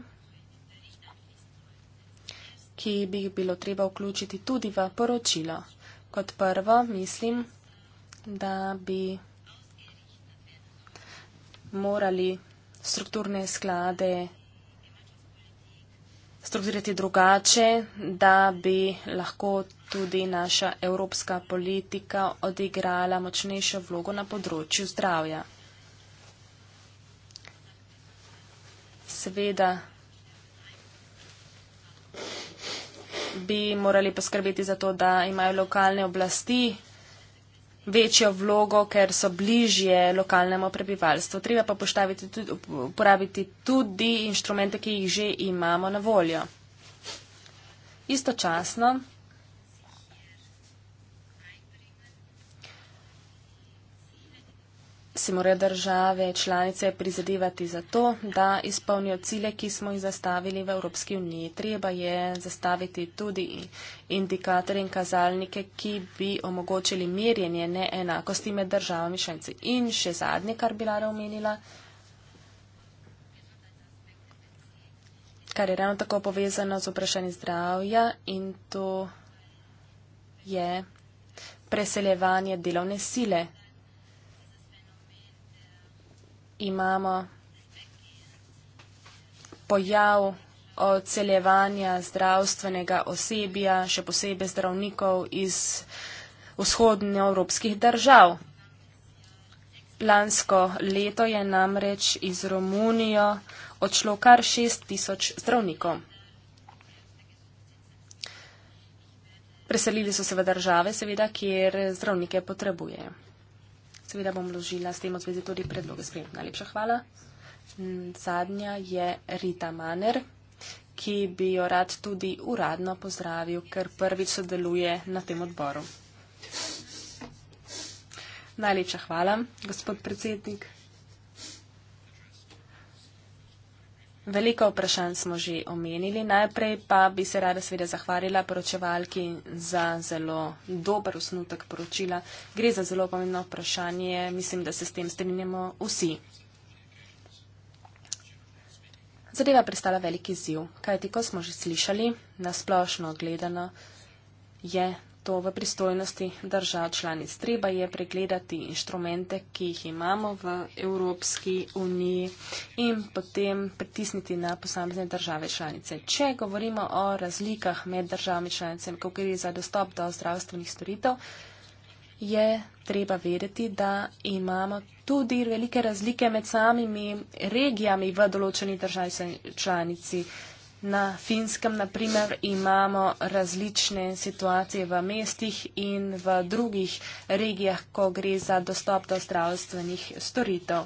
ki bi jih bilo treba vključiti tudi v poročilo. Kot prvo mislim, da bi morali strukturne sklade strukturirati drugače, da bi lahko tudi naša evropska politika odigrala močnejšo vlogo na področju zdravja. Seveda bi morali poskrbeti za to, da imajo lokalne oblasti večjo vlogo, ker so bližje lokalnemu prebivalstvu. Treba pa tudi, uporabiti tudi inštrumente, ki jih že imamo na voljo. Istočasno si morajo države članice prizadevati za to, da izpolnijo cilje, ki smo jih zastavili v Evropski uniji. Treba je zastaviti tudi indikatorje in kazalnike, ki bi omogočili merjenje neenakosti med državami članice. In še zadnje, kar bi Lara omenila, kar je ravno tako povezano z vprašanjem zdravja in to je preseljevanje delovne sile imamo pojav odseljevanja zdravstvenega osebja, še posebej zdravnikov iz vzhodnjevropskih držav. Lansko leto je namreč iz Romunijo odšlo kar 6 tisoč zdravnikov. Preselili so se v države, seveda, kjer zdravnike potrebujejo seveda bom vložila s tem v zvezi tudi predloge sprejem. Najlepša hvala. Mm, zadnja je Rita Maner, ki bi jo rad tudi uradno pozdravil, ker prvič sodeluje na tem odboru. Najlepša hvala, gospod predsednik. Veliko vprašanj smo že omenili. Najprej pa bi se rada seveda zahvalila poročevalki za zelo dober osnutek poročila. Gre za zelo pomembno vprašanje. Mislim, da se s tem strinjamo vsi. Zadeva predstavlja veliki ziv, kajti, ko smo že slišali, nasplošno gledano je to v pristojnosti držav članic. Treba je pregledati inštrumente, ki jih imamo v Evropski uniji in potem pritisniti na posamezne države članice. Če govorimo o razlikah med državami članicami, ko gre za dostop do zdravstvenih storitev, je treba vedeti, da imamo tudi velike razlike med samimi regijami v določeni državi članici. Na Finskem, na primer, imamo različne situacije v mestih in v drugih regijah, ko gre za dostop do zdravstvenih storitev.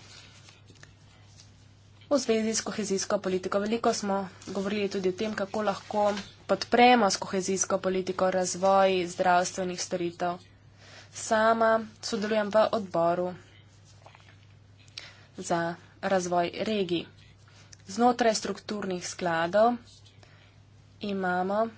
V zvezi s kohezijsko politiko veliko smo govorili tudi o tem, kako lahko podpremo s kohezijsko politiko razvoj zdravstvenih storitev. Sama sodelujem v odboru za razvoj regij znotraj strukturnih skladov imamo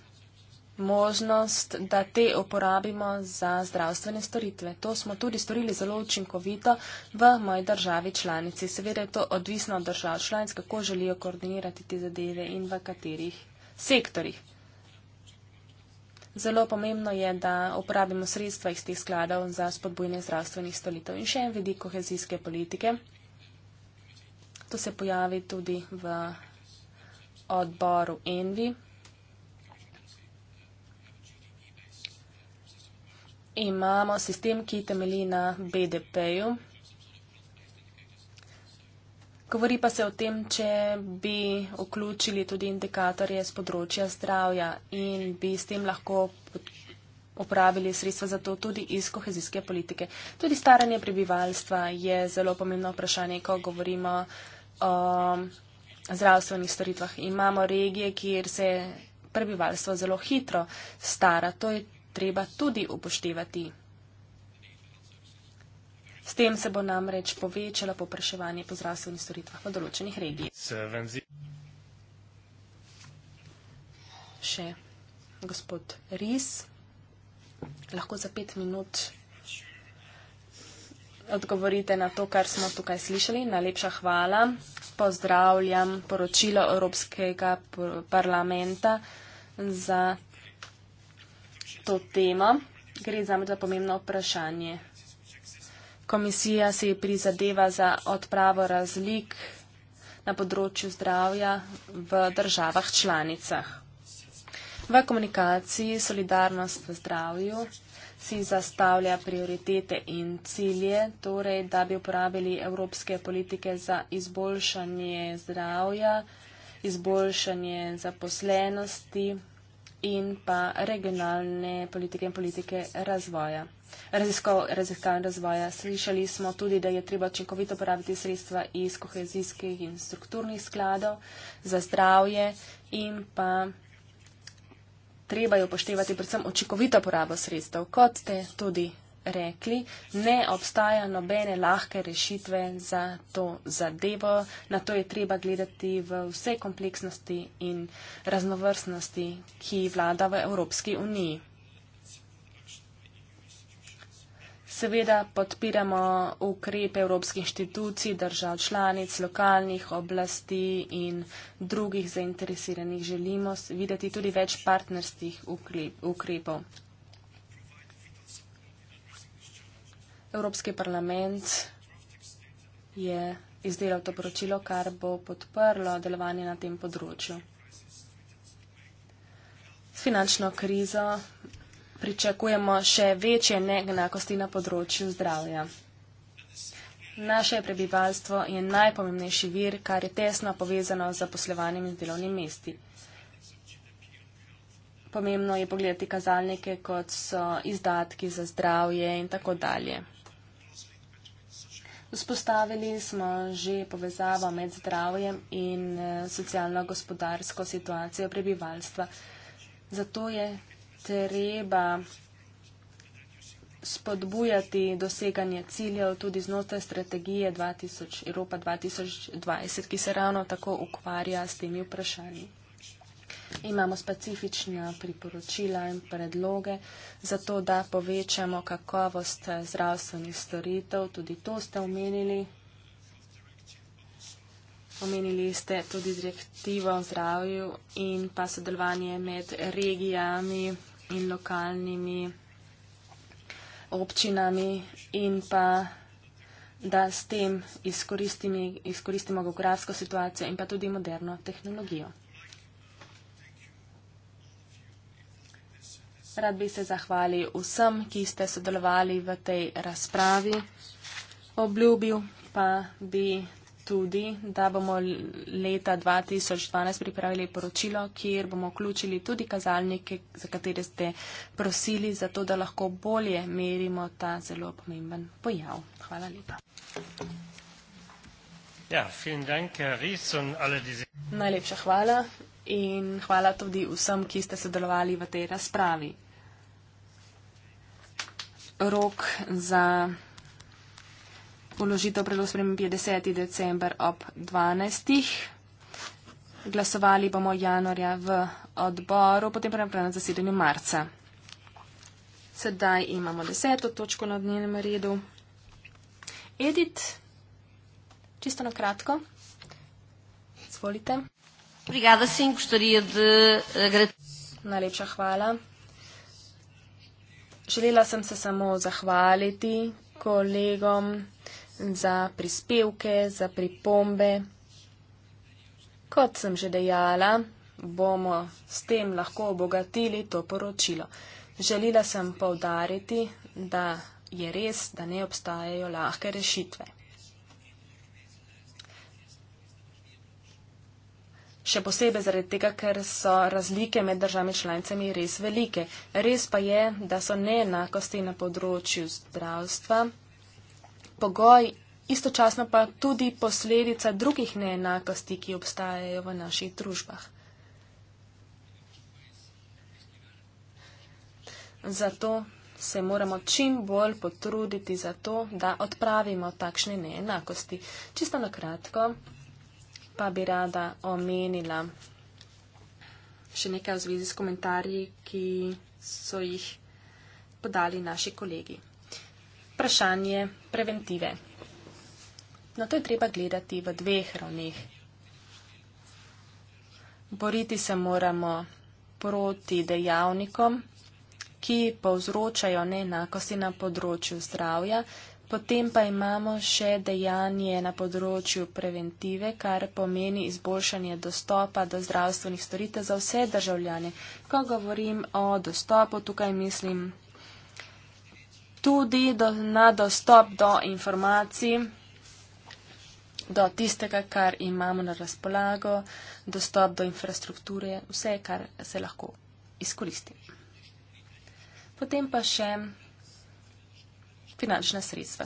možnost, da te uporabimo za zdravstvene storitve. To smo tudi storili zelo učinkovito v moji državi članici. Seveda je to odvisno od držav članic, kako želijo koordinirati te zadeve in v katerih sektorih. Zelo pomembno je, da uporabimo sredstva iz teh skladov za spodbojne zdravstvenih stolitev. In še en vidik kohezijske politike. To se pojavi tudi v odboru Envi. Imamo sistem, ki temelji na BDP-ju. Govori pa se o tem, če bi vključili tudi indikatorje z področja zdravja in bi s tem lahko upravili sredstva za to tudi iz kohezijske politike. Tudi staranje prebivalstva je zelo pomembno vprašanje, ko govorimo um, zdravstvenih storitvah. Imamo regije, kjer se prebivalstvo zelo hitro stara. To je treba tudi upoštevati. S tem se bo namreč povečalo popraševanje po zdravstvenih storitvah v določenih regijah. Še gospod Ris, lahko za pet minut odgovorite na to, kar smo tukaj slišali. Najlepša hvala. Pozdravljam poročilo Evropskega parlamenta za to temo. Gre za me za pomembno vprašanje. Komisija se je prizadeva za odpravo razlik na področju zdravja v državah članicah. V komunikaciji Solidarnost v zdravju si zastavlja prioritete in cilje, torej, da bi uporabili evropske politike za izboljšanje zdravja, izboljšanje zaposlenosti in pa regionalne politike in politike razvoja. Raziskav in razvoja. Slišali smo tudi, da je treba učinkovito uporabiti sredstva iz kohezijskih in strukturnih skladov za zdravje in pa treba je upoštevati predvsem očikovito porabo sredstev. Kot ste tudi rekli, ne obstaja nobene lahke rešitve za to zadevo. Na to je treba gledati v vse kompleksnosti in raznovrstnosti, ki vlada v Evropski uniji. Seveda podpiramo ukrepe evropskih inštitucij, držav članic, lokalnih oblasti in drugih zainteresiranih. Želimo videti tudi več partnerskih ukrepov. Evropski parlament je izdelal to poročilo, kar bo podprlo delovanje na tem področju. S finančno krizo pričakujemo še večje neenakosti na področju zdravja. Naše prebivalstvo je najpomembnejši vir, kar je tesno povezano z zaposlovanjem in delovnim mesti. Pomembno je pogledati kazalnike, kot so izdatki za zdravje in tako dalje. Vzpostavili smo že povezavo med zdravjem in eh, socialno-gospodarsko situacijo prebivalstva. Zato je treba spodbujati doseganje ciljev tudi znotraj strategije 2000, Evropa 2020, ki se ravno tako ukvarja s temi vprašanji. Imamo specifična priporočila in predloge za to, da povečamo kakovost zdravstvenih storitev. Tudi to ste omenili. Omenili ste tudi direktivo o zdravju in pa sodelovanje med regijami in lokalnimi občinami in pa da s tem izkoristimo geografsko situacijo in pa tudi moderno tehnologijo. Rad bi se zahvalil vsem, ki ste sodelovali v tej razpravi. Obljubil pa bi tudi, da bomo leta 2012 pripravili poročilo, kjer bomo vključili tudi kazalnike, za katere ste prosili, zato da lahko bolje merimo ta zelo pomemben pojav. Hvala lepa. Ja, dank, alle diese... Najlepša hvala in hvala tudi vsem, ki ste sodelovali v tej razpravi. Rok za vložitev predlosprejem 50. december ob 12. Glasovali bomo januarja v odboru, potem pa naprej na zasedanju marca. Sedaj imamo deseto točko na dnevnem redu. Edit, čisto na kratko. Zvolite. Brigada Sink, štorija D. Najlepša hvala. Želela sem se samo zahvaliti kolegom, eh, za prispevke, za pripombe. Kot sem že dejala, bomo s tem lahko obogatili to poročilo. Želila sem povdariti, da je res, da ne obstajajo lahke rešitve. Še posebej zaradi tega, ker so razlike med državami članicami res velike. Res pa je, da so neenakosti na področju zdravstva pogoj, istočasno pa tudi posledica drugih neenakosti, ki obstajajo v naših družbah. Zato se moramo čim bolj potruditi za to, da odpravimo takšne neenakosti. Čisto na kratko pa bi rada omenila še nekaj v zvezi s komentarji, ki so jih podali naši kolegi vprašanje preventive. Na to je treba gledati v dveh ravneh. Boriti se moramo proti dejavnikom, ki povzročajo neenakosti na področju zdravja, potem pa imamo še dejanje na področju preventive, kar pomeni izboljšanje dostopa do zdravstvenih storitev za vse državljane. Ko govorim o dostopu, tukaj mislim tudi do, na dostop do informacij, do tistega, kar imamo na razpolago, dostop do infrastrukture, vse, kar se lahko izkoristi. Potem pa še finančna sredstva,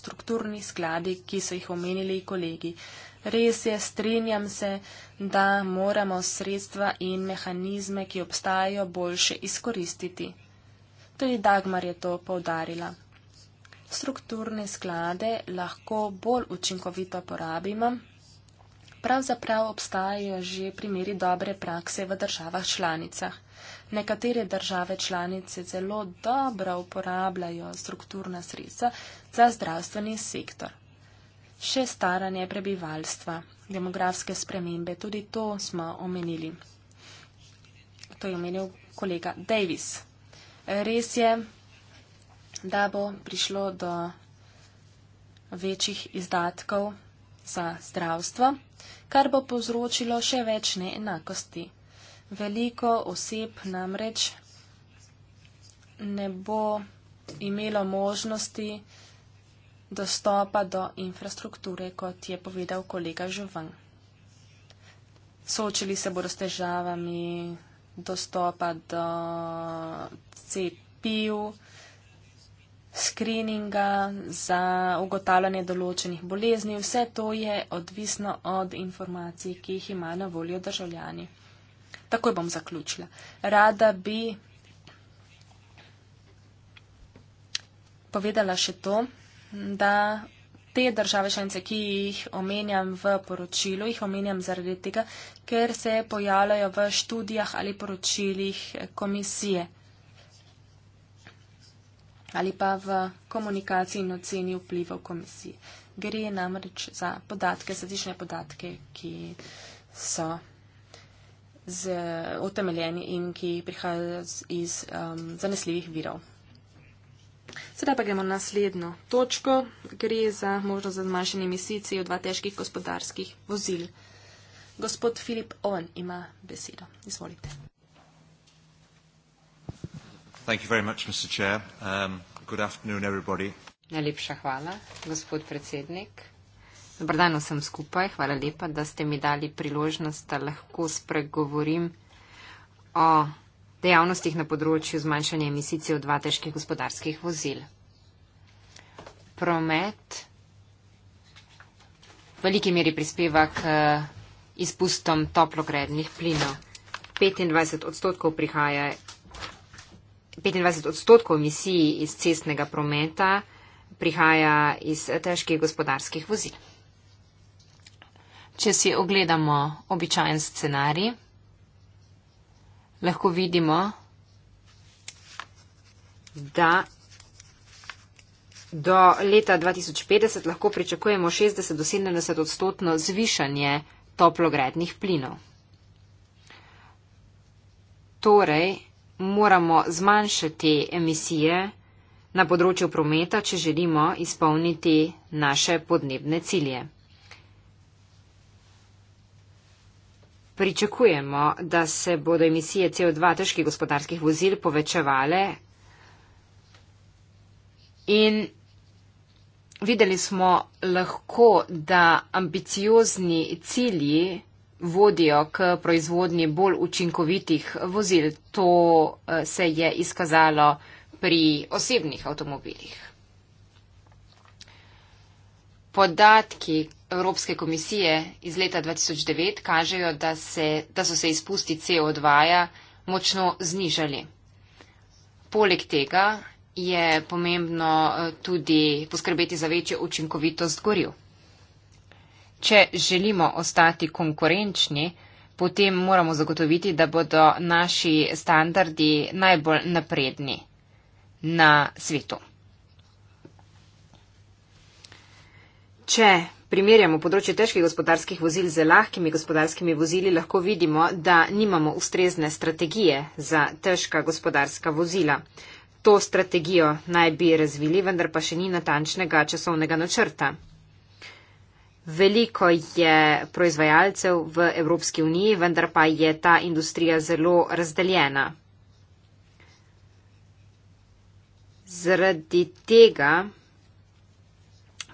strukturni skladi, ki so jih omenili kolegi. Res je, strinjam se, da moramo sredstva in mehanizme, ki obstajajo, boljše izkoristiti. Tudi Dagmar je to povdarila. Strukturne sklade lahko bolj učinkovito porabimo. Pravzaprav obstajajo že primeri dobre prakse v državah članicah. Nekatere države članice zelo dobro uporabljajo strukturna sredstva za zdravstveni sektor. Še staranje prebivalstva, demografske spremembe, tudi to smo omenili. To je omenil kolega Davis. Res je, da bo prišlo do večjih izdatkov za zdravstvo, kar bo povzročilo še več neenakosti. Veliko oseb namreč ne bo imelo možnosti dostopa do infrastrukture, kot je povedal kolega Žovan. Soočili se bodo s težavami dostopa do cepiv, skrininga za ugotavljanje določenih bolezni. Vse to je odvisno od informacij, ki jih ima na voljo državljani. Takoj bom zaključila. Rada bi povedala še to, da te države šance, ki jih omenjam v poročilu, jih omenjam zaradi tega, ker se pojavljajo v študijah ali poročilih komisije ali pa v komunikaciji in oceni vplivov komisije. Gre namreč za podatke, statične podatke, ki so z, utemeljeni in ki prihajajo iz um, zanesljivih virov. Sedaj pa gremo na naslednjo točko. Gre za možnost za zmanjšanje emisij CO2 težkih gospodarskih vozil. Gospod Filip Owen ima besedo. Izvolite. Much, um, Najlepša hvala, gospod predsednik. Dobar dan vsem skupaj. Hvala lepa, da ste mi dali priložnost, da lahko spregovorim o dejavnostih na področju zmanjšanja emisij CO2 težkih gospodarskih vozil. Promet v veliki meri prispeva k eh, izpustom toplogrednih plinov. 25 odstotkov prihaja. 25 odstotkov emisij iz cestnega prometa prihaja iz eh, težkih gospodarskih vozil. Če si ogledamo običajen scenarij, lahko vidimo, da do leta 2050 lahko pričakujemo 60 do 70 odstotno zvišanje toplogrednih plinov. Torej, moramo zmanjšati emisije na področju prometa, če želimo izpolniti naše podnebne cilje. pričakujemo, da se bodo emisije CO2 težkih gospodarskih vozil povečevale. In videli smo lahko, da ambiciozni cilji vodijo k proizvodnji bolj učinkovitih vozil. To eh, se je izkazalo pri osebnih avtomobilih. Podatki, Evropske komisije iz leta 2009 kažejo, da, se, da so se izpusti CO2 ja močno znižali. Poleg tega je pomembno eh, tudi poskrbeti za večjo učinkovitost goril. Če želimo ostati konkurenčni, potem moramo zagotoviti, da bodo naši standardi najbolj napredni na svetu. Če primerjamo področje težkih gospodarskih vozil z lahkimi gospodarskimi vozili, lahko vidimo, da nimamo ustrezne strategije za težka gospodarska vozila. To strategijo naj bi razvili, vendar pa še ni natančnega časovnega načrta. Veliko je proizvajalcev v Evropski uniji, vendar pa je ta industrija zelo razdeljena. Zaradi tega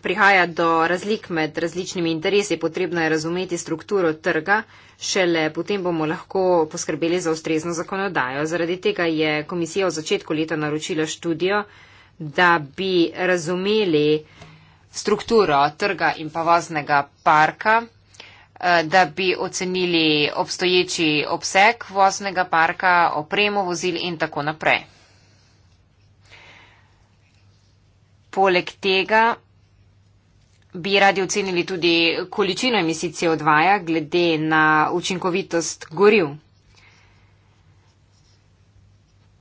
prihaja do razlik med različnimi interesi, potrebno je razumeti strukturo trga, šele potem bomo lahko poskrbeli za ustrezno zakonodajo. Zaradi tega je komisija v začetku leta naročila študijo, da bi razumeli strukturo trga in pa voznega parka, eh, da bi ocenili obstoječi obseg voznega parka, opremo vozil in tako naprej. Poleg tega bi radi ocenili tudi količino emisij CO2 -ja glede na učinkovitost goril.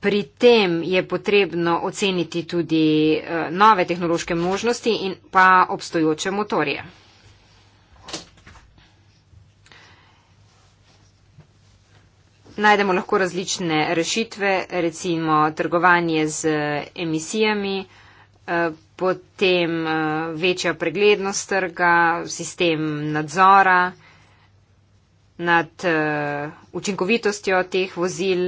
Pri tem je potrebno oceniti tudi eh, nove tehnološke možnosti in pa obstojoče motorje. Najdemo lahko različne rešitve, recimo trgovanje z eh, emisijami, eh, potem uh, večja preglednost trga, sistem nadzora nad uh, učinkovitostjo teh vozil,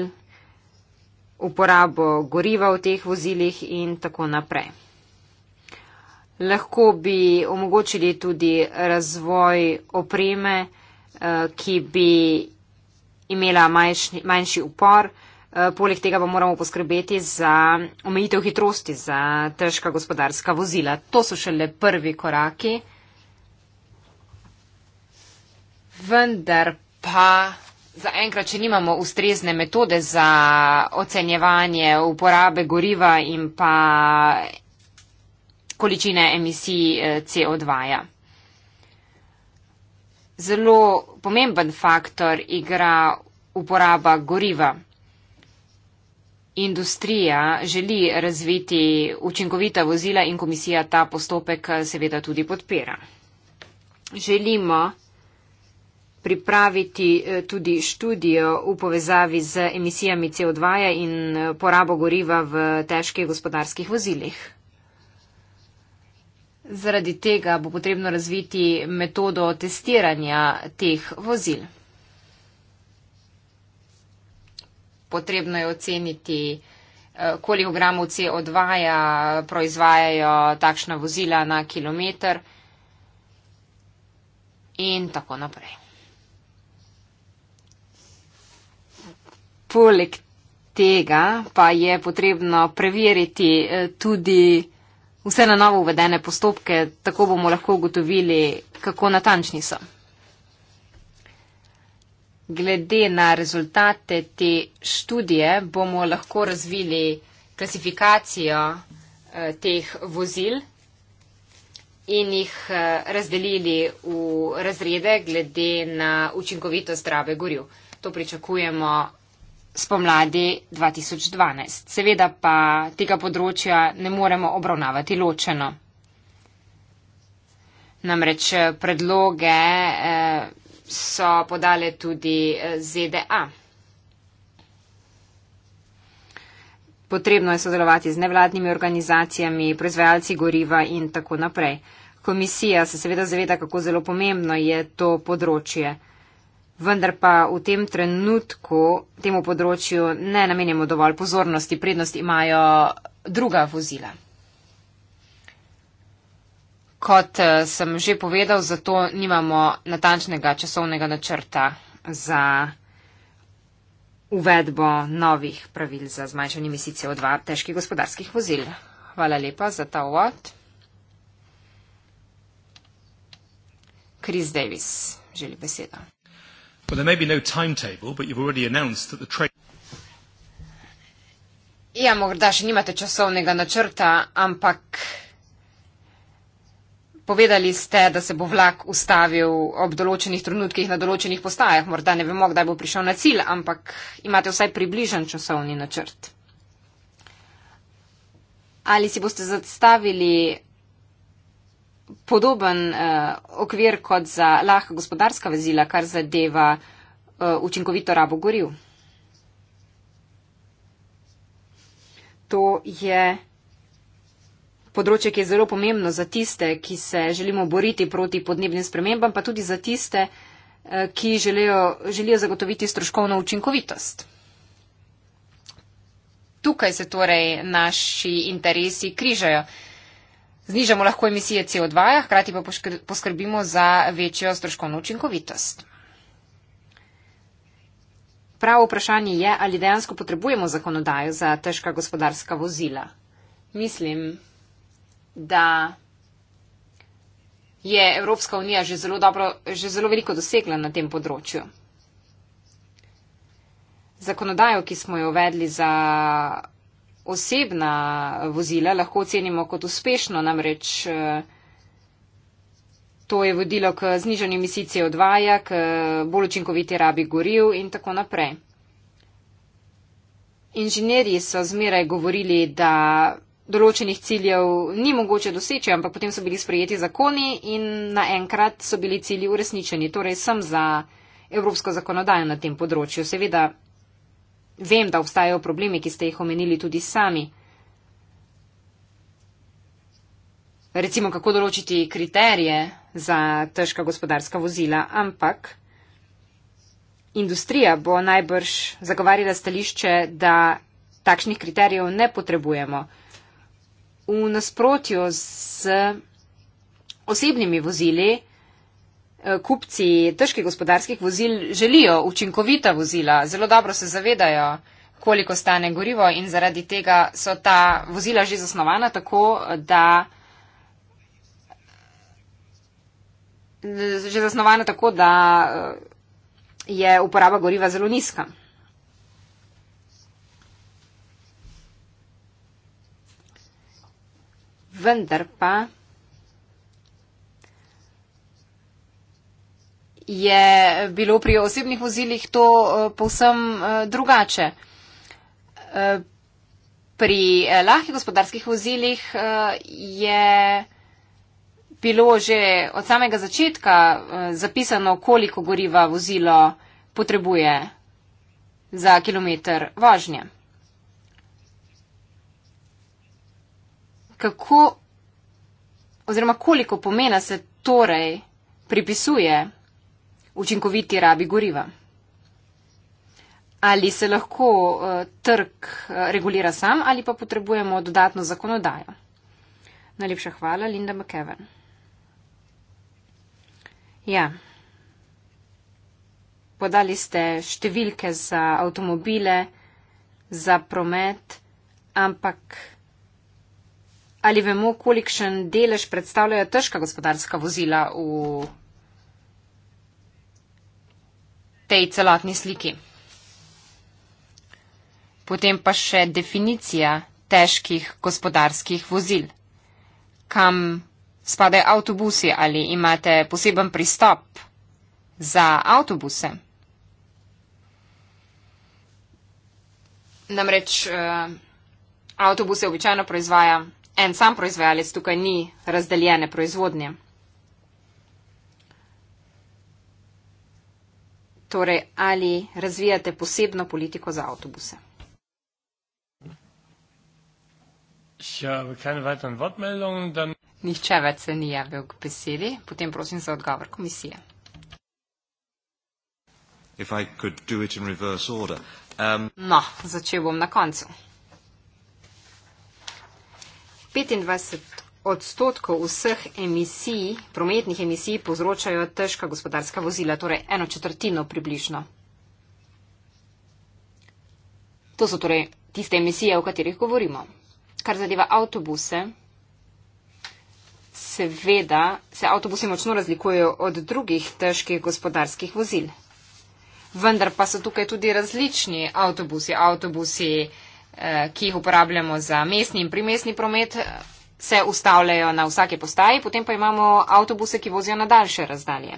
uporabo goriva v teh vozilih in tako naprej. Lahko bi omogočili tudi razvoj opreme, uh, ki bi imela manjši, manjši upor, uh, Eh, poleg tega pa moramo poskrbeti za omejitev hitrosti za težka gospodarska vozila. To so šele prvi koraki. Vendar pa zaenkrat, če nimamo ustrezne metode za ocenjevanje uporabe goriva in pa količine emisij eh, CO2. -ja. Zelo pomemben faktor igra uporaba goriva industrija želi razviti učinkovita vozila in komisija ta postopek eh, seveda tudi podpira. Želimo pripraviti eh, tudi študijo v povezavi z emisijami CO2 -ja in eh, porabo goriva v težkih gospodarskih vozilih. Zaradi tega bo potrebno razviti metodo testiranja teh vozil. potrebno je oceniti, eh, koliko gramov CO2 ja proizvajajo takšna vozila na kilometr in tako naprej. Poleg tega pa je potrebno preveriti eh, tudi vse na novo uvedene postopke, tako bomo lahko ugotovili, kako natančni so. Glede na rezultate te študije bomo lahko razvili klasifikacijo eh, teh vozil in jih eh, razdelili v razrede glede na učinkovitost zdrave goril. To pričakujemo spomladi 2012. Seveda pa tega področja ne moremo obravnavati ločeno. Namreč eh, predloge. Eh, so podale tudi eh, ZDA. Potrebno je sodelovati z nevladnimi organizacijami, proizvajalci goriva in tako naprej. Komisija se seveda zaveda, kako zelo pomembno je to področje. Vendar pa v tem trenutku temu področju ne namenjamo dovolj pozornosti, prednost imajo druga vozila. Kot eh, sem že povedal, zato nimamo natančnega časovnega načrta za uvedbo novih pravil za zmanjšanje emisicijo dva težkih gospodarskih vozil. Hvala lepa za ta uvod. Chris Davis želi besedo. No ja, morda še nimate časovnega načrta, ampak. Povedali ste, da se bo vlak ustavil ob določenih trenutkih na določenih postajah. Morda ne vemo, kdaj bo prišel na cilj, ampak imate vsaj približen časovni načrt. Ali si boste zastavili podoben eh, okvir kot za lahka gospodarska vezila, kar zadeva eh, učinkovito rabo goril? To je področje, ki je zelo pomembno za tiste, ki se želimo boriti proti podnebnim spremembam, pa tudi za tiste, eh, ki želijo, želijo zagotoviti stroškovno učinkovitost. Tukaj se torej naši interesi križajo. Znižamo lahko emisije CO2, hkrati pa poskrbimo za večjo stroškovno učinkovitost. Pravo vprašanje je, ali dejansko potrebujemo zakonodajo za težka gospodarska vozila. Mislim, da je Evropska unija že zelo, dobro, že zelo veliko dosegla na tem področju. Zakonodajo, ki smo jo uvedli za osebna vozila, lahko ocenimo kot uspešno, namreč eh, to je vodilo k znižanju emisij CO2, k eh, bolj učinkoviti rabi goril in tako naprej. Inženirji so zmeraj govorili, da določenih ciljev ni mogoče doseči, ampak potem so bili sprejeti zakoni in naenkrat so bili cilji uresničeni. Torej sem za evropsko zakonodajo na tem področju. Seveda vem, da obstajajo problemi, ki ste jih omenili tudi sami. Recimo, kako določiti kriterije za težka gospodarska vozila, ampak industrija bo najbrž zagovarjala stališče, da takšnih kriterijev ne potrebujemo v nasprotju z osebnimi vozili, eh, kupci težkih gospodarskih vozil želijo učinkovita vozila, zelo dobro se zavedajo, koliko stane gorivo in zaradi tega so ta vozila že zasnovana tako, da. že zasnovana tako, da eh, je uporaba goriva zelo nizka. vendar pa je bilo pri osebnih vozilih to eh, povsem eh, drugače. Eh, pri lahkih gospodarskih vozilih je bilo že od samega začetka zapisano, koliko goriva vozilo potrebuje za kilometr vožnje. kako oziroma koliko pomena se torej pripisuje učinkoviti rabi goriva. Ali se lahko eh, trg eh, regulira sam ali pa potrebujemo dodatno zakonodajo. Najlepša hvala, Linda McKeven. Ja. Podali ste številke za avtomobile, za promet, ampak Ali vemo, kolikšen delež predstavljajo težka gospodarska vozila v tej celotni sliki? Potem pa še definicija težkih gospodarskih vozil. Kam spadajo avtobusi ali imate poseben pristop za avtobuse? Namreč eh, avtobuse običajno proizvaja en sam proizvajalec, tukaj ni razdeljene proizvodnje. Torej, ali razvijate posebno politiko za avtobuse? Nihče več se ni javil k besedi. Potem prosim za odgovor komisije. Um... No, začel bom na koncu. 25 odstotkov vseh emisij, prometnih emisij, povzročajo težka gospodarska vozila, torej eno četrtino približno. To so torej tiste emisije, o katerih govorimo. Kar zadeva avtobuse, seveda se avtobusi močno razlikujejo od drugih težkih gospodarskih vozil. Vendar pa so tukaj tudi različni avtobusi, avtobusi, Eh, ki jih uporabljamo za mestni in primestni promet, eh, se ustavljajo na vsake postaji, potem pa imamo avtobuse, ki vozijo na daljše razdalje.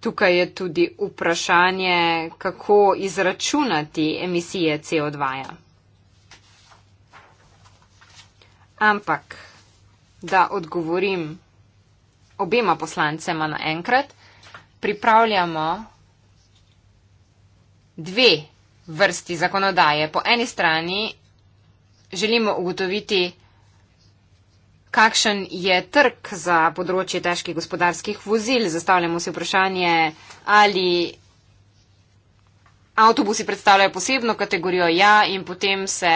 Tukaj je tudi vprašanje, kako izračunati emisije CO2. -ja. Ampak, da odgovorim obema poslancema naenkrat, pripravljamo dve vrsti zakonodaje. Po eni strani želimo ugotoviti, kakšen je trg za področje težkih gospodarskih vozil. Zastavljamo si vprašanje, ali avtobusi predstavljajo posebno kategorijo ja in potem se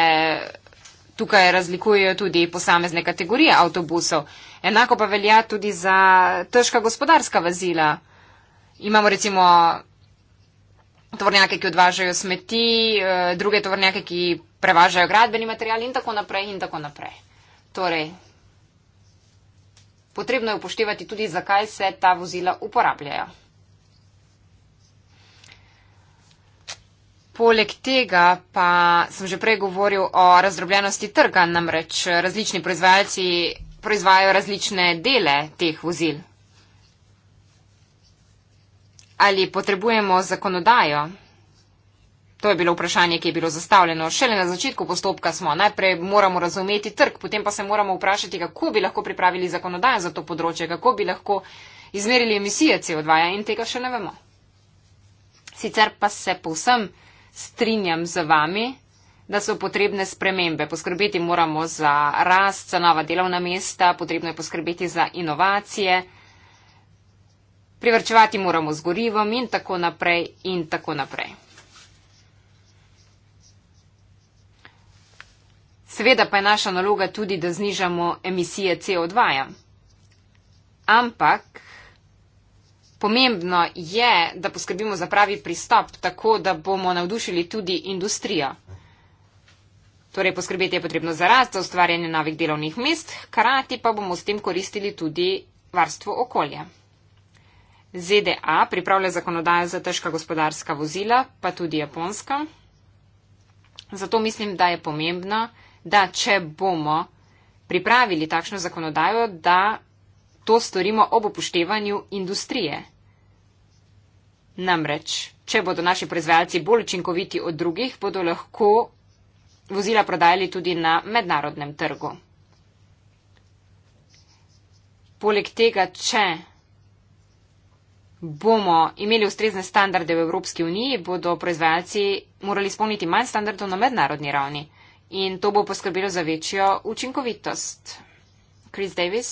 tukaj razlikujejo tudi posamezne kategorije avtobusov. Enako pa velja tudi za težka gospodarska vozila. Imamo recimo tovornjake, ki odvažajo smeti, eh, druge tovornjake, ki prevažajo gradbeni material in tako naprej in tako naprej. Torej, potrebno je upoštevati tudi, zakaj se ta vozila uporabljajo. Poleg tega pa sem že prej govoril o razdrobljenosti trga, namreč eh, različni proizvajalci proizvajajo različne dele teh vozil ali potrebujemo zakonodajo? To je bilo vprašanje, ki je bilo zastavljeno. Šele na začetku postopka smo. Najprej moramo razumeti trg, potem pa se moramo vprašati, kako bi lahko pripravili zakonodajo za to področje, kako bi lahko izmerili emisije CO2 -ja in tega še ne vemo. Sicer pa se povsem strinjam z vami, da so potrebne spremembe. Poskrbeti moramo za rast, za nova delovna mesta, potrebno je poskrbeti za inovacije privrčevati moramo z gorivom in tako naprej in tako naprej. Seveda pa je naša naloga tudi, da znižamo emisije CO2. -ja. Ampak pomembno je, da poskrbimo za pravi pristop, tako da bomo navdušili tudi industrijo. Torej, poskrbeti je potrebno za rast, za ustvarjanje novih delovnih mest, hkrati pa bomo s tem koristili tudi varstvo okolja. ZDA pripravlja zakonodajo za težka gospodarska vozila, pa tudi japonska. Zato mislim, da je pomembno, da če bomo pripravili takšno zakonodajo, da to storimo ob upoštevanju industrije. Namreč, če bodo naši proizvajalci bolj učinkoviti od drugih, bodo lahko vozila prodajali tudi na mednarodnem trgu. Poleg tega, če bomo imeli ustrezne standarde v Evropski uniji, bodo proizvajalci morali spolniti manj standardov na mednarodni ravni. In to bo poskrbelo za večjo učinkovitost. Chris Davis.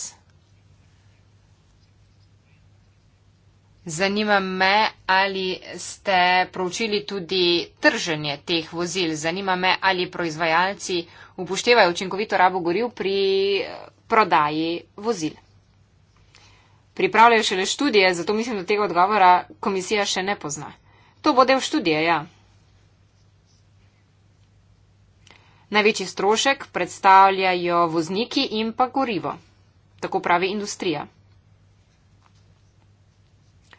Zanima me, ali ste proučili tudi trženje teh vozil. Zanima me, ali proizvajalci upoštevajo učinkovito rabo goril pri eh, prodaji vozil pripravljajo šele študije, zato mislim, da tega odgovora komisija še ne pozna. To bo del študije, ja. Največji strošek predstavljajo vozniki in pa gorivo. Tako pravi industrija.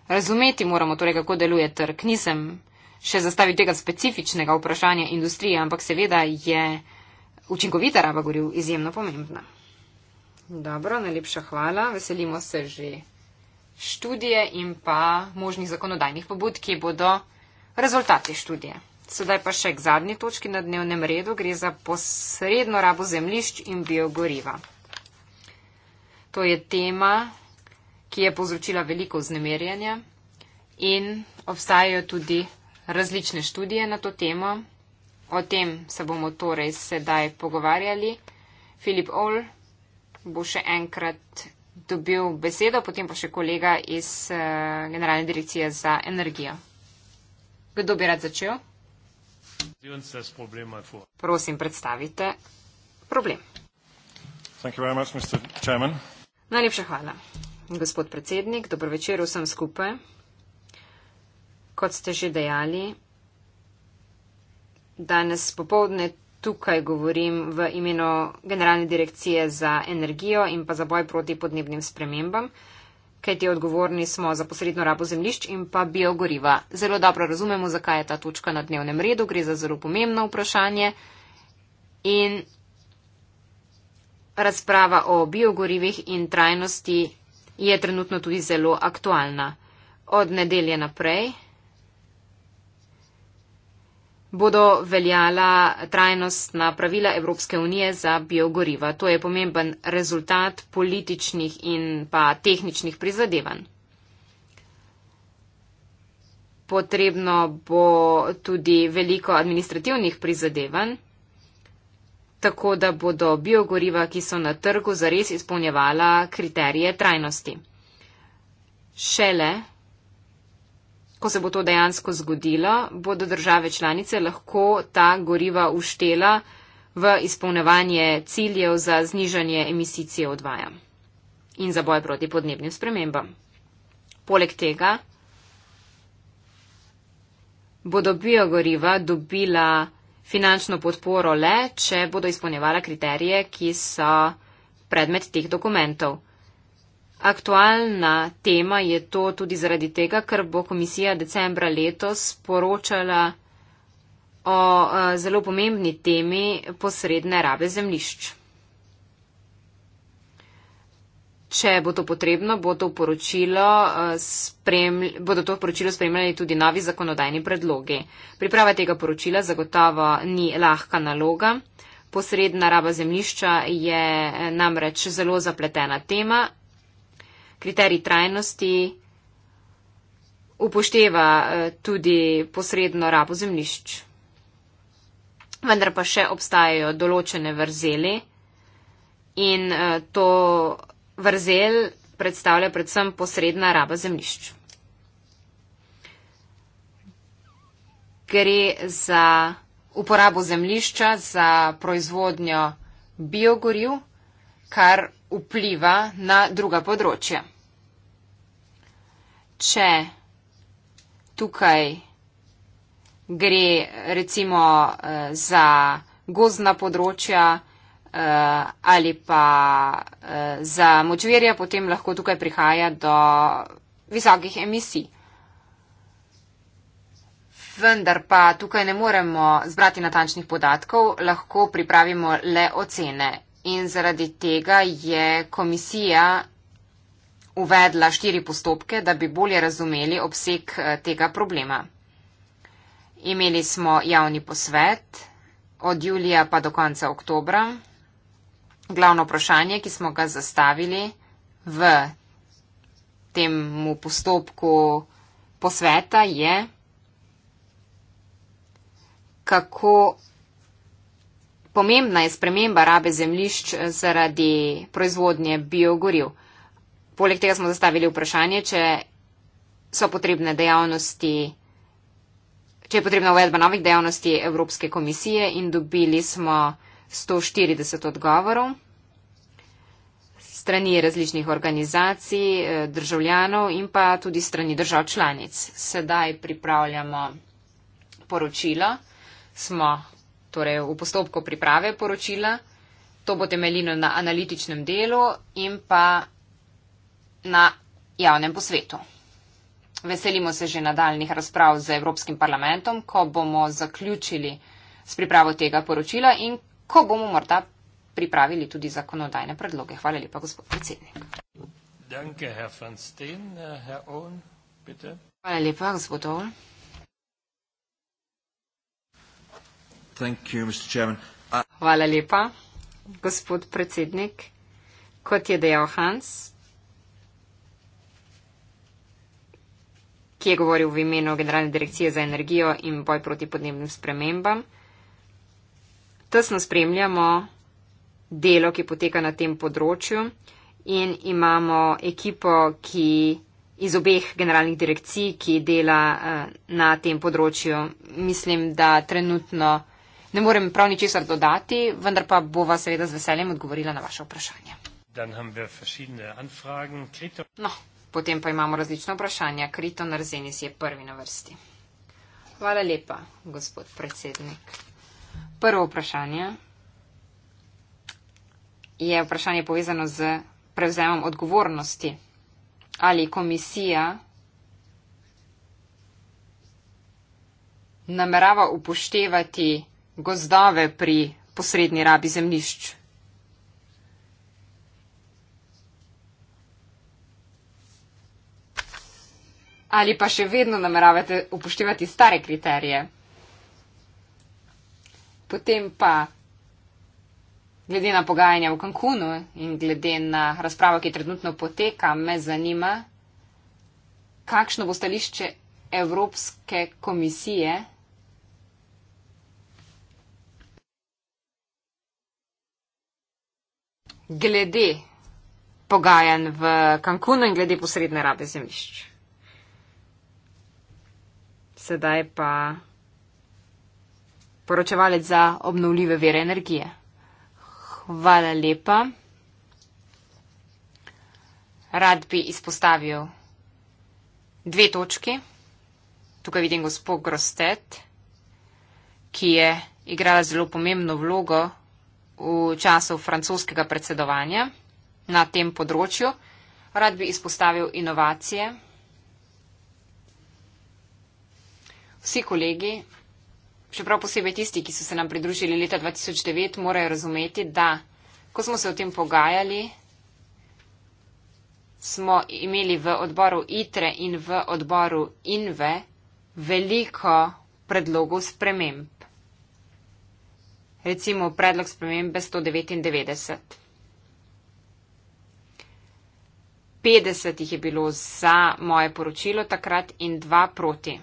Razumeti moramo torej, kako deluje trg. Nisem še zastavil tega specifičnega vprašanja industrije, ampak seveda je učinkovita raba goriv izjemno pomembna. Dobro, najlepša hvala. Veselimo se že študije in pa možnih zakonodajnih pobud, ki bodo rezultati študije. Sedaj pa še k zadnji točki na dnevnem redu, gre za posredno rabo zemlišč in biogoriva. To je tema, ki je povzročila veliko vznemirjanja in obstajajo tudi različne študije na to temo. O tem se bomo torej sedaj pogovarjali. Filip Ol, bo še enkrat dobil besedo, potem pa še kolega iz uh, Generalne direkcije za energijo. Kdo bi rad začel? Prosim, predstavite problem. Much, Najlepša hvala, gospod predsednik. Dober večer vsem skupaj. Kot ste že dejali, danes popovdne Tukaj govorim v imenu Generalne direkcije za energijo in pa za boj proti podnebnim spremembam, kaj ti odgovorni smo za posredno rabo zemlišč in pa biogoriva. Zelo dobro razumemo, zakaj je ta točka na dnevnem redu, gre za zelo pomembno vprašanje in razprava o biogorivih in trajnosti je trenutno tudi zelo aktualna. Od nedelje naprej bodo veljala trajnostna pravila Evropske unije za biogoriva. To je pomemben rezultat političnih in pa tehničnih prizadevanj. Potrebno bo tudi veliko administrativnih prizadevanj, tako da bodo biogoriva, ki so na trgu, zares izpolnjevala kriterije trajnosti. Šele Ko se bo to dejansko zgodilo, bodo države članice lahko ta goriva uštela v izpolnevanje ciljev za znižanje emisij CO2 in za boj proti podnebnim spremembam. Poleg tega bodo biogoriva dobila finančno podporo le, če bodo izpolnjevala kriterije, ki so predmet teh dokumentov. Aktualna tema je to tudi zaradi tega, ker bo komisija decembra letos poročala o e, zelo pomembni temi posredne rabe zemlišč. Če bo to potrebno, bo to poročilo, e, spremlj, bodo to poročilo spremljali tudi novi zakonodajni predlogi. Priprava tega poročila zagotovo ni lahka naloga. Posredna raba zemlišča je e, namreč zelo zapletena tema, kriterij trajnosti upošteva eh, tudi posredno rabo zemlišč. Vendar pa še obstajajo določene vrzeli in eh, to vrzel predstavlja predvsem posredna raba zemlišč. Gre za uporabo zemlišča za proizvodnjo biogorju, kar vpliva na druga področja. Če tukaj gre recimo eh, za gozna področja eh, ali pa eh, za močvirje, potem lahko tukaj prihaja do visokih emisij. Vendar pa tukaj ne moremo zbrati natančnih podatkov, lahko pripravimo le ocene in zaradi tega je komisija uvedla štiri postopke, da bi bolje razumeli obseg eh, tega problema. Imeli smo javni posvet od julija pa do konca oktobra. Glavno vprašanje, ki smo ga zastavili v temu postopku posveta je, kako Pomembna je sprememba rabe zemlišč eh, zaradi proizvodnje biogoriv. Poleg tega smo zastavili vprašanje, če so potrebne dejavnosti, če je potrebna uvedba novih dejavnosti Evropske komisije in dobili smo 140 odgovorov strani različnih organizacij, eh, državljanov in pa tudi strani držav članic. Sedaj pripravljamo poročilo. Smo torej v postopku priprave poročila. To bo temeljino na analitičnem delu in pa na javnem posvetu. Veselimo se že nadaljnih razprav z Evropskim parlamentom, ko bomo zaključili s pripravo tega poročila in ko bomo morda pripravili tudi zakonodajne predloge. Hvala lepa, gospod predsednik. Danke, Hvala lepa, gospod Ovl. You, I... Uh, Hvala lepa, gospod predsednik. Kot je dejal Hans, ki je govoril v imenu Generalne direkcije za energijo in boj proti podnebnim spremembam, tesno spremljamo delo, ki poteka na tem področju in imamo ekipo, ki iz obeh generalnih direkcij, ki dela eh, na tem področju. Mislim, da trenutno ne morem prav ničesar dodati, vendar pa bova seveda z veseljem odgovorila na vaše vprašanje. No, potem pa imamo različna vprašanja. Kriton Arzenis je prvi na vrsti. Hvala lepa, gospod predsednik. Prvo vprašanje je vprašanje povezano z prevzemom odgovornosti. Ali komisija namerava upoštevati gozdove pri posrednji rabi zemljišč. Ali pa še vedno nameravate upoštevati stare kriterije? Potem pa, glede na pogajanja v Cancunu in glede na razpravo, ki trenutno poteka, me zanima, kakšno bo stališče Evropske komisije glede pogajanj v Cancunu in glede posredne rabe zemljišč. Sedaj pa poročevalec za obnovljive vere energije. Hvala lepa. Rad bi izpostavil dve točki. Tukaj vidim gospod Grostet, ki je igrala zelo pomembno vlogo v času francoskega predsedovanja na tem področju. Rad bi izpostavil inovacije. Vsi kolegi, še prav posebej tisti, ki so se nam pridružili leta 2009, morajo razumeti, da ko smo se o tem pogajali, smo imeli v odboru ITRE in v odboru INVE veliko predlogov sprememb recimo predlog spremembe 199. 50 jih je bilo za moje poročilo takrat in 2 proti.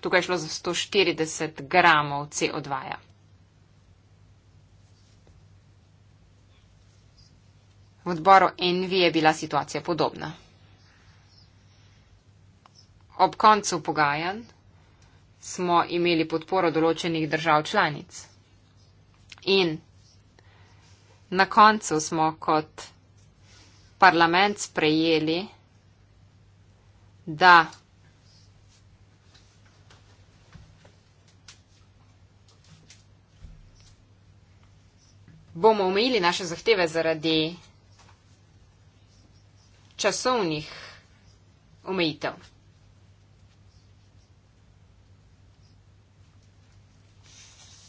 Tukaj je šlo za 140 gramov CO2. -ja. V odboru NV je bila situacija podobna. Ob koncu pogajanj smo imeli podporo določenih držav članic. In na koncu smo kot parlament sprejeli, da bomo omejili naše zahteve zaradi časovnih omejitev.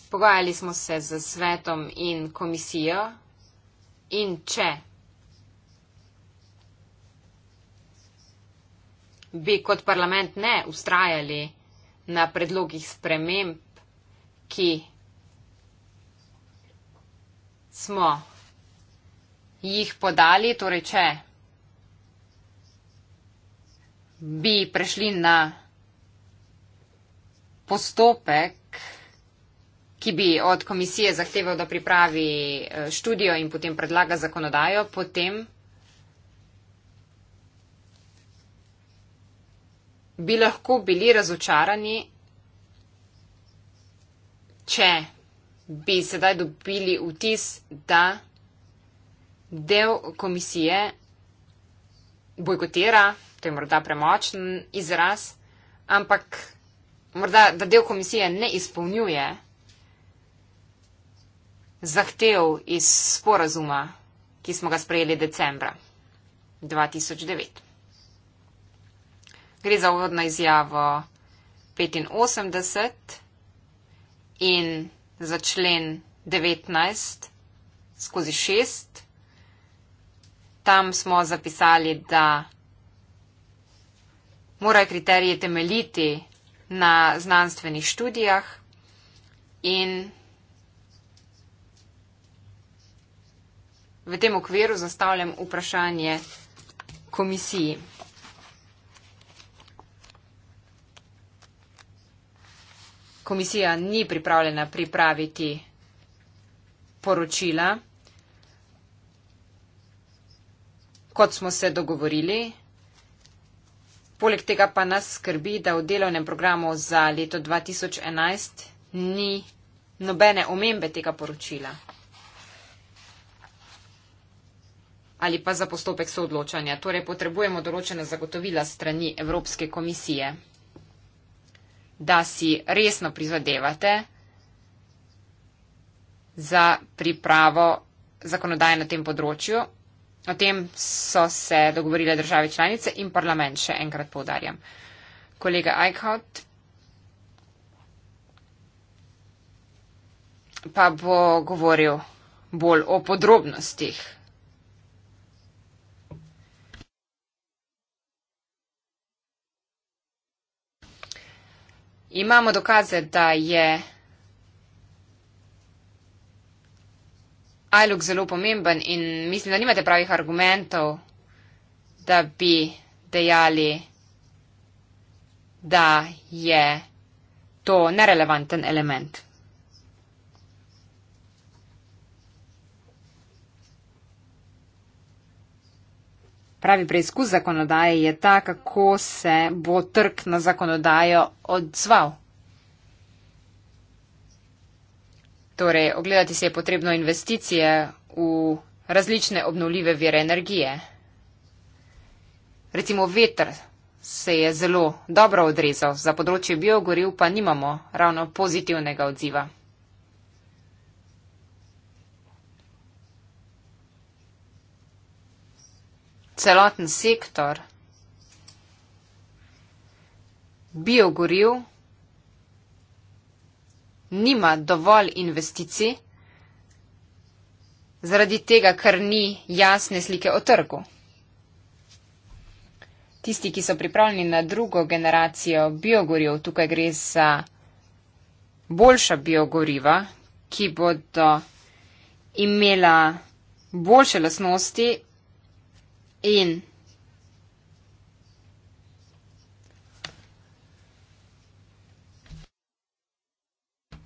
Pogajali smo se z svetom in komisijo in če bi kot parlament ne ustrajali na predlogih sprememb, ki smo jih podali, torej če bi prešli na postopek, ki bi od komisije zahteval, da pripravi eh, študijo in potem predlaga zakonodajo, potem bi lahko bili razočarani, če bi sedaj dobili vtis, da del komisije bojkotira, to je morda premočen izraz, ampak morda, da del komisije ne izpolnjuje zahtev iz sporazuma, ki smo ga sprejeli decembra 2009. Gre za uvodno izjavo 85 in za člen 19 skozi 6. Tam smo zapisali, da morajo kriterije temeljiti na znanstvenih študijah in v tem okviru zastavljam vprašanje komisiji. Komisija ni pripravljena pripraviti poročila, kot smo se dogovorili. Poleg tega pa nas skrbi, da v delovnem programu za leto 2011 ni nobene omembe tega poročila. ali pa za postopek soodločanja. Torej potrebujemo določena zagotovila strani Evropske komisije, da si resno prizadevate za pripravo zakonodaje na tem področju. O tem so se dogovorile države članice in parlament, še enkrat povdarjam. Kolega Eichhout pa bo govoril bolj o podrobnostih imamo dokaze, da je ILUK zelo pomemben in mislim, da nimate pravih argumentov, da bi dejali, da je to nerelevanten element. Pravi preizkus zakonodaje je ta, kako se bo trg na zakonodajo odzval. Torej, ogledati si je potrebno investicije v različne obnovljive vire energije. Recimo veter se je zelo dobro odrezal, za področje biogoril pa nimamo ravno pozitivnega odziva. celoten sektor biogoriv nima dovolj investicij zaradi tega, ker ni jasne slike o trgu. Tisti, ki so pripravljeni na drugo generacijo biogoriv, tukaj gre za boljša biogoriva, ki bodo imela boljše lasnosti, in.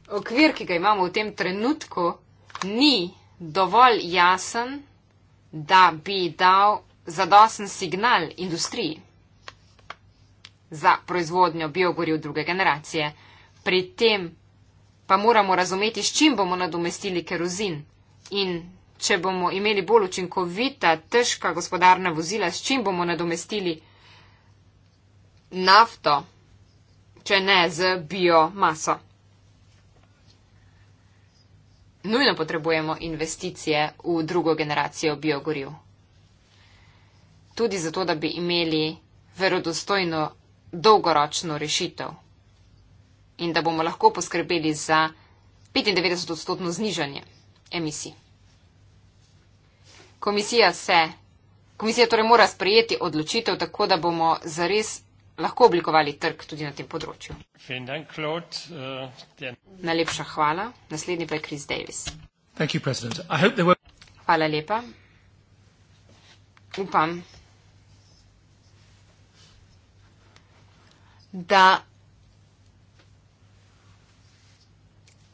Okvir, ki ga imamo v tem trenutku, ni dovolj jasen, da bi dal zadosten signal industriji za proizvodnjo biogorjev druge generacije. Pri tem pa moramo razumeti, s čim bomo nadomestili kerozin in če bomo imeli bolj učinkovita, težka gospodarna vozila, s čim bomo nadomestili nafto, če ne z biomaso. Nujno potrebujemo investicije v drugo generacijo biogoriv. Tudi zato, da bi imeli verodostojno dolgoročno rešitev in da bomo lahko poskrbeli za 95-odstotno znižanje emisij komisija se, komisija torej mora sprejeti odločitev, tako da bomo zares lahko oblikovali trg tudi na tem področju. Dank, Claude, uh, äh, yeah. Najlepša hvala. Naslednji pa je Chris Davis. You, were... Hvala lepa. Upam, da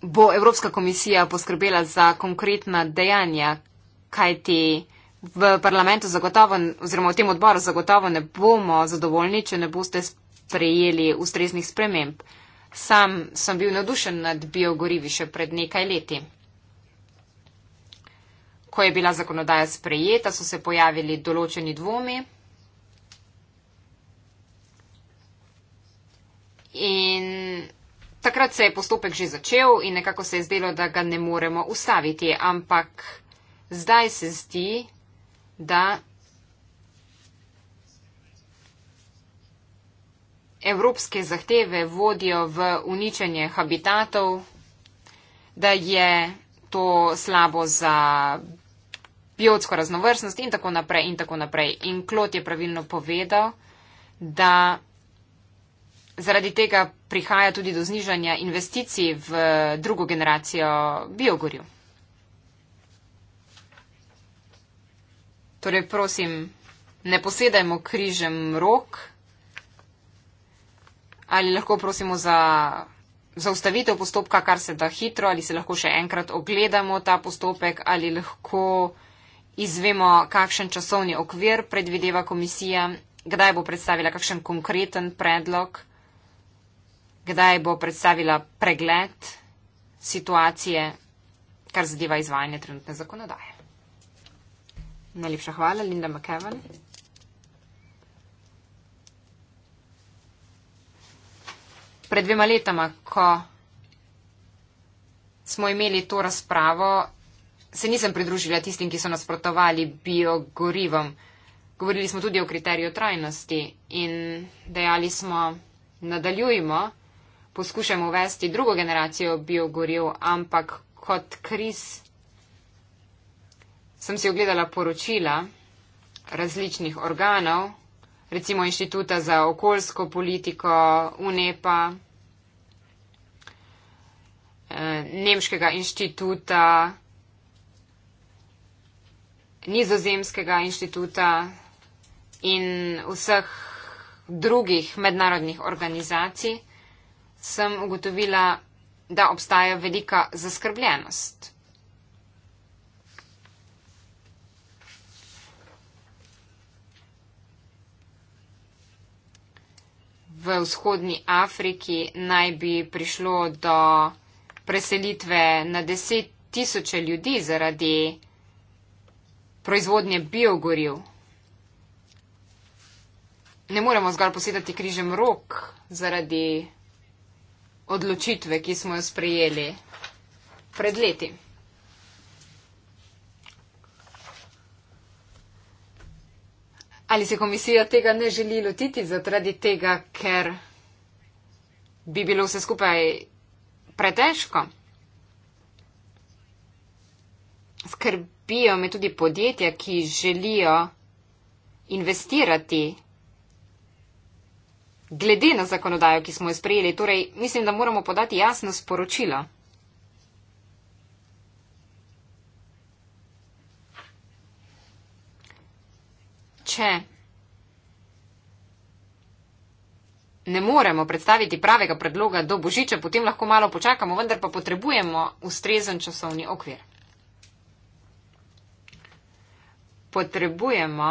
bo Evropska komisija poskrbela za konkretna dejanja, kajti v parlamentu zagotovo, oziroma v tem odboru zagotovo ne bomo zadovoljni, če ne boste prejeli ustreznih sprememb. Sam sem bil nadušen nad biogorivi še pred nekaj leti. Ko je bila zakonodaja sprejeta, so se pojavili določeni dvomi in takrat se je postopek že začel in nekako se je zdelo, da ga ne moremo ustaviti, ampak zdaj se zdi, da evropske zahteve vodijo v uničenje habitatov, da je to slabo za biotsko raznovrstnost in tako naprej in tako naprej. In Klot je pravilno povedal, da zaradi tega prihaja tudi do znižanja investicij v drugo generacijo biogorju. Torej, prosim, ne posedajmo križem rok. Ali lahko prosimo za zaustavitev postopka, kar se da hitro, ali se lahko še enkrat ogledamo ta postopek, ali lahko izvemo, kakšen časovni okvir predvideva komisija, kdaj bo predstavila kakšen konkreten predlog, kdaj bo predstavila pregled situacije, kar zadeva izvajanje trenutne zakonodaje. Najlepša hvala, Linda McKevan. Pred dvema letama, ko smo imeli to razpravo, se nisem pridružila tistim, ki so nasprotovali biogorivom. Govorili smo tudi o kriteriju trajnosti in dejali smo, nadaljujmo, poskušamo uvesti drugo generacijo biogoriv, ampak kot kriz sem si ogledala poročila različnih organov, recimo Inštituta za okoljsko politiko, UNEPA, eh, Nemškega inštituta, Nizozemskega inštituta in vseh drugih mednarodnih organizacij, sem ugotovila, da obstaja velika zaskrbljenost v vzhodni Afriki naj bi prišlo do preselitve na deset tisoče ljudi zaradi proizvodnje biogoriv. Ne moremo zgolj posedati križem rok zaradi odločitve, ki smo jo sprejeli pred leti. Ali se komisija tega ne želi lotiti zaradi tega, ker bi bilo vse skupaj pretežko? Skrbijo me tudi podjetja, ki želijo investirati glede na zakonodajo, ki smo jo sprejeli. Torej, mislim, da moramo podati jasno sporočilo. če. Ne moremo predstaviti pravega predloga do božiča, potem lahko malo počakamo, vendar pa potrebujemo ustrezen časovni okvir. Potrebujemo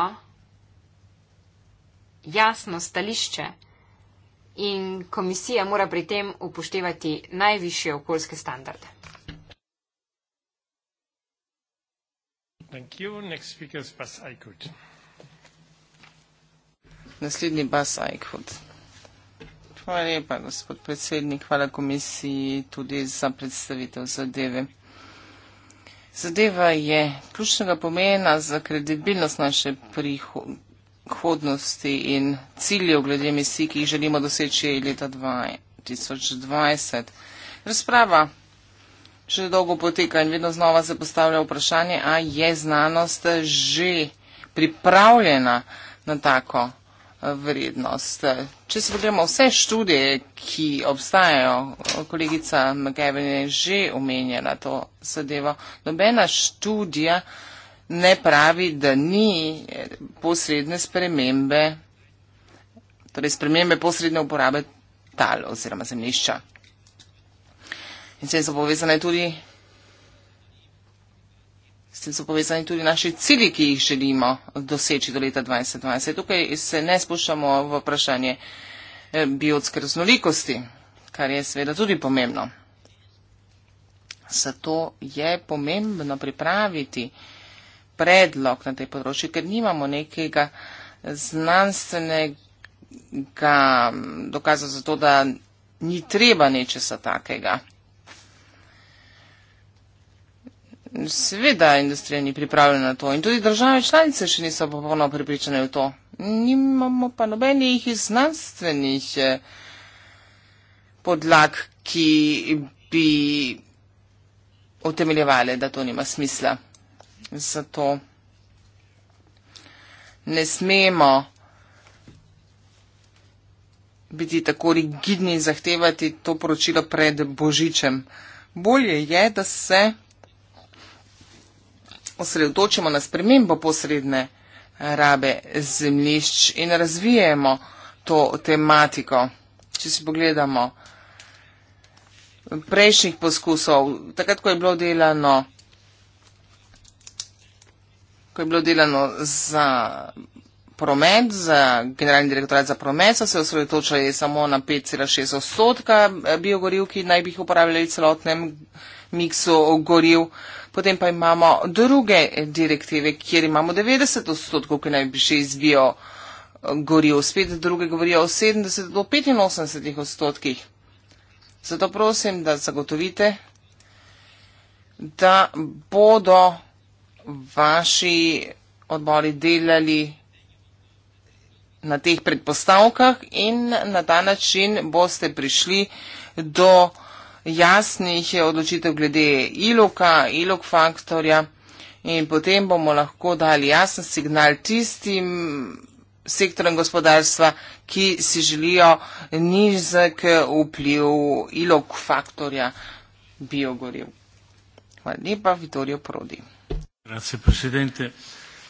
jasno stališče in komisija mora pri tem upoštevati najvišje okoljske standarde. Thank you. Next speaker is Pas Aykut naslednji bas Eichhut. Hvala lepa, gospod predsednik. Hvala komisiji tudi za predstavitev zadeve. Zadeva je ključnega pomena za kredibilnost naše prihodnosti in ciljev glede misij, ki jih želimo doseči leta 2020. Razprava že dolgo poteka in vedno znova se postavlja vprašanje, a je znanost že pripravljena na tako vrednost. Če se pogledamo vse študije, ki obstajajo, kolegica McGavin je že omenjala to zadevo, nobena študija ne pravi, da ni posredne spremembe, torej spremembe posredne uporabe tal oziroma zemlišča. In s tem so povezane tudi S tem so povezani tudi naši cilji, ki jih želimo doseči do leta 2020. Tukaj se ne spuščamo v vprašanje eh, biotske raznolikosti, kar je seveda tudi pomembno. Zato je pomembno pripraviti predlog na tej področji, ker nimamo nekega znanstvenega mm, dokaza za to, da ni treba nečesa takega. Sveda industrija ni pripravljena na to in tudi države članice še niso popolno pripričane v to. Nimamo pa nobenih znanstvenih eh, podlag, ki bi utemeljevali, da to nima smisla. Zato ne smemo biti tako rigidni in zahtevati to poročilo pred Božičem. Bolje je, da se osredotočimo na spremembo posredne rabe zemljišč in razvijemo to tematiko. Če si pogledamo prejšnjih poskusov, takrat, ko je bilo delano, ko je bilo delano za promet, za generalni direktorat za promet, so se osredotočali samo na 5,6 odstotka biogoriv, ki naj bi jih uporabljali celotnem miksu goril. Potem pa imamo druge direktive, kjer imamo 90 odstotkov, ki naj bi še izbijo eh, goril. Spet druge govorijo o 70 do 85 odstotkih. Zato prosim, da zagotovite, da bodo vaši odbori delali na teh predpostavkah in na ta način boste prišli do jasnih je odločitev glede iloka, ilok faktorja in potem bomo lahko dali jasen signal tistim sektorem gospodarstva, ki si želijo nizek vpliv ilok faktorja biogoriv. Hvala lepa, Vitorijo Prodi. Grazie, presidente.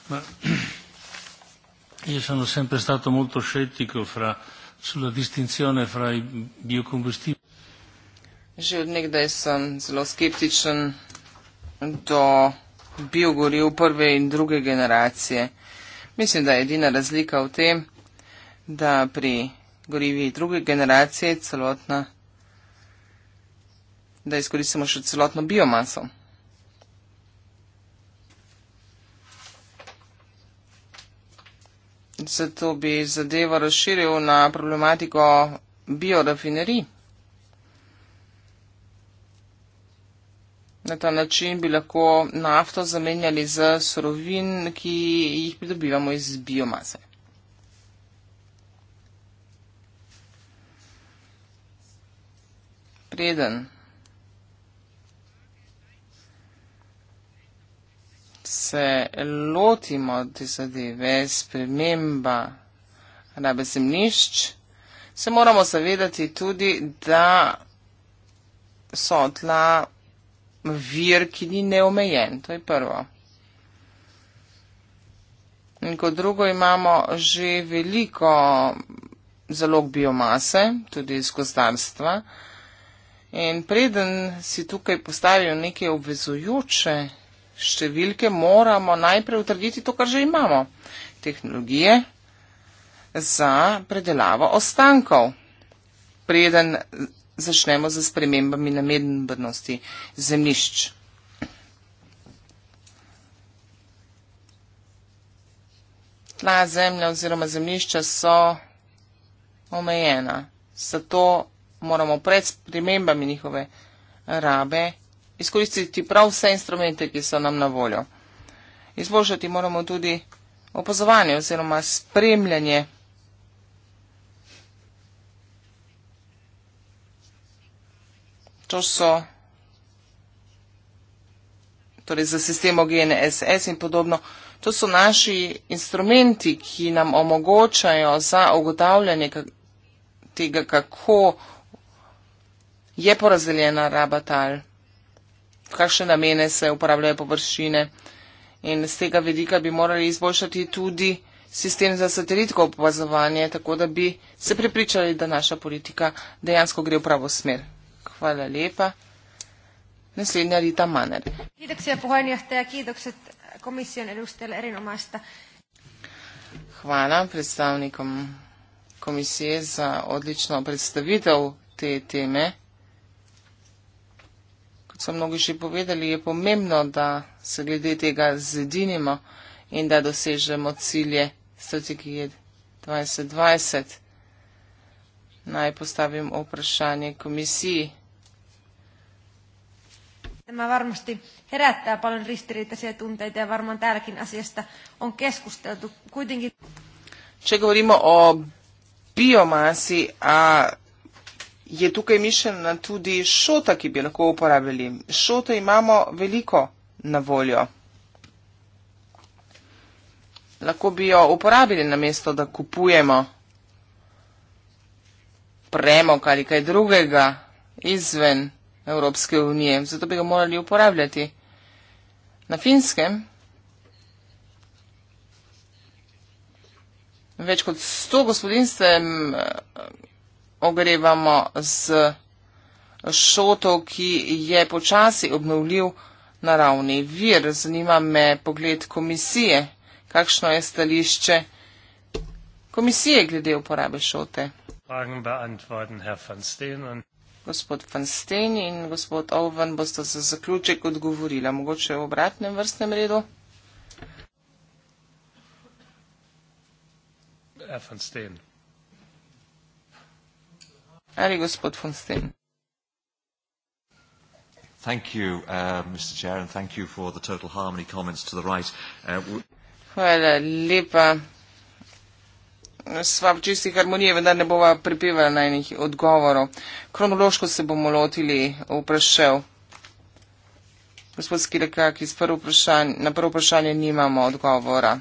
Ma, io sono sempre stato molto scettico fra, sulla distinzione fra i biocombustibili. Že odnegdaj sem zelo skeptičen do biogoriv prve in druge generacije. Mislim, da je edina razlika v tem, da pri gorivi druge generacije celotna, da izkoristimo še celotno biomaso. Zato bi zadevo razširil na problematiko biorafinerij. Na ta način bi lahko nafto zamenjali z surovin, ki jih pridobivamo iz biomase. Preden se lotimo te zadeve, sprememba rabe zemlišč, se moramo zavedati tudi, da so tla vir, ki ni neomejen. To je prvo. In kot drugo imamo že veliko zalog biomase, tudi iz gozdarstva. In preden si tukaj postavijo neke obvezujoče številke, moramo najprej utrditi to, kar že imamo. Tehnologije za predelavo ostankov. Preden začnemo z spremembami namenbenosti zemljišč. Tla zemlja oziroma zemljišča so omejena, zato moramo pred spremembami njihove rabe izkoristiti prav vse instrumente, ki so nam na voljo. Izboljšati moramo tudi opazovanje oziroma spremljanje To so torej za sistemo GNSS in podobno. To so naši instrumenti, ki nam omogočajo za ogotavljanje tega, kako je porazdeljena raba tal, v kakšne namene se uporabljajo površine. In z tega vidika bi morali izboljšati tudi sistem za satelitko opazovanje, tako da bi se prepričali, da naša politika dejansko gre v pravo smer. Hvala lepa. Naslednja Rita Maner. Kiitoksia puheenjohtaja, kiitokset komission edustajalle erinomaista. Hvala predstavnikom komisije za odlično predstavitev te teme. Kot so mnogi že povedali, je pomembno, da se glede tega zedinimo in da dosežemo cilje strategije 2020. Naj postavim vprašanje komisiji. Tämä varmasti herättää paljon ristiriitaisia tunteita ja varmaan täälläkin asiasta on keskusteltu. Kuitenkin... Če govorimo o biomasi, a je tukaj mišljena tudi šota, ki bi lahko uporabljali. Šota imamo veliko na voljo. Lahko bi jo uporabili na mesto, da kupujemo premok ali kaj drugega izven. Evropske unije. Zato bi ga morali uporabljati. Na finskem več kot 100 gospodinstvem eh, ogrevamo z šotov, ki je počasi obnovljiv naravni vir. Zanima me pogled komisije, kakšno je stališče komisije glede uporabe šote. Fragen beantworten Herr van Steen und gospod Van Steen in gospod Owen boste za zaključek odgovorila, mogoče v obratnem vrstnem redu. Ja, Van Steen. Ali gospod Van Steen. Thank you, uh, Mr. Chair, and thank you for the total harmony comments to the right. Uh, Hvala lepa, sva v čisti harmoniji, vendar ne bova pripevala na enih odgovorov. Kronološko se bomo lotili vprašev. Gospod Skirekak, na prvo vprašanje nimamo odgovora.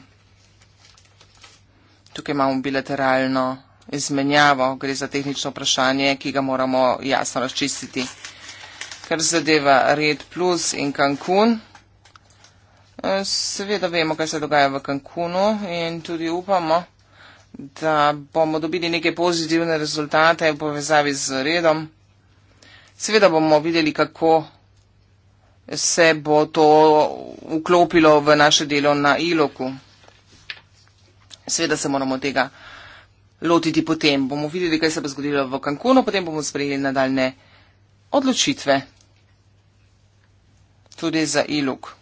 Tukaj imamo bilateralno izmenjavo, gre za tehnično vprašanje, ki ga moramo jasno razčistiti. Kar zadeva Red Plus in Cancun. Eh, seveda vemo, kaj se dogaja v Cancunu in tudi upamo, da bomo dobili neke pozitivne rezultate v povezavi z redom. Seveda bomo videli, kako se bo to vklopilo v naše delo na iloku. Seveda se moramo tega lotiti potem. Bomo videli, kaj se bo zgodilo v Cancunu, potem bomo sprejeli nadaljne odločitve. Tudi za iluk. E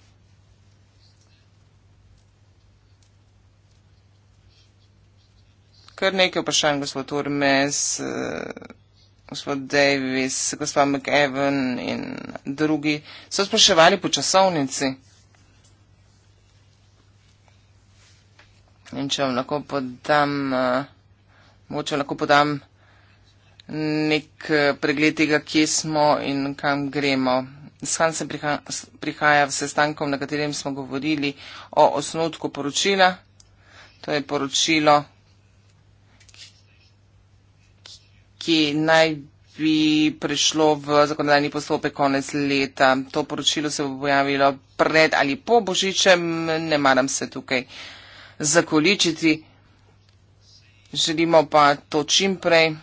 kar nekaj vprašanj, gospod Urmes, eh, gospod Davis, gospa McEwen in drugi, so spraševali po časovnici. In če vam lahko podam, eh, mogoče vam lahko podam nek eh, pregled tega, kje smo in kam gremo. S Hansem priha prihaja v sestankom, na katerem smo govorili o osnutku poročila. To je poročilo ki naj bi prišlo v zakonodajni postopek konec leta. To poročilo se bo pojavilo pred ali po božičem, ne maram se tukaj zakoličiti. Želimo pa to čim prej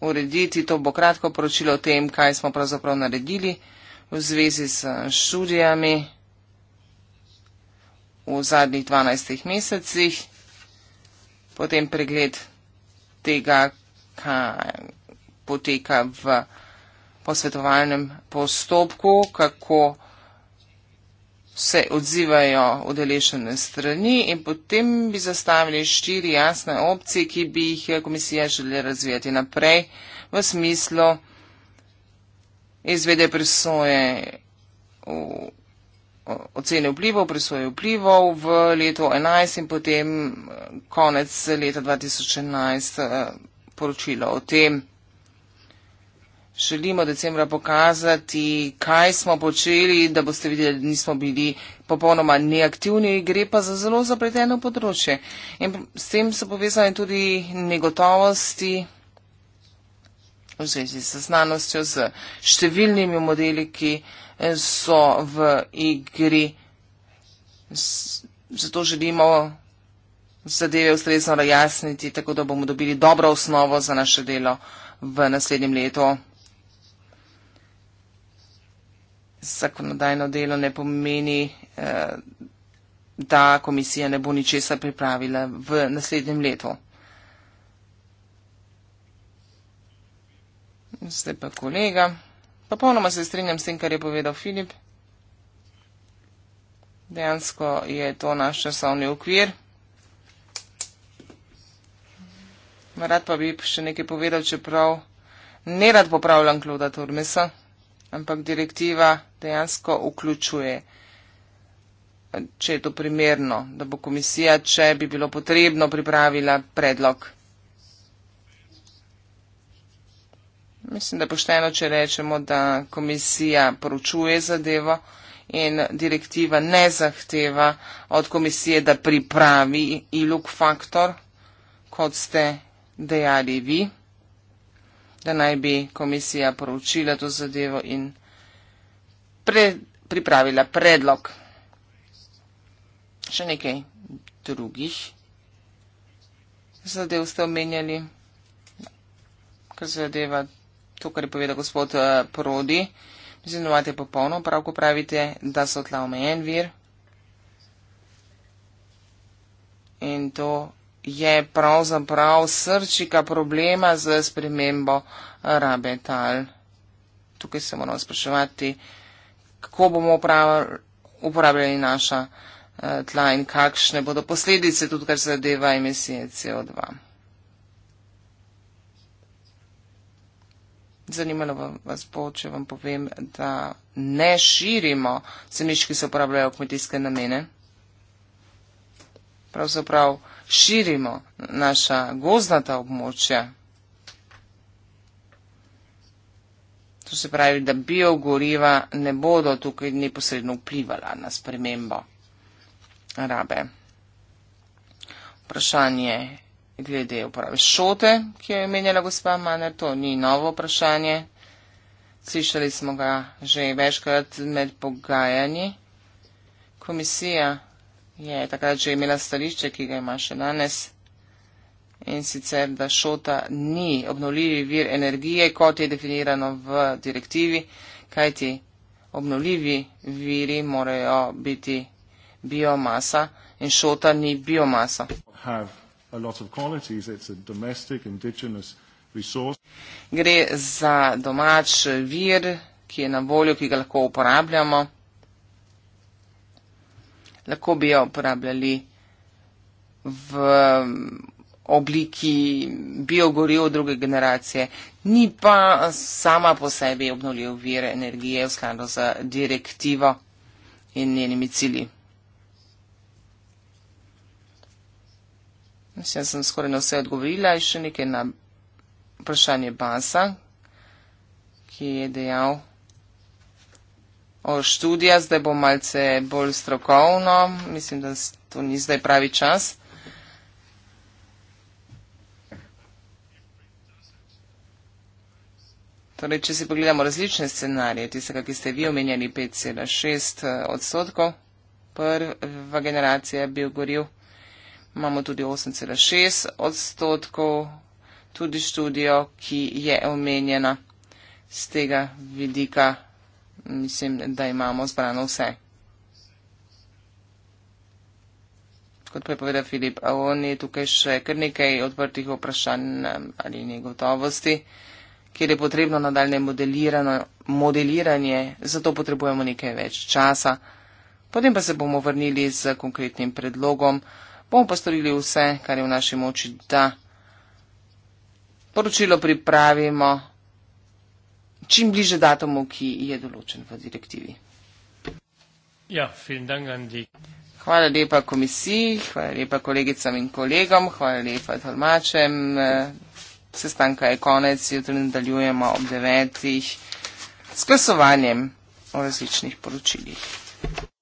urediti. To bo kratko poročilo o tem, kaj smo pravzaprav naredili v zvezi s študijami v zadnjih 12 mesecih. Potem pregled tega, ki poteka v posvetovalnem postopku, kako se odzivajo odeležene strani in potem bi zastavili štiri jasne opcije, ki bi jih komisija želela razvijati naprej v smislu izvede presoje v ocene vplivov, presoje vplivov v letu 2011 in potem konec leta 2011 poročilo o tem. Želimo decembra pokazati, kaj smo počeli, da boste videli, da nismo bili popolnoma neaktivni, gre pa za zelo zapleteno področje. In s tem so povezane tudi negotovosti v zvezi z znanostjo, z številnimi modeli, ki so v igri. Zato želimo zadeve ustrezno razjasniti, tako da bomo dobili dobro osnovo za naše delo v naslednjem letu. Zakonodajno delo ne pomeni, eh, da komisija ne bo ničesar pripravila v naslednjem letu. Zdaj pa kolega. Pa polnoma se strinjam s tem, kar je povedal Filip. Dejansko je to naš časovni okvir. Rad pa bi še nekaj povedal, čeprav ne rad popravljam Kloda Tormesa, ampak direktiva dejansko vključuje, če je to primerno, da bo komisija, če bi bilo potrebno, pripravila predlog. Mislim, da je pošteno, če rečemo, da komisija poročuje zadevo in direktiva ne zahteva od komisije, da pripravi ilug faktor, kot ste dejali vi, da naj bi komisija poročila to zadevo in pre, pripravila predlog. Še nekaj drugih zadev ste omenjali, kar zadeva to, kar je povedal gospod eh, Prodi. Mislim, da imate popolno prav, ko pravite, da so tla omejen vir. In to je pravzaprav srčika problema z spremembo rabe tal. Tukaj se moramo spraševati, kako bomo uporabljali naša eh, tla in kakšne bodo posledice tudi, kar zadeva emisije CO2. Zanimalo vas bo, če vam povem, da ne širimo semiški, ki se uporabljajo v kmetijske namene. Pravzaprav prav, širimo naša gozdnata območja. To se pravi, da biogoriva ne bodo tukaj neposredno vplivala na spremembo rabe. Vprašanje glede uporabe šote, ki jo je menjala gospa Maner, to ni novo vprašanje. Slišali smo ga že večkrat med pogajanji. Komisija Je takrat že imela stališče, ki ga ima še danes. In sicer, da šota ni obnovljivi vir energije, kot je definirano v direktivi, kajti obnovljivi viri morajo biti biomasa in šota ni biomasa. Gre za domač vir, ki je na voljo, ki ga lahko uporabljamo lahko bi jo uporabljali v um, obliki biogorijo druge generacije, ni pa sama po sebi obnovljiv vir energije v skladu z direktivo in njenimi cili. Mislim, da sem skoraj na vse odgovorila in še nekaj na vprašanje Basa, ki je dejal o študija, zdaj bo malce bolj strokovno, mislim, da to ni zdaj pravi čas. Torej, če si pogledamo različne scenarije, tiste, ki ste vi omenjali, 5,6 eh, odstotkov prva generacija biogoriv, imamo tudi 8,6 odstotkov, tudi študijo, ki je omenjena z tega vidika mislim, da imamo zbrano vse. Kot pa je povedal Filip, a on je tukaj še kar nekaj odprtih vprašanj um, ali negotovosti, kjer je potrebno nadaljne modeliranje, zato potrebujemo nekaj več časa. Potem pa se bomo vrnili z konkretnim predlogom, bomo pa storili vse, kar je v naši moči, da poročilo pripravimo čim bliže datumu, ki je določen v direktivi. Ja, dank, hvala lepa komisiji, hvala lepa kolegicam in kolegom, hvala lepa tolmačem. Eh, sestanka je konec, jutri nadaljujemo ob devetih s glasovanjem o različnih poročilih.